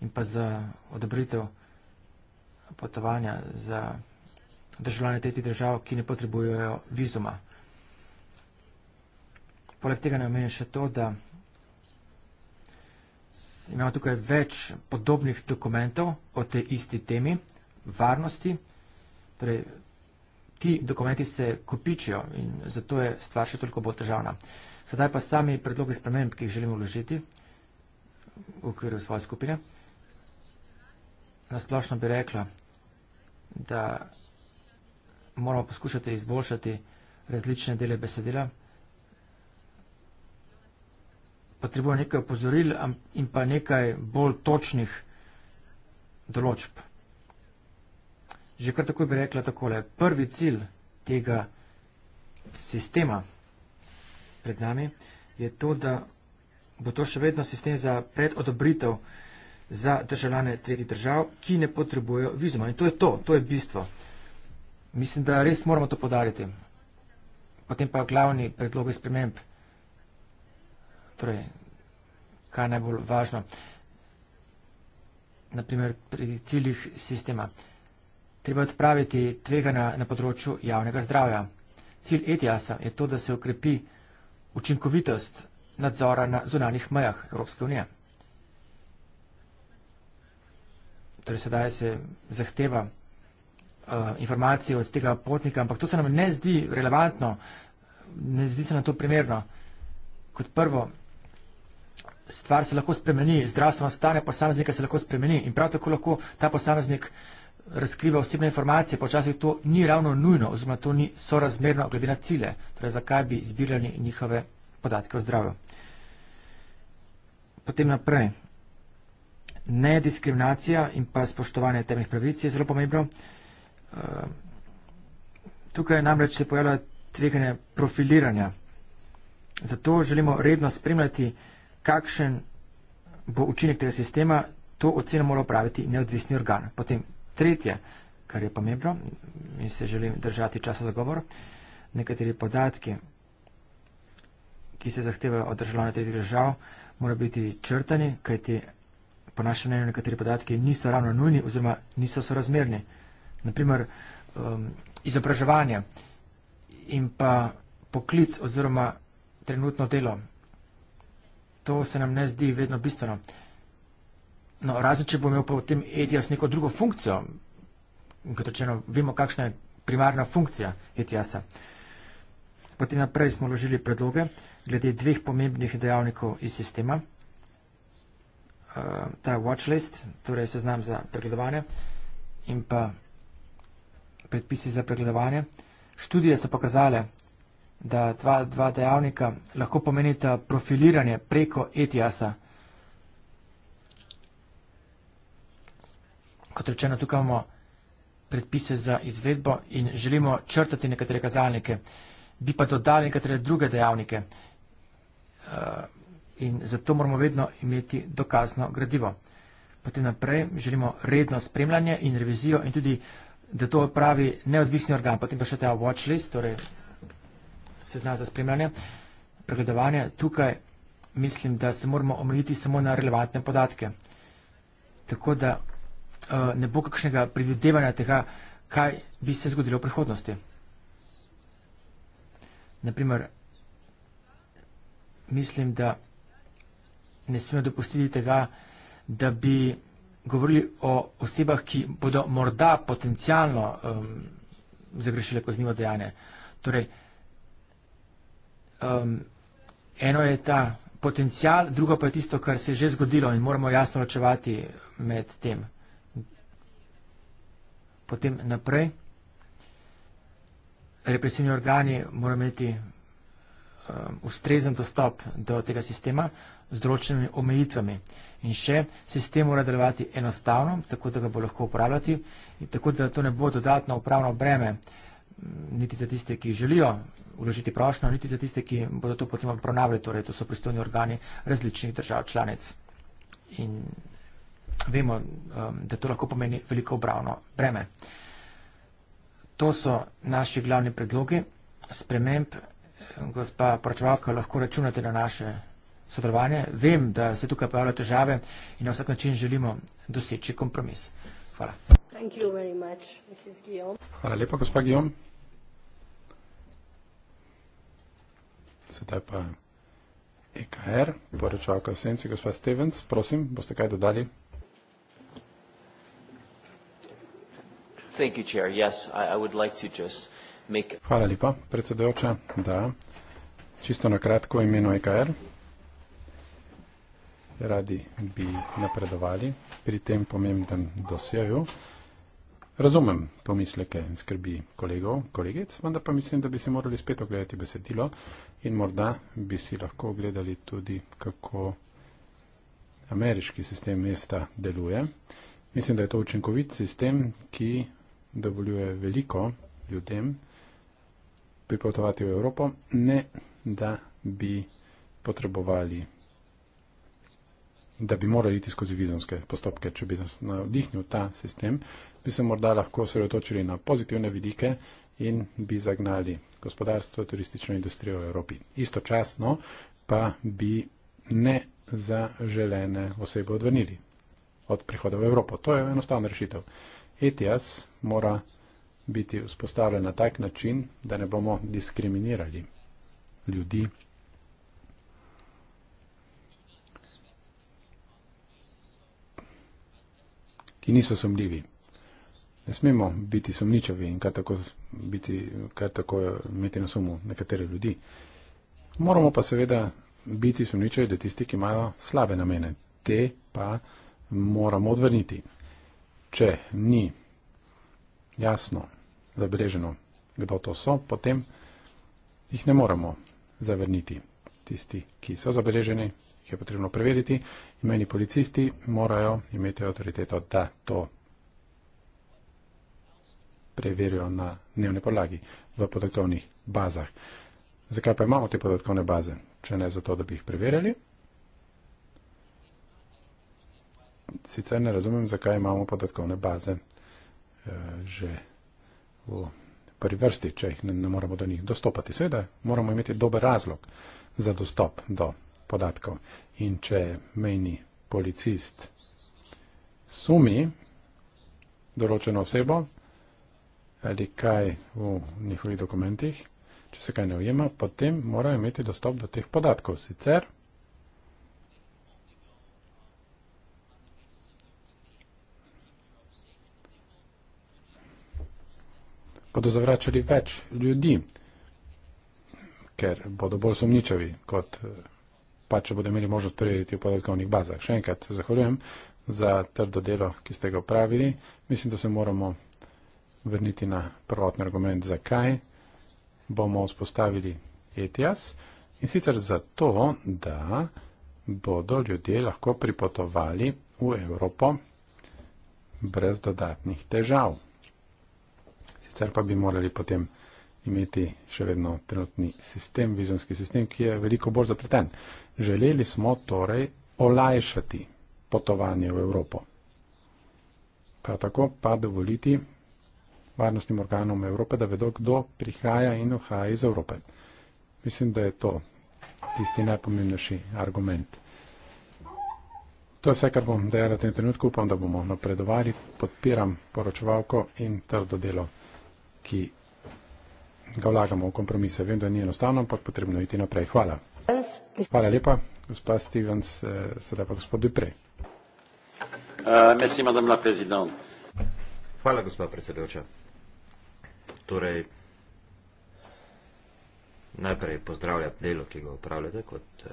in pa za odobritev potovanja za državljane tretjih držav, ki ne potrebujejo vizuma. Poleg tega ne omenim še to, da imamo tukaj več podobnih dokumentov o tej isti temi, varnosti. Torej, ti dokumenti se kopičijo in zato je stvar še toliko bolj težavna. Sedaj pa sami predlogi sprememb, ki jih želimo vložiti v okviru svoje skupine. Nasplošno bi rekla, da moramo poskušati izboljšati različne dele besedila, potrebuje nekaj opozoril in pa nekaj bolj točnih določb. Že kar takoj bi rekla takole. Prvi cilj tega sistema pred nami je to, da bo to še vedno sistem za predodobritev za državljane tretjih držav, ki ne potrebujejo vizuma. In to je to, to je bistvo. Mislim, da res moramo to podariti. Potem pa glavni predlog je sprememb torej, kaj najbolj važno, naprimer pri ciljih sistema. Treba odpraviti tvegana na področju javnega zdravja. Cilj ETIAS-a je to, da se ukrepi učinkovitost nadzora na zunanih mejah Evropske unije. Torej, sedaj se zahteva uh, informacije od tega potnika, ampak to se nam ne zdi relevantno, ne zdi se nam to primerno. Kot prvo, stvar se lahko spremeni, zdravstveno stanje posameznika se lahko spremeni in prav tako lahko ta posameznik razkriva osebne informacije, pa včasih to ni ravno nujno oziroma to ni sorazmerno glede na cilje, torej zakaj bi zbirali njihove podatke o zdravju. Potem naprej. Nediskriminacija in pa spoštovanje temnih pravic je zelo pomembno. Eh, tukaj namreč se pojavlja tveganje profiliranja. Zato želimo redno spremljati, kakšen bo učinek tega sistema, to oceno mora praviti neodvisni organ. Potem tretje, kar je pomembno in se želim držati časa za govor, nekateri podatki, ki se zahtevajo od državljanov tretjih držav, mora biti črtani, kajti po našem mnenju nekateri podatki niso ravno nujni oziroma niso sorazmerni. Naprimer, um, izobraževanje in pa poklic oziroma trenutno delo to se nam ne zdi vedno bistveno. No, razen, če bo imel pa v tem ETS neko drugo funkcijo, kot rečeno, vemo, kakšna je primarna funkcija ETS-a. Potem naprej smo ložili predloge glede dveh pomembnih dejavnikov iz sistema. Eh, ta je watchlist, torej seznam za pregledovanje in pa predpisi za pregledovanje. Študije so pokazale, da dva, dva dejavnika lahko pomenita profiliranje preko ETIAS-a. Kot rečeno, tukaj imamo predpise za izvedbo in želimo črtati nekatere kazalnike, bi pa dodali nekatere druge dejavnike. Eh, in zato moramo vedno imeti dokazno gradivo. Potem naprej želimo redno spremljanje in revizijo in tudi, da to pravi neodvisni organ. Potem pa še ta watchlist, torej se zna za spremljanje, pregledovanje. Tukaj mislim, da se moramo omejiti samo na relevantne podatke. Tako da uh, ne bo kakšnega predvidevanja tega, kaj bi se zgodilo v prihodnosti. Naprimer, mislim, da ne smemo dopustiti tega, da bi govorili o osebah, ki bodo morda potencijalno um, zagrešile kaznivo dejanje. Torej, uh, um, eno je ta potencial, drugo pa je tisto, kar se je že zgodilo in moramo jasno ločevati med tem. Potem naprej. Represivni organi morajo imeti um, ustrezen dostop do tega sistema z določenimi omejitvami. In še, sistem mora delovati enostavno, tako da ga bo lahko uporabljati in tako da to ne bo dodatno upravno breme uh, niti za tiste, ki želijo uložiti prošnjo, niti za tiste, ki bodo to potem obravnavali, torej to so pristojni organi različnih držav članic. In vemo, um, da to lahko pomeni veliko obravno breme. To so naši glavni predlogi sprememb. Gospa poročevalka, lahko računate na naše sodelovanje. Vem, da se tukaj pojavljajo težave in na vsak način želimo doseči kompromis. Hvala. Thank you very much, Mrs. Hvala lepa, gospa Guillaume. sedaj pa EKR, poročavka v senci, gospa Stevens, prosim, boste kaj dodali? Hvala lepa, predsedojoča, da. Čisto na kratko v imenu EKR. Radi bi napredovali pri tem pomembnem dosjeju. Razumem pomisleke in skrbi kolegov, kolegic, vendar pa mislim, da bi si morali spet ogledati besedilo in morda bi si lahko ogledali tudi, kako ameriški sistem mesta deluje. Mislim, da je to učinkovit sistem, ki dovoljuje veliko ljudem pripotovati v Evropo, ne da bi potrebovali da bi morali iti skozi vizumske postopke, če bi nas navdihnil ta sistem, bi se morda lahko osredotočili na pozitivne vidike in bi zagnali gospodarstvo, turistično industrijo v Evropi. Istočasno pa bi ne za želene osebe odvrnili od prihoda v Evropo. To je enostavna rešitev. ETS mora biti vzpostavljen na tak način, da ne bomo diskriminirali ljudi. ki niso sumljivi. Ne smemo biti sumničavi in kar tako, biti, kar tako imeti na sumu nekatere ljudi. Moramo pa seveda biti sumničavi, da tisti, ki imajo slabe namene, te pa moramo odvrniti. Če ni jasno zabeleženo, kdo to so, potem jih ne moramo zavrniti. Tisti, ki so zabeleženi, jih je potrebno preveriti in meni policisti morajo imeti avtoriteto, da to preverijo na dnevni podlagi v podatkovnih bazah. Zakaj pa imamo te podatkovne baze? Če ne zato, da bi jih preverjali. Sicer ne razumem, zakaj imamo podatkovne baze eh, že v prvi vrsti, če jih ne moramo do njih dostopati. Seveda moramo imeti dober razlog za dostop do podatkov. In če meni policist sumi določeno osebo, ali kaj v njihovih dokumentih, če se kaj ne ujema, potem morajo imeti dostop do teh podatkov. Sicer bodo zavračali več ljudi, ker bodo bolj sumničavi, kot eh, pa če bodo imeli možnost preveriti v podatkovnih bazah. Še enkrat se zahvaljujem za trdo delo, ki ste ga upravili. Mislim, da se moramo vrniti na prvotni argument, zakaj bomo vzpostavili ETIAS. In sicer zato, da bodo ljudje lahko pripotovali v Evropo brez dodatnih težav. Sicer pa bi morali potem imeti še vedno trenutni sistem, vizonski sistem, ki je veliko bolj zapleten. Želeli smo torej olajšati potovanje v Evropo. Prav tako pa dovoliti varnostnim organom Evrope, da vedo, kdo prihaja in ohaja iz Evrope. Mislim, da je to tisti najpomembnejši argument. To je vse, kar bom dejala v tem trenutku. Upam, da bomo napredovali. Podpiram poročevalko in trdo delo, ki ga vlagamo v kompromise. Vem, da ni enostavno, ampak potrebno je iti naprej. Hvala. Hvala lepa, gospod Stevens. Eh, sedaj pa gospod Dupre. Uh, merci, madame la présidente. Hvala, gospod predsedujoča. Torej, najprej pozdravljam delo, ki ga upravljate kot eh,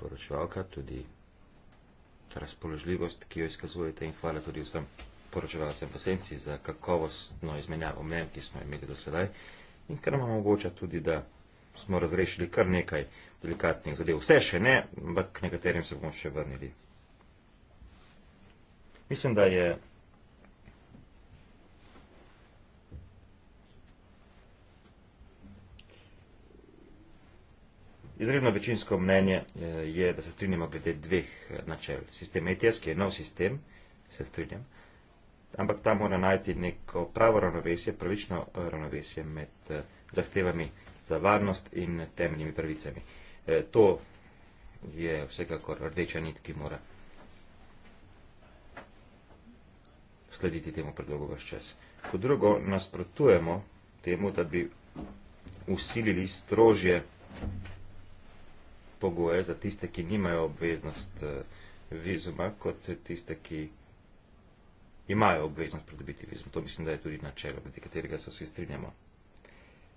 poročevalka, tudi razpoložljivost, ki jo izkazujete in hvala tudi vsem poročevalcem v senci za kakovostno izmenjavo mnen, ki smo imeli do sedaj in kar nam omogoča tudi, da smo razrešili kar nekaj delikatnih zadev. Vse še ne, ampak k nekaterim se bomo še vrnili. Mislim, da je Izredno večinsko mnenje eh, je, da se strinjamo glede dveh eh, načel. Sistem ETS, ki je nov sistem, se strinjam, ampak tam mora najti neko pravo ravnovesje, pravično eh, ravnovesje med zahtevami za varnost in temeljnimi pravicami. To je vsekakor rdeča nit, ki mora slediti temu predlogu vaš čas. Kot drugo, nasprotujemo temu, da bi usilili strožje pogoje za tiste, ki nimajo obveznost eh, vizuma, kot tiste, ki imajo obveznost pridobiti vizum. To mislim, da je tudi načelo, med katerega se vsi strinjamo.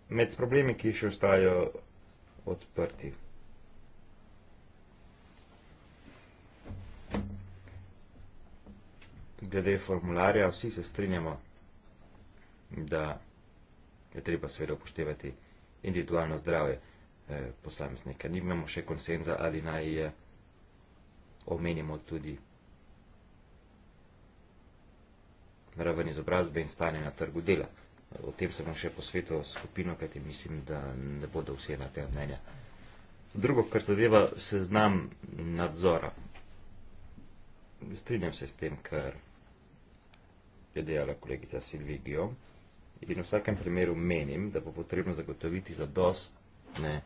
Med problemi, ki še ostajajo odprti, glede formularja, vsi se strinjamo, da je treba seveda upoštevati individualno zdravje. Eh, posameznika. Nimamo še konsenza, ali naj je eh, omenimo tudi raven izobrazbe in stanje na trgu dela. O tem se bom še posvetil skupino, kajti mislim, da ne bodo vsi na tega mnenja. Drugo, kar zadeva seznam nadzora. Strinjam se s tem, kar je dejala kolegica Silvigio. In v vsakem primeru menim, da bo potrebno zagotoviti zadost dodatne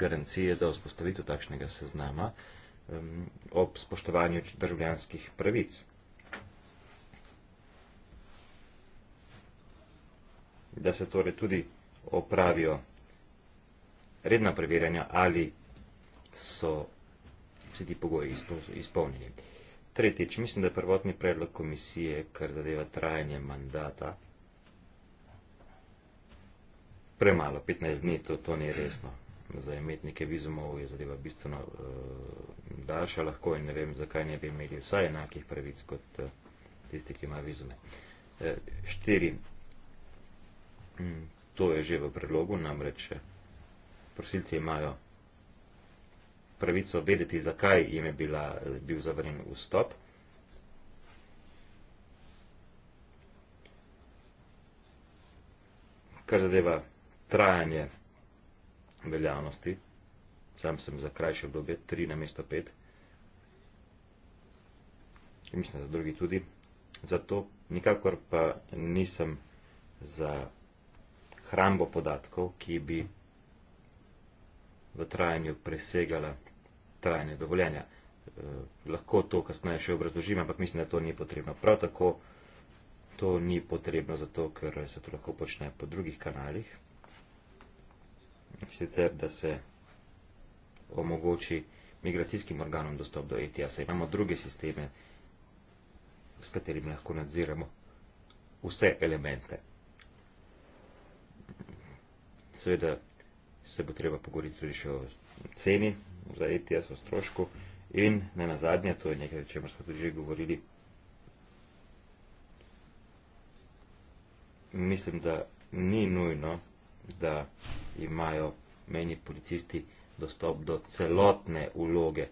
garancije za vzpostavitev takšnega seznama ob spoštovanju državljanskih pravic. Da se torej tudi opravijo redna preverjanja, ali so vsi ti pogoji izpolnjeni. Tretjič, mislim, da je prvotni predlog komisije, kar zadeva trajanje mandata, premalo, 15 dni, to, to ni resno. Za imeti nekaj vizumov je zadeva bistveno uh, daljša lahko in ne vem, zakaj ne bi imeli vsaj enakih pravic kot uh, tisti, ki ima vizume. E, štiri. Mm, to je že v predlogu, namreč prosilci imajo pravico vedeti, zakaj jim je bila, bil zavrnjen vstop. Kar zadeva trajanje veljavnosti, sam sem za krajše obdobje, tri na mesto pet, in mislim za drugi tudi, zato nikakor pa nisem za hrambo podatkov, ki bi v trajanju presegala trajanje dovoljenja. Eh, lahko to kasneje še obrazložim, ampak mislim, da to ni potrebno. Prav tako to ni potrebno zato, ker se to lahko počne po drugih kanalih sicer da se omogoči migracijskim organom dostop do ETS. Imamo druge sisteme, s katerimi lahko nadziramo vse elemente. Seveda se bo treba pogovoriti tudi še o ceni za ETS, o strošku in ne na zadnje, to je nekaj, o čemer smo tudi že govorili. Mislim, da ni nujno, da imajo meni policisti dostop do celotne uloge. E,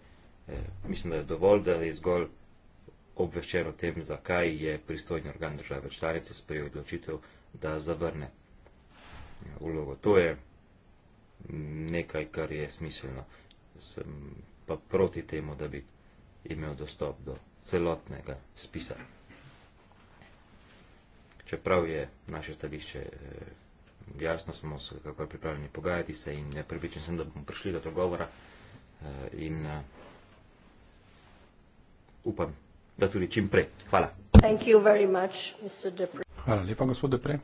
eh, mislim, da je dovolj, da je zgolj obveščen o tem, zakaj je pristojni organ države članice sprejel odločitev, da zavrne ulogo. Eh, to je nekaj, kar je smiselno. Sem pa proti temu, da bi imel dostop do celotnega spisa. Čeprav je naše stališče. E, jasno smo se, kako je pripravljeni pogajati se in eh, pripričan sem, da bomo prišli do dogovora eh, in eh, upam, da tudi čim prej. Hvala. Much, Hvala lepa, gospod Depre.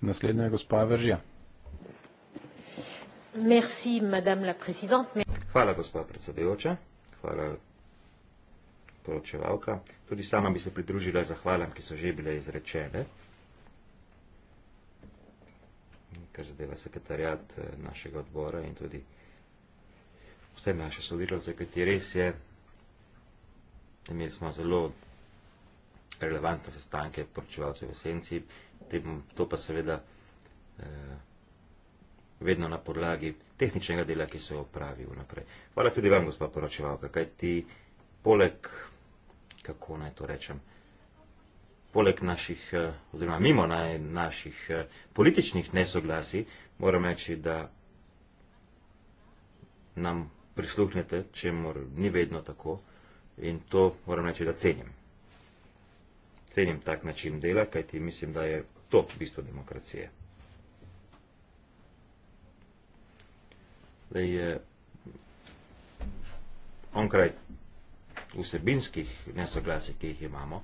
Naslednja je gospa Veržija. Merci, madame la présidente. Hvala, gospod predsedujoča. Hvala, poročevalka. Tudi sama bi se pridružila zahvalam, ki so že bile izrečene. kar zadeva sekretarjat eh, našega odbora in tudi vse naše sodelavce, kajti res je, imeli smo zelo relevantne sestanke poročevalcev v esenci, to pa seveda eh, vedno na podlagi tehničnega dela, ki se je opravil naprej. Hvala tudi vam, gospod poročevalka, kajti poleg, kako naj to rečem, poleg, poleg naših, eh, oziroma mimo naj, naših eh, političnih nesoglasij, moram reči, da nam prisluhnete, če mor, ni vedno tako in to moram reči, da cenim. Cenim tak način dela, kajti mislim, da je to bistvo demokracije. Da je onkraj vsebinskih nesoglasij, ki jih imamo,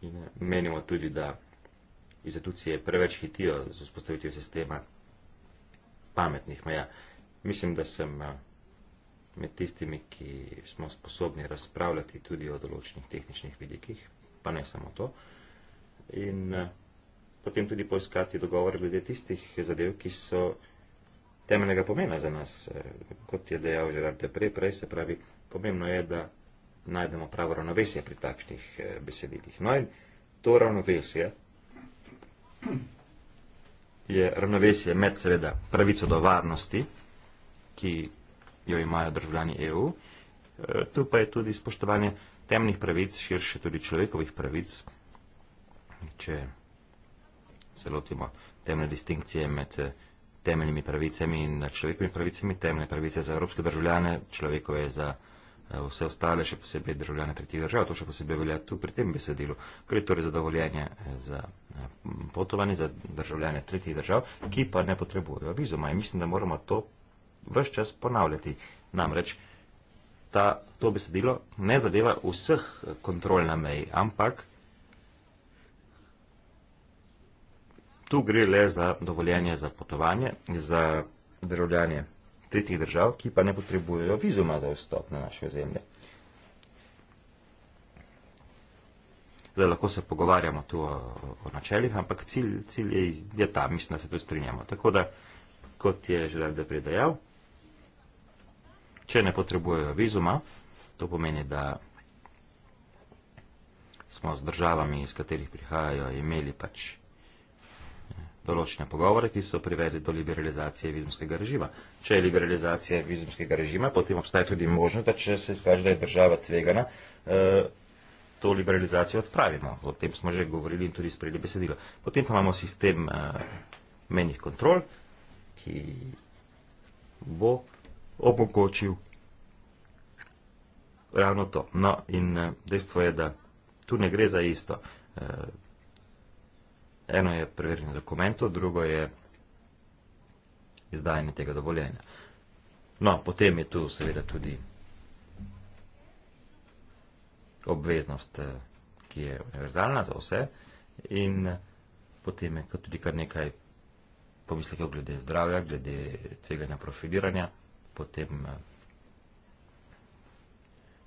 In eh, menimo tudi, da institucije preveč hitijo z vzpostavitvijo sistema pametnih meja. Mislim, da sem eh, med tistimi, ki smo sposobni razpravljati tudi o določenih tehničnih vidikih, pa ne samo to. In eh, potem tudi poiskati dogovor glede tistih zadev, ki so temeljnega pomena za nas, kot je dejal Žerar Depre prej, se pravi, pomembno je, da najdemo pravo ravnovesje pri takšnih eh, besedilih. No in to ravnovesje je ravnovesje med seveda pravico do varnosti, ki jo imajo državljani EU, eh, tu pa je tudi spoštovanje temnih pravic, širše tudi človekovih pravic, če se lotimo temne distinkcije med eh, temeljnimi pravicami in človekovimi pravicami, temne pravice za evropske državljane, človekove za Eh, vse ostale, še posebej državljane tretjih držav, to še posebej velja tu pri tem besedilu. Gre torej za dovoljenje eh, za eh, potovanje za državljane tretjih držav, ki pa ne potrebujejo vizuma. In mislim, da moramo to vse čas ponavljati. Namreč ta, to besedilo ne zadeva vseh kontrol na meji, ampak tu gre le za dovoljenje za potovanje, za državljanje tretjih držav, ki pa ne potrebujejo vizuma za vstop na našo zemljo. Zdaj lahko se pogovarjamo tu o, o načeljih, ampak cilj, cilj je, je ta, mislim, da se tu strinjamo. Tako da, kot je že Darde predajal, če ne potrebujejo vizuma, to pomeni, da smo z državami, iz katerih prihajajo, imeli pač določene pogovore, ki so privedli do liberalizacije vizumskega režima. Če je liberalizacija vizumskega režima, potem obstaja tudi možnost, da če se izkaže, da je država tvegana, eh, to liberalizacijo odpravimo. O tem smo že govorili in tudi sprejeli besedilo. Potem pa imamo sistem eh, menjih kontrol, ki bo omogočil ravno to. No, in eh, dejstvo je, da tu ne gre za isto. Eno je preverjanje dokumentov, drugo je izdajanje tega dovoljenja. No, potem je tu seveda tudi obveznost, eh, ki je univerzalna za vse in potem je tudi kar nekaj pomislekov glede zdravja, glede tveganja profiliranja, potem eh,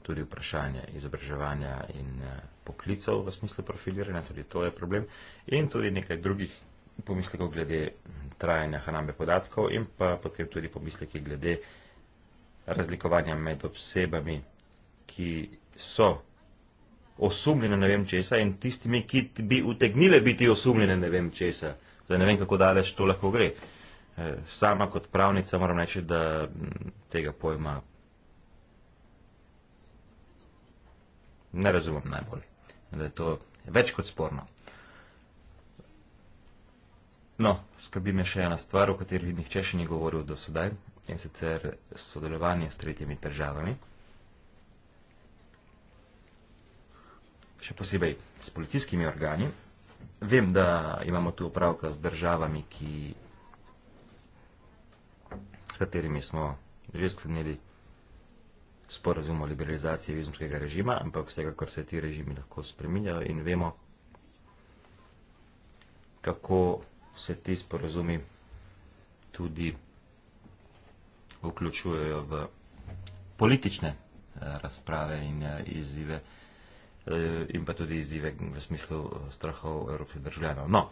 tudi vprašanje izobraževanja in eh, poklicov v smislu profiliranja, tudi to je problem, in tudi nekaj drugih pomislekov glede trajanja hrambe podatkov in pa potem tudi pomisleki glede razlikovanja med osebami, ki so osumljene ne vem česa in tistimi, ki bi utegnile biti osumljene ne vem česa. Zdaj ne vem, kako daleč to lahko gre. Eh, sama kot pravnica moram reči, da mm, tega pojma ne razumem najbolje. Da je to več kot sporno. No, skrbi me še ena stvar, o kateri nihče še ni govoril do sedaj, in sicer sodelovanje s tretjimi državami. Še posebej s policijskimi organi. Vem, da imamo tu opravka z državami, ki, s katerimi smo že sklenili sporazum o liberalizaciji vizumskega režima, ampak vsekakor se ti režimi lahko spreminjajo in vemo, kako se ti sporazumi tudi vključujejo v politične eh, razprave in eh, izzive eh, in pa tudi izzive v smislu strahov evropskih državljanov. No,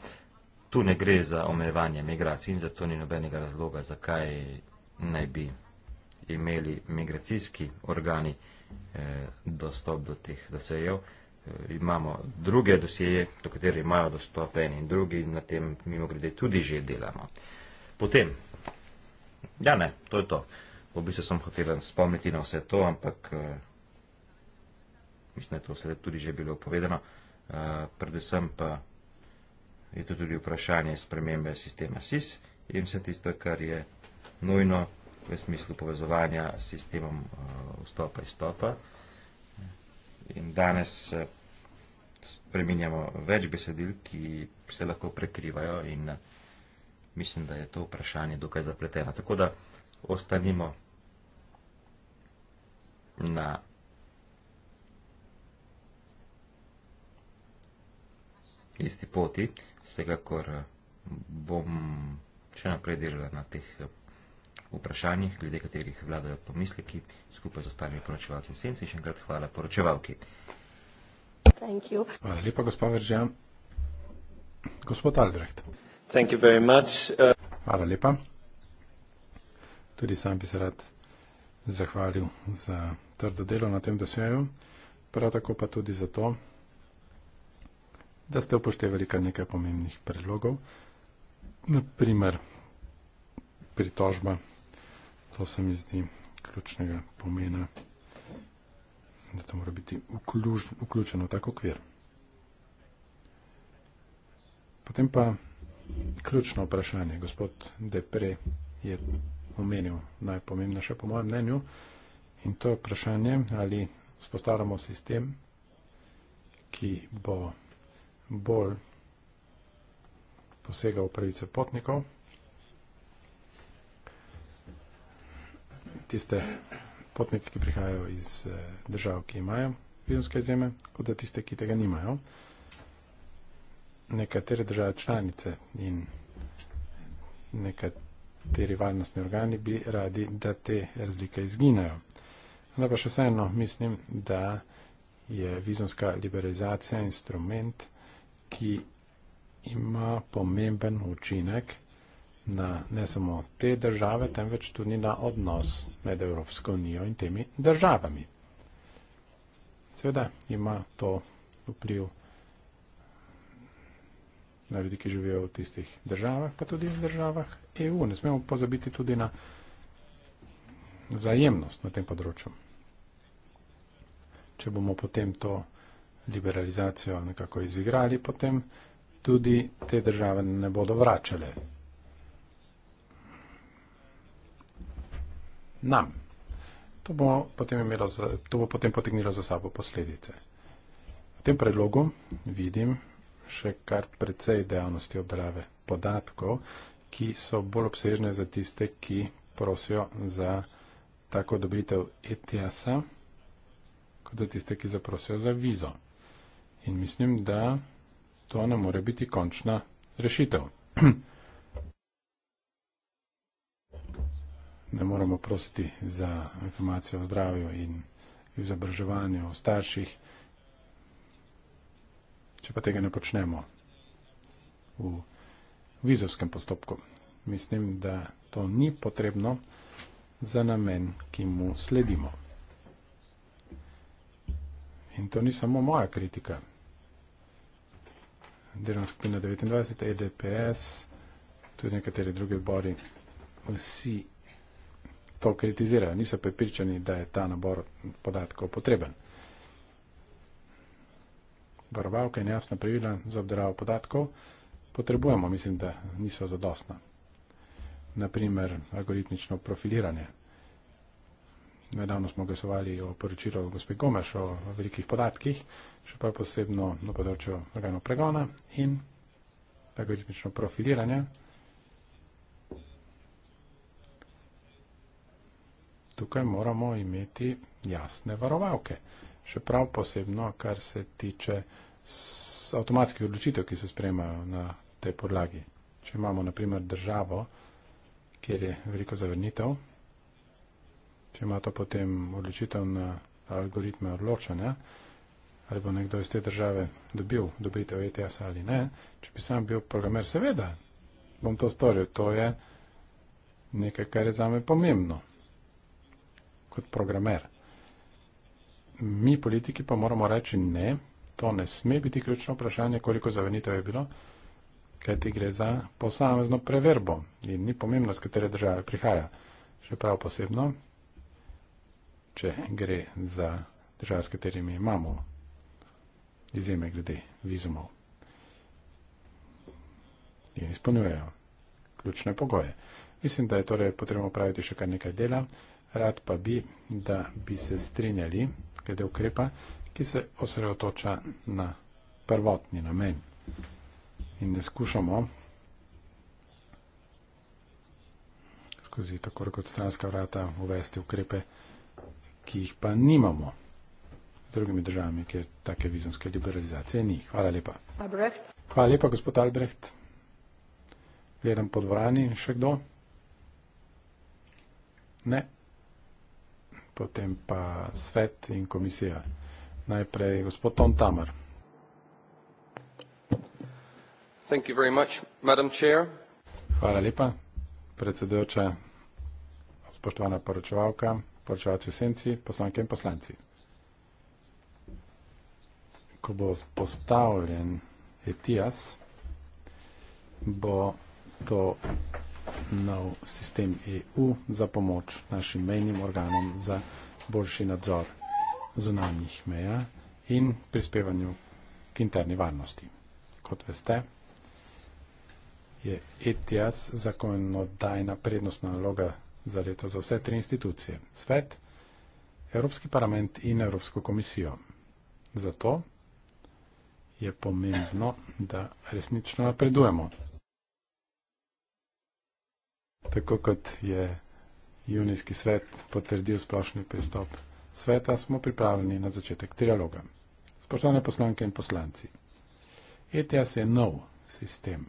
tu ne gre za omejevanje migracij in zato ni nobenega razloga, zakaj naj bi imeli migracijski organi eh, dostop do teh dosejev. Eh, imamo druge dosjeje, do katerih imajo dostop eni in drugi, na tem mimo grede tudi že delamo. Potem, ja ne, to je to. V bistvu sem hotel spomniti na vse to, ampak eh, mislim, da je to vse tudi že bilo povedano. Eh, predvsem pa je to tudi vprašanje spremembe sistema SIS in vse tisto, kar je nujno v smislu povezovanja s sistemom eh, vstopa in stopa. In danes eh, spreminjamo več besedil, ki se lahko prekrivajo in eh, mislim, da je to vprašanje dokaj zapleteno. Tako da ostanimo na isti poti, vsekakor bom še naprej delala na teh vprašanjih, glede katerih vladajo pomisleki, skupaj z ostalimi poročevalci v senci. Še enkrat hvala poročevalki. Hvala lepa, gospod Veržan. Gospod Albrecht. Thank you very much. Uh, hvala lepa. Tudi sam bi se rad zahvalil za trdo delo na tem dosjeju, prav tako pa tudi za to, da ste upoštevali kar nekaj pomembnih predlogov, naprimer pritožba To se mi zdi ključnega pomena, da to mora biti vključeno v tak okvir. Potem pa ključno vprašanje. Gospod Depre je omenil najpomembnejše po mojem mnenju in to je vprašanje, ali spostavljamo sistem, ki bo bolj posegal v pravice potnikov, tiste potnike, ki prihajajo iz eh, držav, ki imajo vizumske izjeme, kot za tiste, ki tega nimajo. Nekatere države članice in nekateri varnostni organi bi radi, da te razlike izginajo. Zdaj no, pa še vseeno mislim, da je vizumska liberalizacija instrument, ki ima pomemben učinek na ne samo te države, temveč tudi na odnos med Evropsko unijo in temi državami. Seveda ima to vpliv na ljudi, ki živijo v tistih državah, pa tudi v državah EU. Ne smemo pozabiti tudi na vzajemnost na tem področju. Če bomo potem to liberalizacijo nekako izigrali, potem tudi te države ne bodo vračale nam. To bo potem, imelo za, to bo potem potegnilo za sabo posledice. V tem predlogu vidim še kar precej dejavnosti obdelave podatkov, ki so bolj obsežne za tiste, ki prosijo za tako odobritev ETS-a, kot za tiste, ki zaprosijo za vizo. In mislim, da to ne more biti končna rešitev. da moramo prositi za informacije o zdravju in izobraževanju o starših. Če pa tega ne počnemo v vizovskem postopku, mislim, da to ni potrebno za namen, ki mu sledimo. In to ni samo moja kritika. Delovna skupina 29, EDPS, tudi nekateri drugi bori, vsi to kritizirajo, niso prepričani, da je ta nabor podatkov potreben. Varovalke in jasna pravila za obdelavo podatkov potrebujemo, mislim, da niso zadostna. Naprimer, algoritmično profiliranje. Nedavno smo glasovali o poročilu gospe Gomeš o velikih podatkih, še pa posebno na področju organov pregona in algoritmično profiliranje. tukaj moramo imeti jasne varovalke. Še prav posebno, kar se tiče avtomatskih odločitev, ki se sprejemajo na tej podlagi. Če imamo naprimer državo, kjer je veliko zavrnitev, če ima to potem odločitev na algoritme odločanja, ali bo nekdo iz te države dobil dobitev ETS ali ne, če bi sam bil programer, seveda bom to storil. To je nekaj, kar je zame pomembno kot programer. Mi, politiki, pa moramo reči ne, to ne sme biti ključno vprašanje, koliko zavenitev je bilo, kaj ti gre za posamezno preverbo in ni pomembno, z katere države prihaja. Še prav posebno, če gre za države, s katerimi imamo izjeme glede vizumov in izpolnjujejo ključne pogoje. Mislim, da je torej potrebno upraviti še kar nekaj dela rad pa bi, da bi se strinjali glede ukrepa, ki se osredotoča na prvotni namen. In ne skušamo skozi tako kot stranska vrata uvesti ukrepe, ki jih pa nimamo z drugimi državami, kjer take vizonske liberalizacije ni. Hvala lepa. Albrecht. Hvala lepa, gospod Albrecht. Gledam po dvorani. Še kdo? Ne potem pa svet in komisija. Najprej gospod Tom Tamar. Thank you very much, Madam Chair. Hvala lepa, predsedujoča, spoštovana poročevalka, poročevalci senci, poslanke in poslanci. Ko bo postavljen ETIAS, bo to nov sistem EU za pomoč našim mejnim organom za boljši nadzor zunanjih meja in prispevanju k interni varnosti. Kot veste, je ETIAS zakonodajna prednostna naloga za leto za vse tri institucije. Svet, Evropski parlament in Evropsko komisijo. Zato je pomembno, da resnično napredujemo tako kot je junijski svet potrdil splošni pristop sveta, smo pripravljeni na začetek trialoga. Spoštovane poslanke in poslanci, ETS je nov sistem.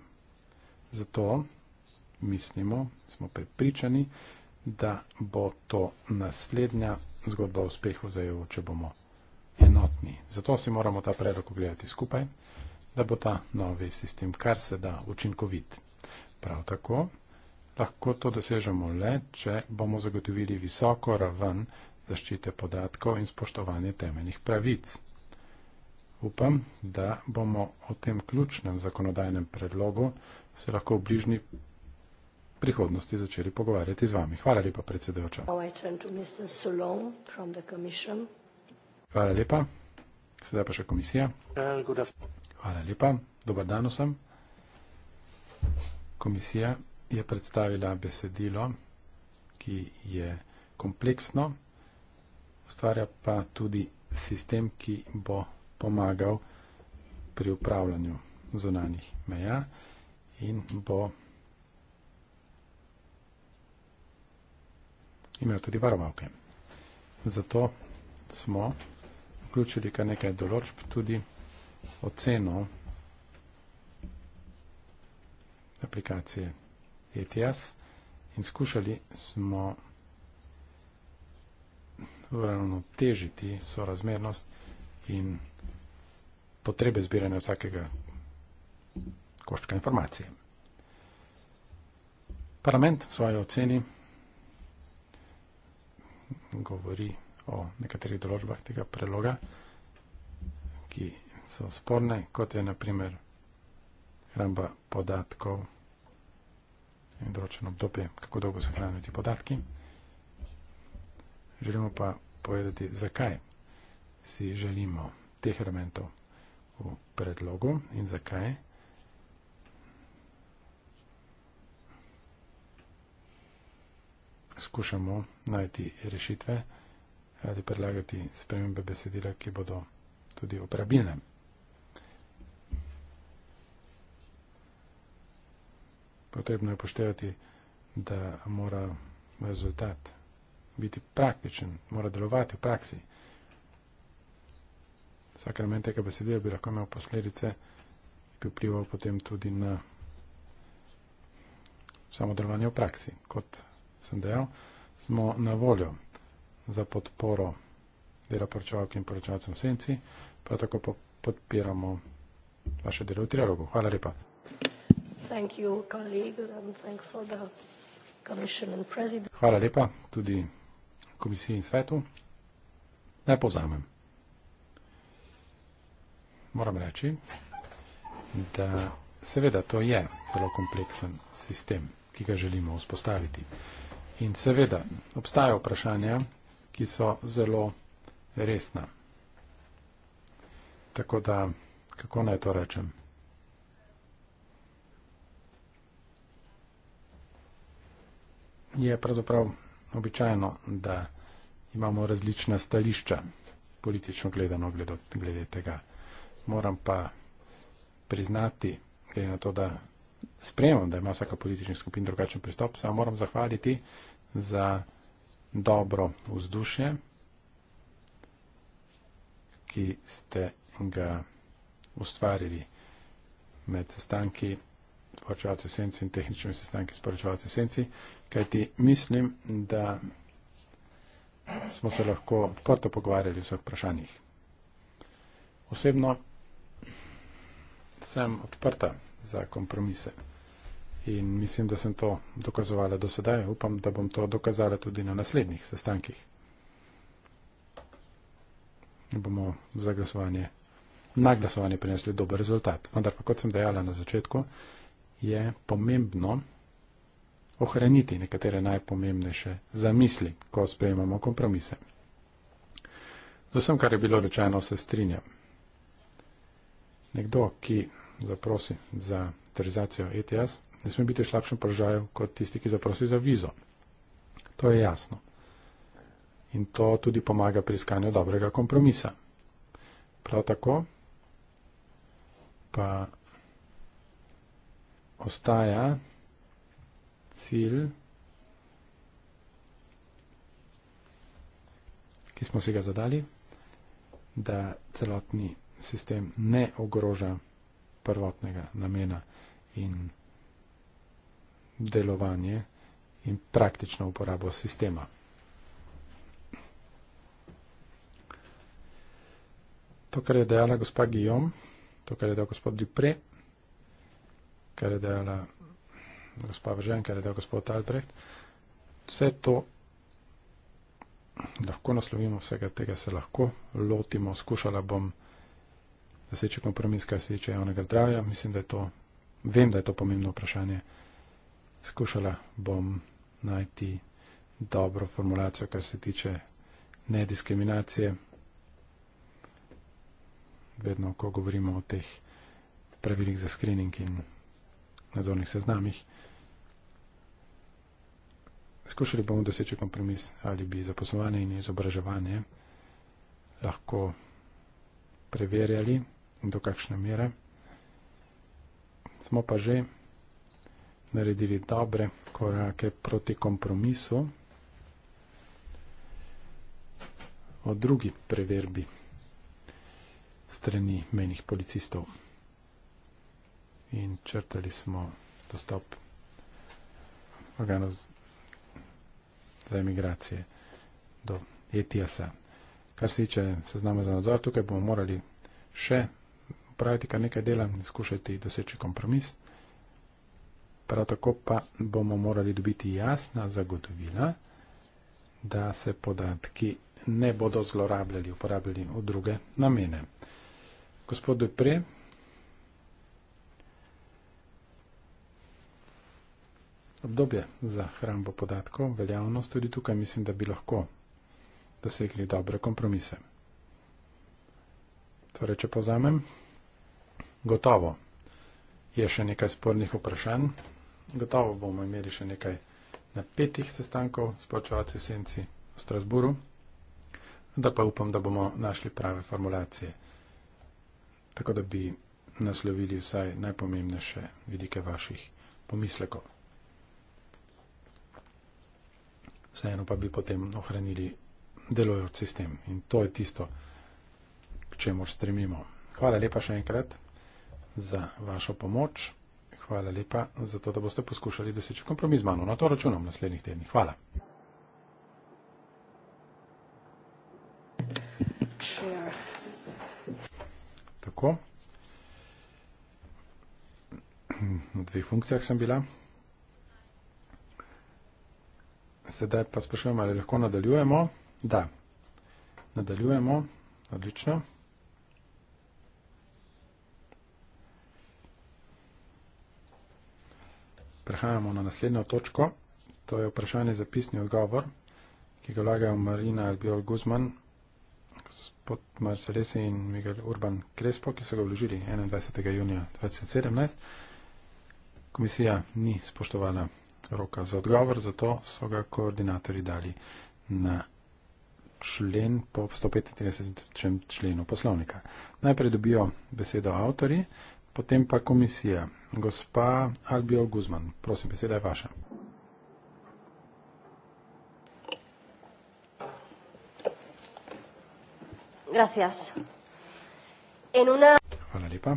Zato mislimo, smo prepričani, da bo to naslednja zgodba uspehu za EU, če bomo enotni. Zato si moramo ta predlog ogledati skupaj, da bo ta novi sistem kar se da učinkovit. Prav tako Lahko to dosežemo le, če bomo zagotovili visoko raven zaščite podatkov in spoštovanje temeljnih pravic. Upam, da bomo o tem ključnem zakonodajnem predlogu se lahko v bližnji prihodnosti začeli pogovarjati z vami. Hvala lepa, predsedujoča. Hvala lepa. Sedaj pa še komisija. Uh, Hvala lepa. Dobar dan vsem. Komisija je predstavila besedilo, ki je kompleksno, ustvarja pa tudi sistem, ki bo pomagal pri upravljanju zunanjih meja in bo imel tudi varovalke. Zato smo vključili kar nekaj določb, tudi oceno aplikacije ETS in skušali smo uravnotežiti sorazmernost in potrebe zbiranja vsakega koščka informacije. Parlament v svoji oceni govori o nekaterih določbah tega preloga, ki so sporne, kot je naprimer hramba podatkov, in določeno obdobje, kako dolgo se hranijo ti podatki. Želimo pa povedati, zakaj si želimo teh elementov v predlogu in zakaj skušamo najti rešitve ali predlagati spremembe besedila, ki bodo tudi uporabilne. potrebno je poštevati, da mora rezultat biti praktičen, mora delovati v praksi. Vsak element tega besedila bi lahko imel posledice, ki bi vplival potem tudi na samo delovanje v praksi. Kot sem dejal, smo na voljo za podporo dela poročevalk in poročevalcem v senci, prav tako pa podpiramo vaše delo v trialogu. Hvala lepa. Thank you, and and Hvala lepa tudi komisiji in svetu. Naj povzamem. Moram reči, da seveda to je zelo kompleksen sistem, ki ga želimo vzpostaviti. In seveda obstajajo vprašanja, ki so zelo resna. Tako da, kako naj to rečem? je pravzaprav običajno, da imamo različna stališča politično gledano glede, glede tega. Moram pa priznati, glede na to, da spremem, da ima vsaka politična skupina drugačen pristop, se vam moram zahvaliti za dobro vzdušje, ki ste ga ustvarili med sestanki poročevalce senci in tehnične sestanke s poročevalce senci, kajti mislim, da smo se lahko odprto pogovarjali o vseh vprašanjih. Osebno sem odprta za kompromise in mislim, da sem to dokazovala do sedaj. Upam, da bom to dokazala tudi na naslednjih sestankih. Bomo za glasovanje, na glasovanje prinesli dober rezultat. Vendar pa, kot sem dejala na začetku, je pomembno ohraniti nekatere najpomembnejše zamisli, ko sprejemamo kompromise. Z vsem, kar je bilo rečeno, se strinjam. Nekdo, ki zaprosi za terorizacijo ETS, ne sme biti v slabšem položaju kot tisti, ki zaprosi za vizo. To je jasno. In to tudi pomaga pri iskanju dobrega kompromisa. Prav tako pa ostaja cilj, ki smo si ga zadali, da celotni sistem ne ogroža prvotnega namena in delovanje in praktično uporabo sistema. To, kar je dejala gospa Guillaume, to, kar je dejala gospod Dupre, kar je dejala gospa Vržen, kar je dejal gospod Albrecht. Vse to lahko naslovimo, vsega tega se lahko lotimo. Skušala bom doseči kompromis, kar se tiče javnega zdravja. Mislim, da je to, vem, da je to pomembno vprašanje. Skušala bom najti dobro formulacijo, kar se tiče nediskriminacije. Vedno, ko govorimo o teh pravilih za screening in na zornih seznamih. Skušali bomo doseči kompromis, ali bi zaposlovanje in izobraževanje lahko preverjali in do kakšne mere. Smo pa že naredili dobre korake proti kompromisu o drugi preverbi strani menih policistov in črtali smo dostop organov za emigracije do ETS-a. Kar se tiče seznama za nadzor, tukaj bomo morali še praviti kar nekaj dela in skušati doseči kompromis. Prav tako pa bomo morali dobiti jasna zagotovila, da se podatki ne bodo zlorabljali, uporabljali v druge namene. Gospod Dupre, obdobje za hrambo podatkov, veljavnost tudi tukaj mislim, da bi lahko dosegli dobre kompromise. Torej, če povzamem, gotovo je še nekaj spornih vprašanj, gotovo bomo imeli še nekaj napetih sestankov s počevalci senci v Strasburu, da pa upam, da bomo našli prave formulacije, tako da bi naslovili vsaj najpomembnejše vidike vaših pomislekov. vseeno pa bi potem ohranili delojoč sistem. In to je tisto, k čemu stremimo. Hvala lepa še enkrat za vašo pomoč. Hvala lepa za to, da boste poskušali doseči kompromis z mano. Na to računam v naslednjih tednih. Hvala. Tako. Na dveh funkcijah sem bila. Sedaj pa sprašujem, ali lahko nadaljujemo. Da, nadaljujemo. Odlično. Prehajamo na naslednjo točko. To je vprašanje za pisni odgovor, ki ga vlagajo Marina Albiol Guzman, gospod Marcelesi in Miguel Urban Krespo, ki so ga vložili 21. junija 2017. Komisija ni spoštovala roka za odgovor, zato so ga koordinatorji dali na člen po 135. členu poslovnika. Najprej dobijo besedo avtori, potem pa komisija. Gospa Albio Guzman, prosim, beseda je vaša. Gracias. En una... Hvala lepa.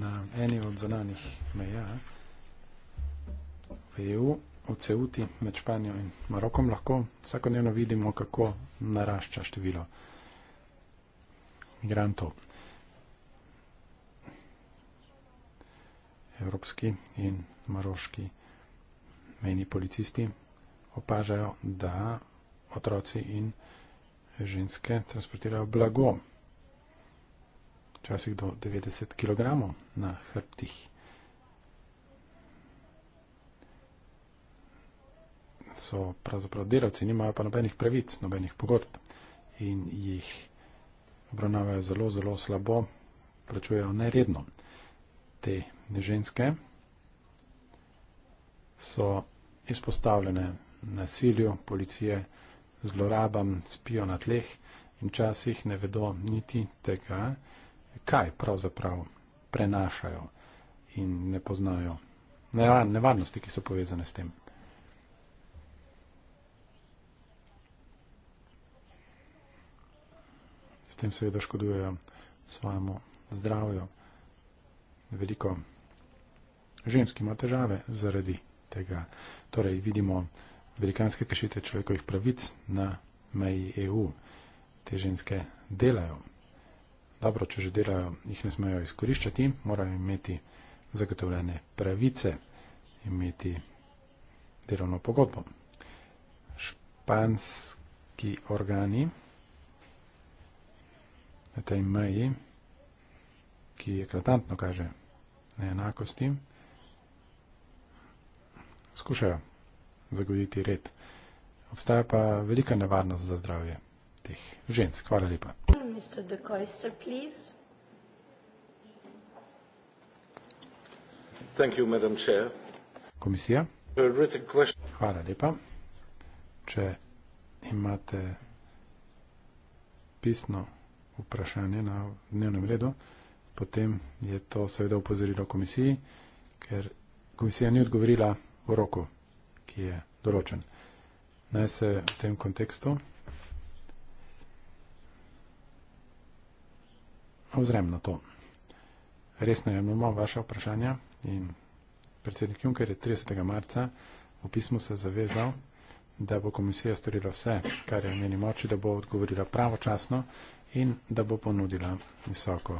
na eni od zananih meja v EU, v Ceuti med Španijo in Marokom lahko vsakodnevno vidimo, kako narašča število migrantov. Evropski in maroški meni policisti opažajo, da otroci in ženske transportirajo blago včasih do 90 kg na hrbtih. So pravzaprav delavci, nimajo pa nobenih pravic, nobenih pogodb in jih obravnavajo zelo, zelo slabo, plačujejo neredno. Te ženske so izpostavljene nasilju, policije, zlorabam, spijo na tleh in včasih ne vedo niti tega, kaj pravzaprav prenašajo in ne poznajo nevarnosti, ki so povezane s tem. S tem seveda škodujejo svojemu zdravju. Veliko žensk ima težave zaradi tega. Torej vidimo velikanske kršitve človekovih pravic na meji EU. Te ženske delajo dobro, če že delajo, jih ne smejo izkoriščati, morajo imeti zagotovljene pravice, imeti delovno pogodbo. Španski organi na tej meji, ki eklatantno kaže neenakosti, skušajo zagoditi red. Obstaja pa velika nevarnost za zdravje teh žensk. Hvala lepa. Komisija. Hvala lepa. Če imate pisno vprašanje na dnevnem redu, potem je to seveda upozorilo komisiji, ker komisija ni odgovorila v roku, ki je določen. Naj se v tem kontekstu ozrem na to. Resno jemljamo vaše vprašanja in predsednik Juncker je 30. marca v pismu se zavezal, da bo komisija storila vse, kar je v njeni moči, da bo odgovorila pravočasno in da bo ponudila visoko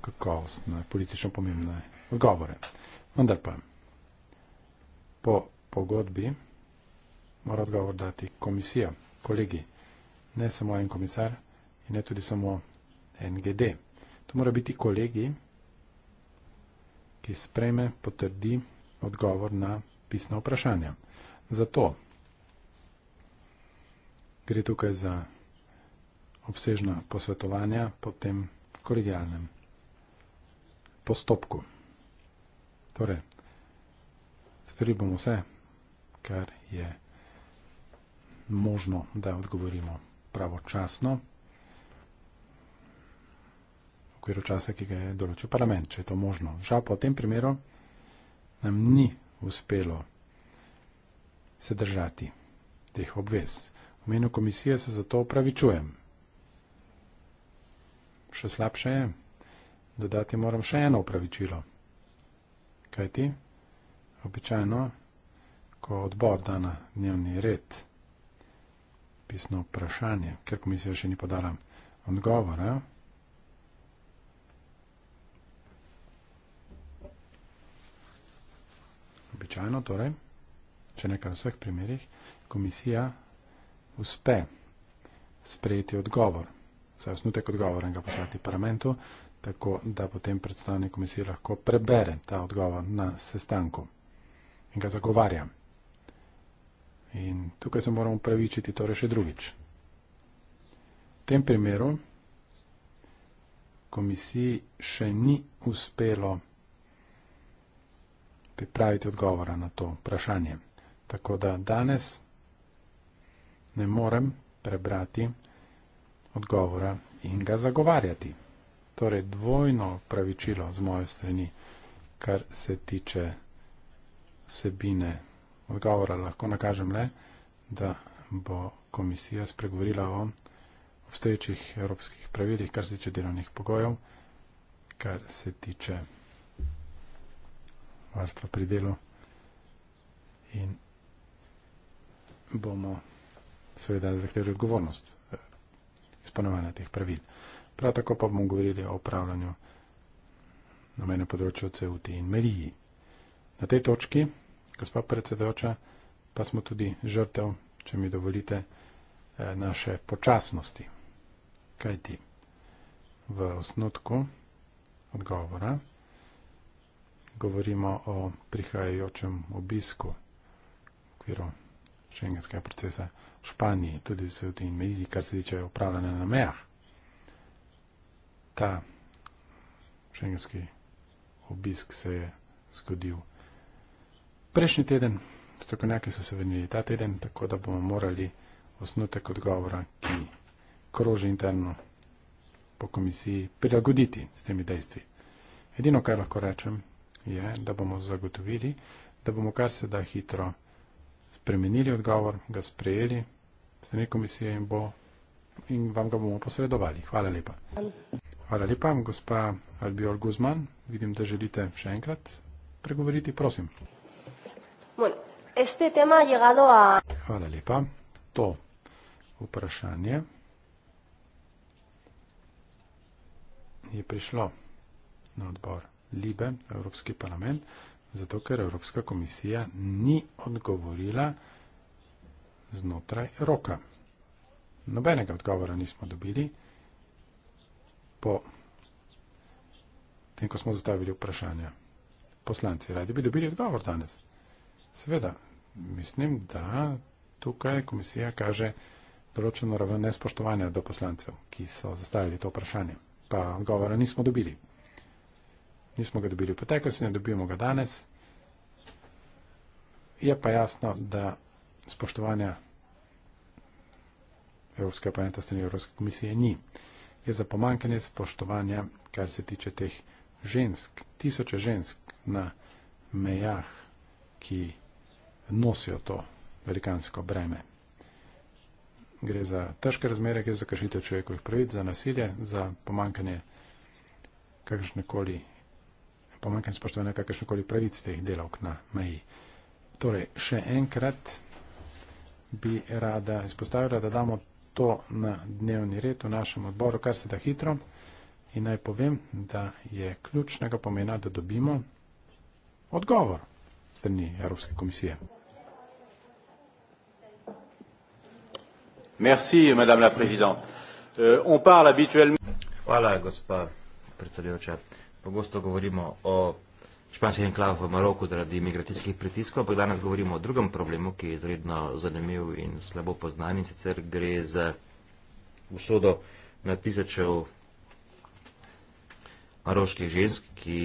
kakovost na politično pomembne odgovore. Vendar pa po pogodbi mora odgovor dati komisija, kolegi, ne samo en komisar in ne tudi samo NGD. To mora biti kolegi, ki spreme, potrdi odgovor na pisna vprašanja. Zato gre tukaj za obsežna posvetovanja po tem kolegijalnem postopku. Torej, stori bomo vse, kar je možno, da odgovorimo pravočasno okviru časa, ki ga je določil parlament, če je to možno. Žal pa v tem primeru nam ni uspelo se držati teh obvez. V imenu komisije se zato upravičujem. Še slabše je, dodati moram še eno upravičilo. Kaj ti? Običajno, ko odbor da na dnevni red pisno vprašanje, ker komisija še ni podala odgovora, običajno torej, če ne kar v vseh primerjih, komisija uspe sprejeti odgovor, saj osnutek odgovora in ga poslati parlamentu, tako da potem predstavnik komisije lahko prebere ta odgovor na sestanku in ga zagovarja. In tukaj se moramo pravičiti torej še drugič. V tem primeru komisiji še ni uspelo odgovor, pripraviti odgovora na to vprašanje. Tako da danes ne morem prebrati odgovora in ga zagovarjati. Torej, dvojno pravičilo z moje strani, kar se tiče sebine odgovora, lahko nakažem le, da bo komisija spregovorila o obstoječih evropskih pravilih, kar se tiče delovnih pogojev, kar se tiče varstva pri delu. In bomo seveda zahtevali odgovornost eh, izpolnjevanja teh pravil. Prav tako pa bomo govorili o upravljanju na mene področju CUT in Meriji. Na tej točki, gospod predsedoča, pa smo tudi žrtev, če mi dovolite, eh, naše počasnosti. Kaj ti? V osnotku odgovora govorimo o prihajajočem obisku v okviru šengenskega procesa v Španiji, tudi v Sevdi in Mediji, kar se tiče upravljanja na mejah. Ta šengenski obisk se je zgodil prejšnji teden, strokovnjaki so se vrnili ta teden, tako da bomo morali osnutek odgovora, ki kroži interno po komisiji, prilagoditi s temi dejstvi. Edino, kar lahko rečem, je, da bomo zagotovili, da bomo kar se da hitro spremenili odgovor, ga sprejeli, strani komisije in bo in vam ga bomo posredovali. Hvala lepa. Hvala lepa, gospa Albiol Guzman. Vidim, da želite še enkrat pregovoriti. Prosim. Bueno, este tema a... Hvala lepa. To vprašanje je prišlo na odbor. Libe, Evropski parlament, zato ker Evropska komisija ni odgovorila znotraj roka. Nobenega odgovora nismo dobili. Po tem, ko smo zastavili vprašanja, poslanci radi bi dobili odgovor danes. Seveda, mislim, da tukaj komisija kaže določeno raven nespoštovanja do poslancev, ki so zastavili to vprašanje, pa odgovora nismo dobili nismo ga dobili v preteklosti, ne dobimo ga danes. Je pa jasno, da spoštovanja Evropskega parlamenta strani Evropske komisije ni. Je za pomankanje spoštovanja, kar se tiče teh žensk, tisoče žensk na mejah, ki nosijo to velikansko breme. Gre za težke razmere, gre za kršitev človekovih pravic, za nasilje, za pomankanje kakršnekoli pomanjkam spoštovanja kakršnekoli pravic teh delavk na meji. Torej, še enkrat bi rada izpostavila, da damo to na dnevni red v našem odboru, kar se da hitro. In naj povem, da je ključnega pomena, da dobimo odgovor strani Evropske komisije. Merci, madame la présidente. Uh, on parle habituellement. Hvala, gospa predsedujoča. Pogosto govorimo o španskih enklavah v Maroku zaradi imigracijskih pritiskov, ampak danes govorimo o drugem problemu, ki je izredno zanimiv in slabo poznan in sicer gre za usodo na tisočev maroških žensk, ki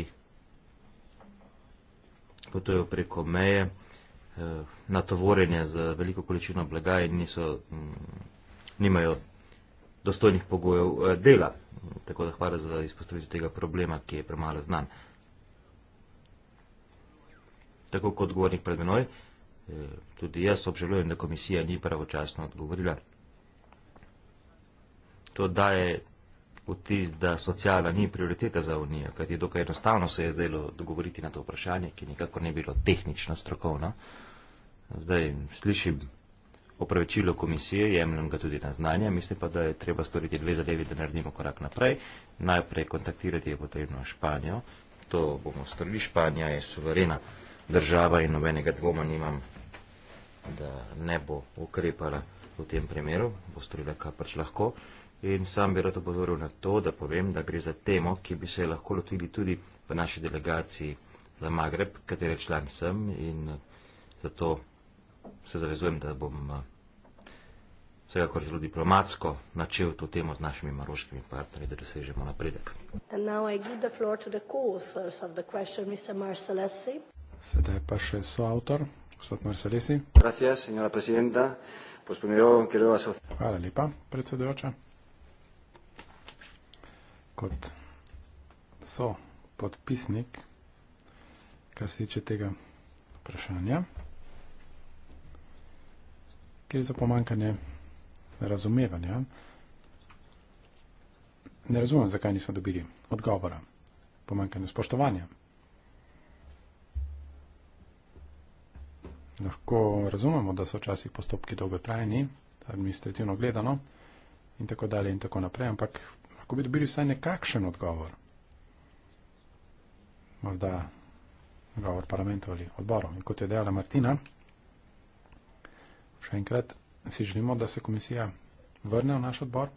potujejo preko meje eh, na tovorenje z veliko količino blaga in niso, mm, nimajo dostojnih pogojev eh, dela. Tako da hvala za izpostavitev tega problema, ki je premalo znan. Tako kot govornik pred menoj, eh, tudi jaz obžalujem, da komisija ni pravočasno odgovorila. To daje vtis, da socijala ni prioriteta za unijo, kajti dokaj enostavno se je zdelo dogovoriti na to vprašanje, ki nikakor ni bilo tehnično strokovno. Zdaj slišim opravičilo komisije, jemljem ga tudi na znanje, mislim pa, da je treba storiti dve zadevi, da naredimo korak naprej. Najprej kontaktirati je potrebno Španijo, to bomo storili. Španija je suverena država in nobenega dvoma nimam, da ne bo ukrepala v tem primeru, bo storila kar pač lahko. In sam bi rad upozoril na to, da povem, da gre za temo, ki bi se lahko lotili tudi v naši delegaciji za Magreb, katere član sem in zato se zavezujem, da bom vsekakor zelo diplomatsko načel to temo z našimi maroškimi partnerji, da dosežemo napredek. Sedaj pa še soavtor, gospod Marcelesi. Hvala lepa, predsedujoča. Kot so podpisnik, kar se tiče tega vprašanja, ker za pomankanje razumevanja. Ne razumem, zakaj nismo dobili odgovora. Pomanjkanje spoštovanja. Lahko razumemo, da so včasih postopki dolgotrajni, administrativno gledano in tako dalje in tako naprej, ampak lahko bi dobili vsaj nekakšen odgovor. Morda odgovor parlamentu ali odboru. In kot je dejala Martina, še enkrat si želimo, da se komisija vrne v naš odbor.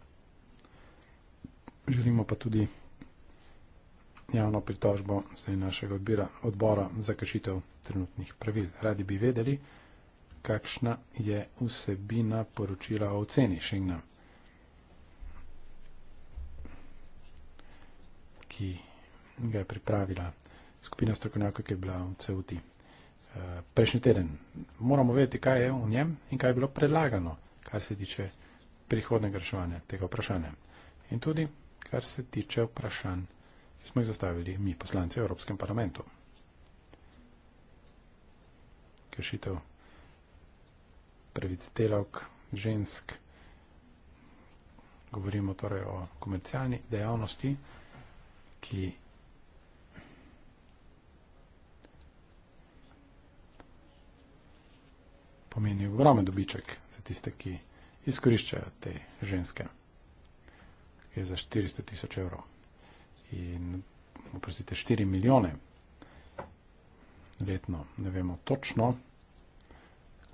Želimo pa tudi javno pritožbo zdaj našega odbira, odbora za kršitev trenutnih pravil. Radi bi vedeli, kakšna je vsebina poročila o oceni Šengna, ki ga je pripravila skupina strokovnjakov, ki je bila v CUT prejšnji teden. Moramo vedeti, kaj je v njem in kaj je bilo predlagano, kar se tiče prihodnega reševanja tega vprašanja. In tudi, kar se tiče vprašanj, ki smo jih zastavili mi, poslanci Evropskem parlamentu. Kršitev pravic delavk, žensk, govorimo torej o komercialni dejavnosti, ki pomeni ogromen dobiček za tiste, ki izkoriščajo te ženske. Je za 400 tisoč evrov. In oprostite, 4 milijone letno. Ne vemo točno,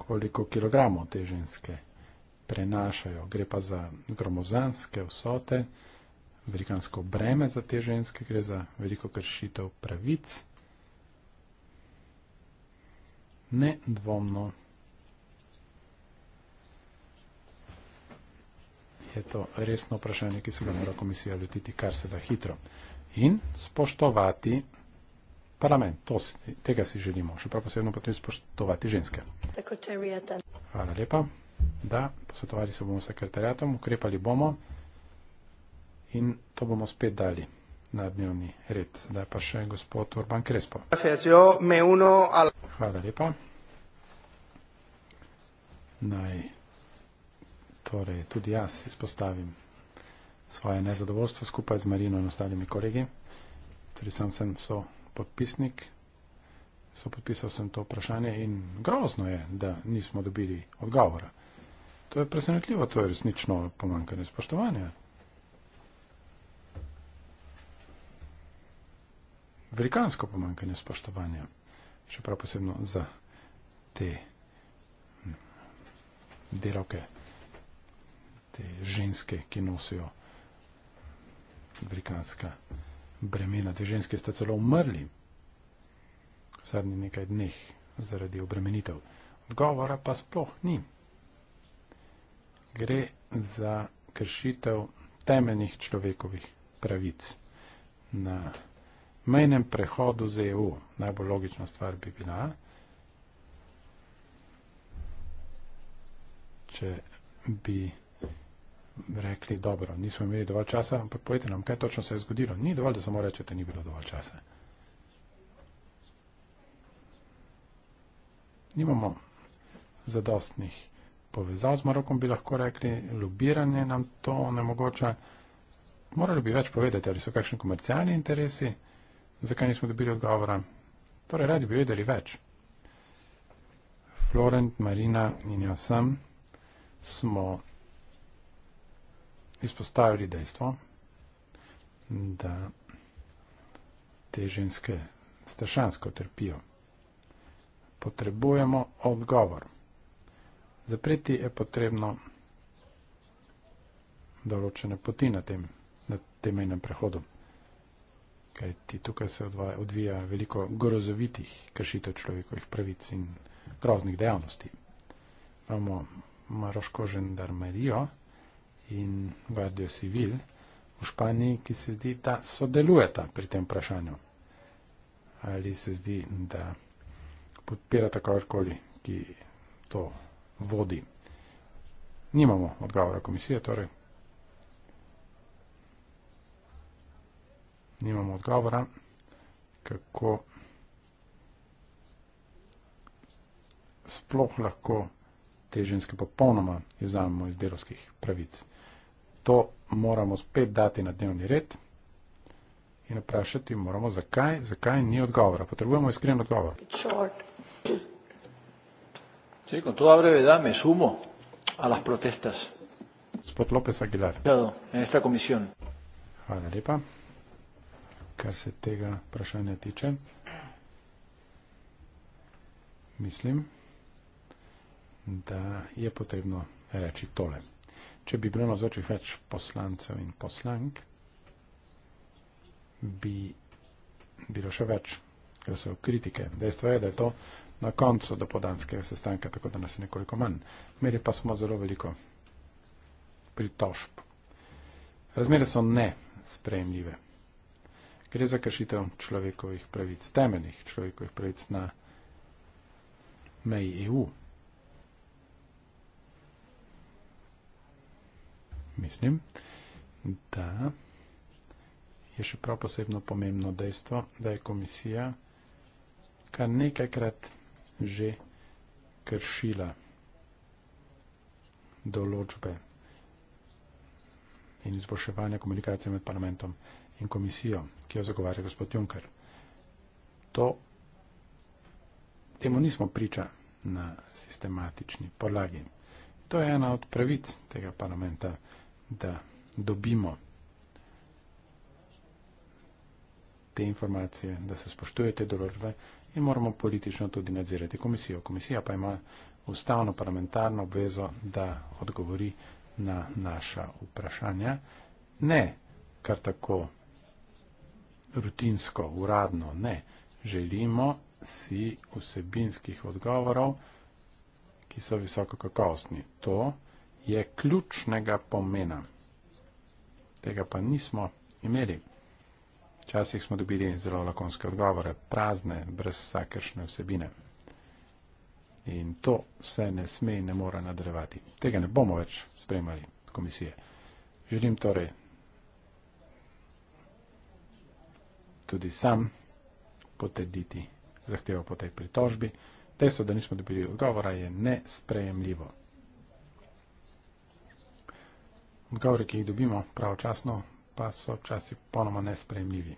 koliko kilogramov te ženske prenašajo. Gre pa za gromozanske vsote, velikansko breme za te ženske, gre za veliko kršitev pravic. Ne dvomno. je to resno vprašanje, ki se ga mora komisija lotiti kar se da hitro. In spoštovati parlament, to, tega si želimo, še prav posebno pa tudi spoštovati ženske. Hvala lepa. Da, posvetovali se bomo s sekretarjatom, ukrepali bomo in to bomo spet dali na dnevni red. Zdaj pa še gospod Urban Krespo. Hvala lepa. Naj torej tudi jaz izpostavim svoje nezadovoljstvo skupaj z Marino in ostalimi kolegi. Torej sam sem so podpisnik, so podpisal sem to vprašanje in grozno je, da nismo dobili odgovora. To je presenetljivo, to je resnično pomankanje spoštovanja. Velikansko pomankanje spoštovanja, še prav posebno za te hm, delavke. Okay te ženske, ki nosijo afrikanska bremena. Te ženske sta celo umrli v zadnji nekaj dneh zaradi obremenitev. Odgovora pa sploh ni. Gre za kršitev temeljnih človekovih pravic na mejnem prehodu z EU. Najbolj logična stvar bi bila, če bi rekli, dobro, nismo imeli dovolj časa, ampak povedite nam, kaj točno se je zgodilo. Ni dovolj, da samo rečete, ni bilo dovolj časa. Nimamo zadostnih povezav z Marokom, bi lahko rekli, lobiranje nam to onemogoča. Morali bi več povedati, ali so kakšni komercialni interesi, zakaj nismo dobili odgovora. Torej, radi bi vedeli več. Florent, Marina in jaz sem, smo izpostavili dejstvo, da te ženske strašansko trpijo. Potrebujemo odgovor. Zapreti je potrebno določene poti na tem, na tem enem prehodu. Kaj ti tukaj se odvija veliko grozovitih kršitev človekovih pravic in groznih dejavnosti. Imamo maroško žendarmerijo, in Guardia Civil v Španiji, ki se zdi, da sodelujeta pri tem vprašanju. Ali se zdi, da podpirata kakorkoli, ki to vodi. Nimamo odgovora komisije, torej. Nimamo odgovora, kako sploh lahko te ženske popolnoma izvzamemo iz delovskih pravic to moramo spet dati na dnevni red in vprašati moramo, zakaj, zakaj ni odgovora. Potrebujemo iskren odgovor. Gospod Lopes Aguilar. Hvala lepa, kar se tega vprašanja tiče. Mislim, da je potrebno reči tole če bi bilo na vzočih več poslancev in poslank, bi bilo še več glasov kritike. Dejstvo je, da je to na koncu do podanskega sestanka, tako da nas je nekoliko manj. Meri pa smo zelo veliko pritožb. Razmere so ne sprejemljive. Gre za kršitev človekovih pravic, temeljnih človekovih pravic na meji EU. mislim, da je še prav posebno pomembno dejstvo, da je komisija kar nekajkrat že kršila določbe in izboljševanja komunikacije med parlamentom in komisijo, ki jo zagovarja gospod Juncker. To, temu nismo priča na sistematični podlagi. To je ena od pravic tega parlamenta da dobimo te informacije, da se spoštujete določbe in moramo politično tudi nadzirati komisijo. Komisija pa ima ustavno parlamentarno obvezo, da odgovori na naša vprašanja. Ne kar tako rutinsko, uradno, ne. Želimo si vsebinskih odgovorov, ki so visoko kakovostni. To je ključnega pomena. Tega pa nismo imeli. Včasih smo dobili zelo lakonske odgovore, prazne, brez vsakršne vsebine. In to se ne sme in ne mora nadrevati. Tega ne bomo več spremljali komisije. Želim torej tudi sam potrditi zahtevo po tej pritožbi. Dejstvo, da nismo dobili odgovora, je nesprejemljivo. Odgovori, ki jih dobimo pravočasno, pa so včasih ponoma nespremljivi,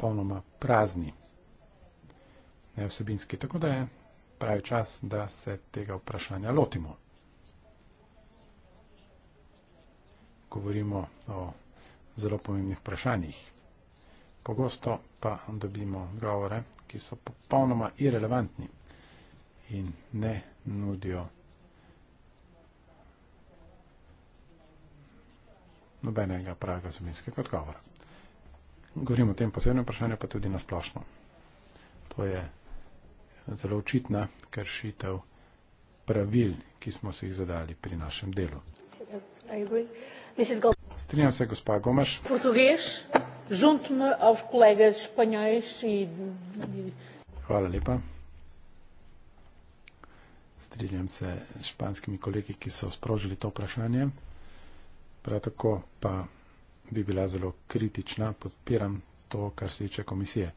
ponoma prazni, neosebinski. Tako da je pravi čas, da se tega vprašanja lotimo. Govorimo o zelo pomembnih vprašanjih. Pogosto pa dobimo odgovore, ki so popolnoma irrelevantni in ne nudijo. nobenega pravega zemljskega odgovora. Govorimo o tem posebnem vprašanju, pa tudi nasplošno. To je zelo očitna kršitev pravil, ki smo si jih zadali pri našem delu. Strinjam se, gospa Gomaš. Portugeš, žuntno av kolega španjajš in... E- e- Hvala lepa. Strinjam se s španskimi kolegi, ki so sprožili to vprašanje. Prav tako pa bi bila zelo kritična, podpiram to, kar se tiče komisije.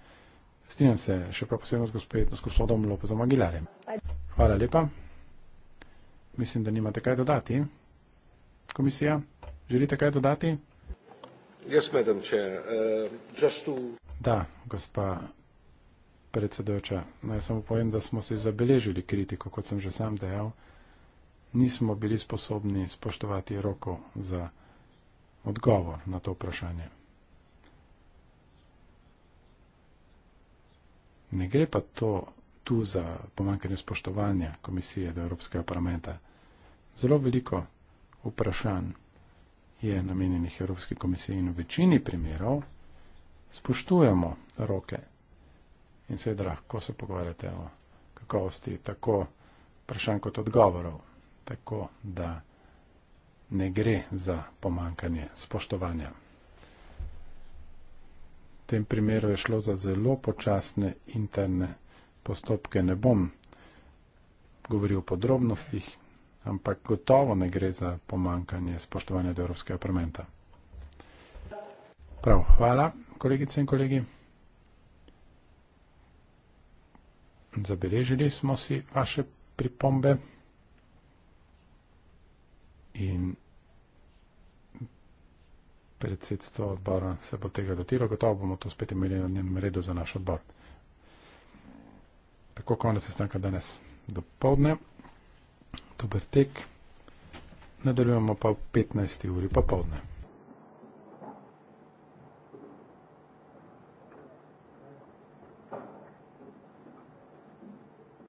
Strinjam se še prav posebno z gospodom Lopezom Aguilarjem. Hvala lepa. Mislim, da nimate kaj dodati. Komisija, želite kaj dodati? Yes, madam chair. Uh, just to... Da, gospa predsedujoča, naj samo povem, da smo si zabeležili kritiko, kot sem že sam dejal nismo bili sposobni spoštovati roko za odgovor na to vprašanje. Ne gre pa to tu za pomankanje spoštovanja komisije do Evropskega parlamenta. Zelo veliko vprašanj je namenjenih Evropski komisiji in v večini primerov spoštujemo roke in seveda lahko se pogovarjate o kakovosti tako vprašanj kot odgovorov tako da ne gre za pomankanje spoštovanja. V tem primeru je šlo za zelo počasne interne postopke. Ne bom govoril o podrobnostih, ampak gotovo ne gre za pomankanje spoštovanja do Evropskega parlamenta. Prav, hvala, kolegice in kolegi. Zabeležili smo si vaše pripombe in predsedstvo odbora se bo tega lotilo, gotovo bomo to spet imeli na njenem redu za naš odbor. Tako konec sestanka danes do povdne. Dober tek. Nadaljujemo pa v 15. uri popovdne. Pa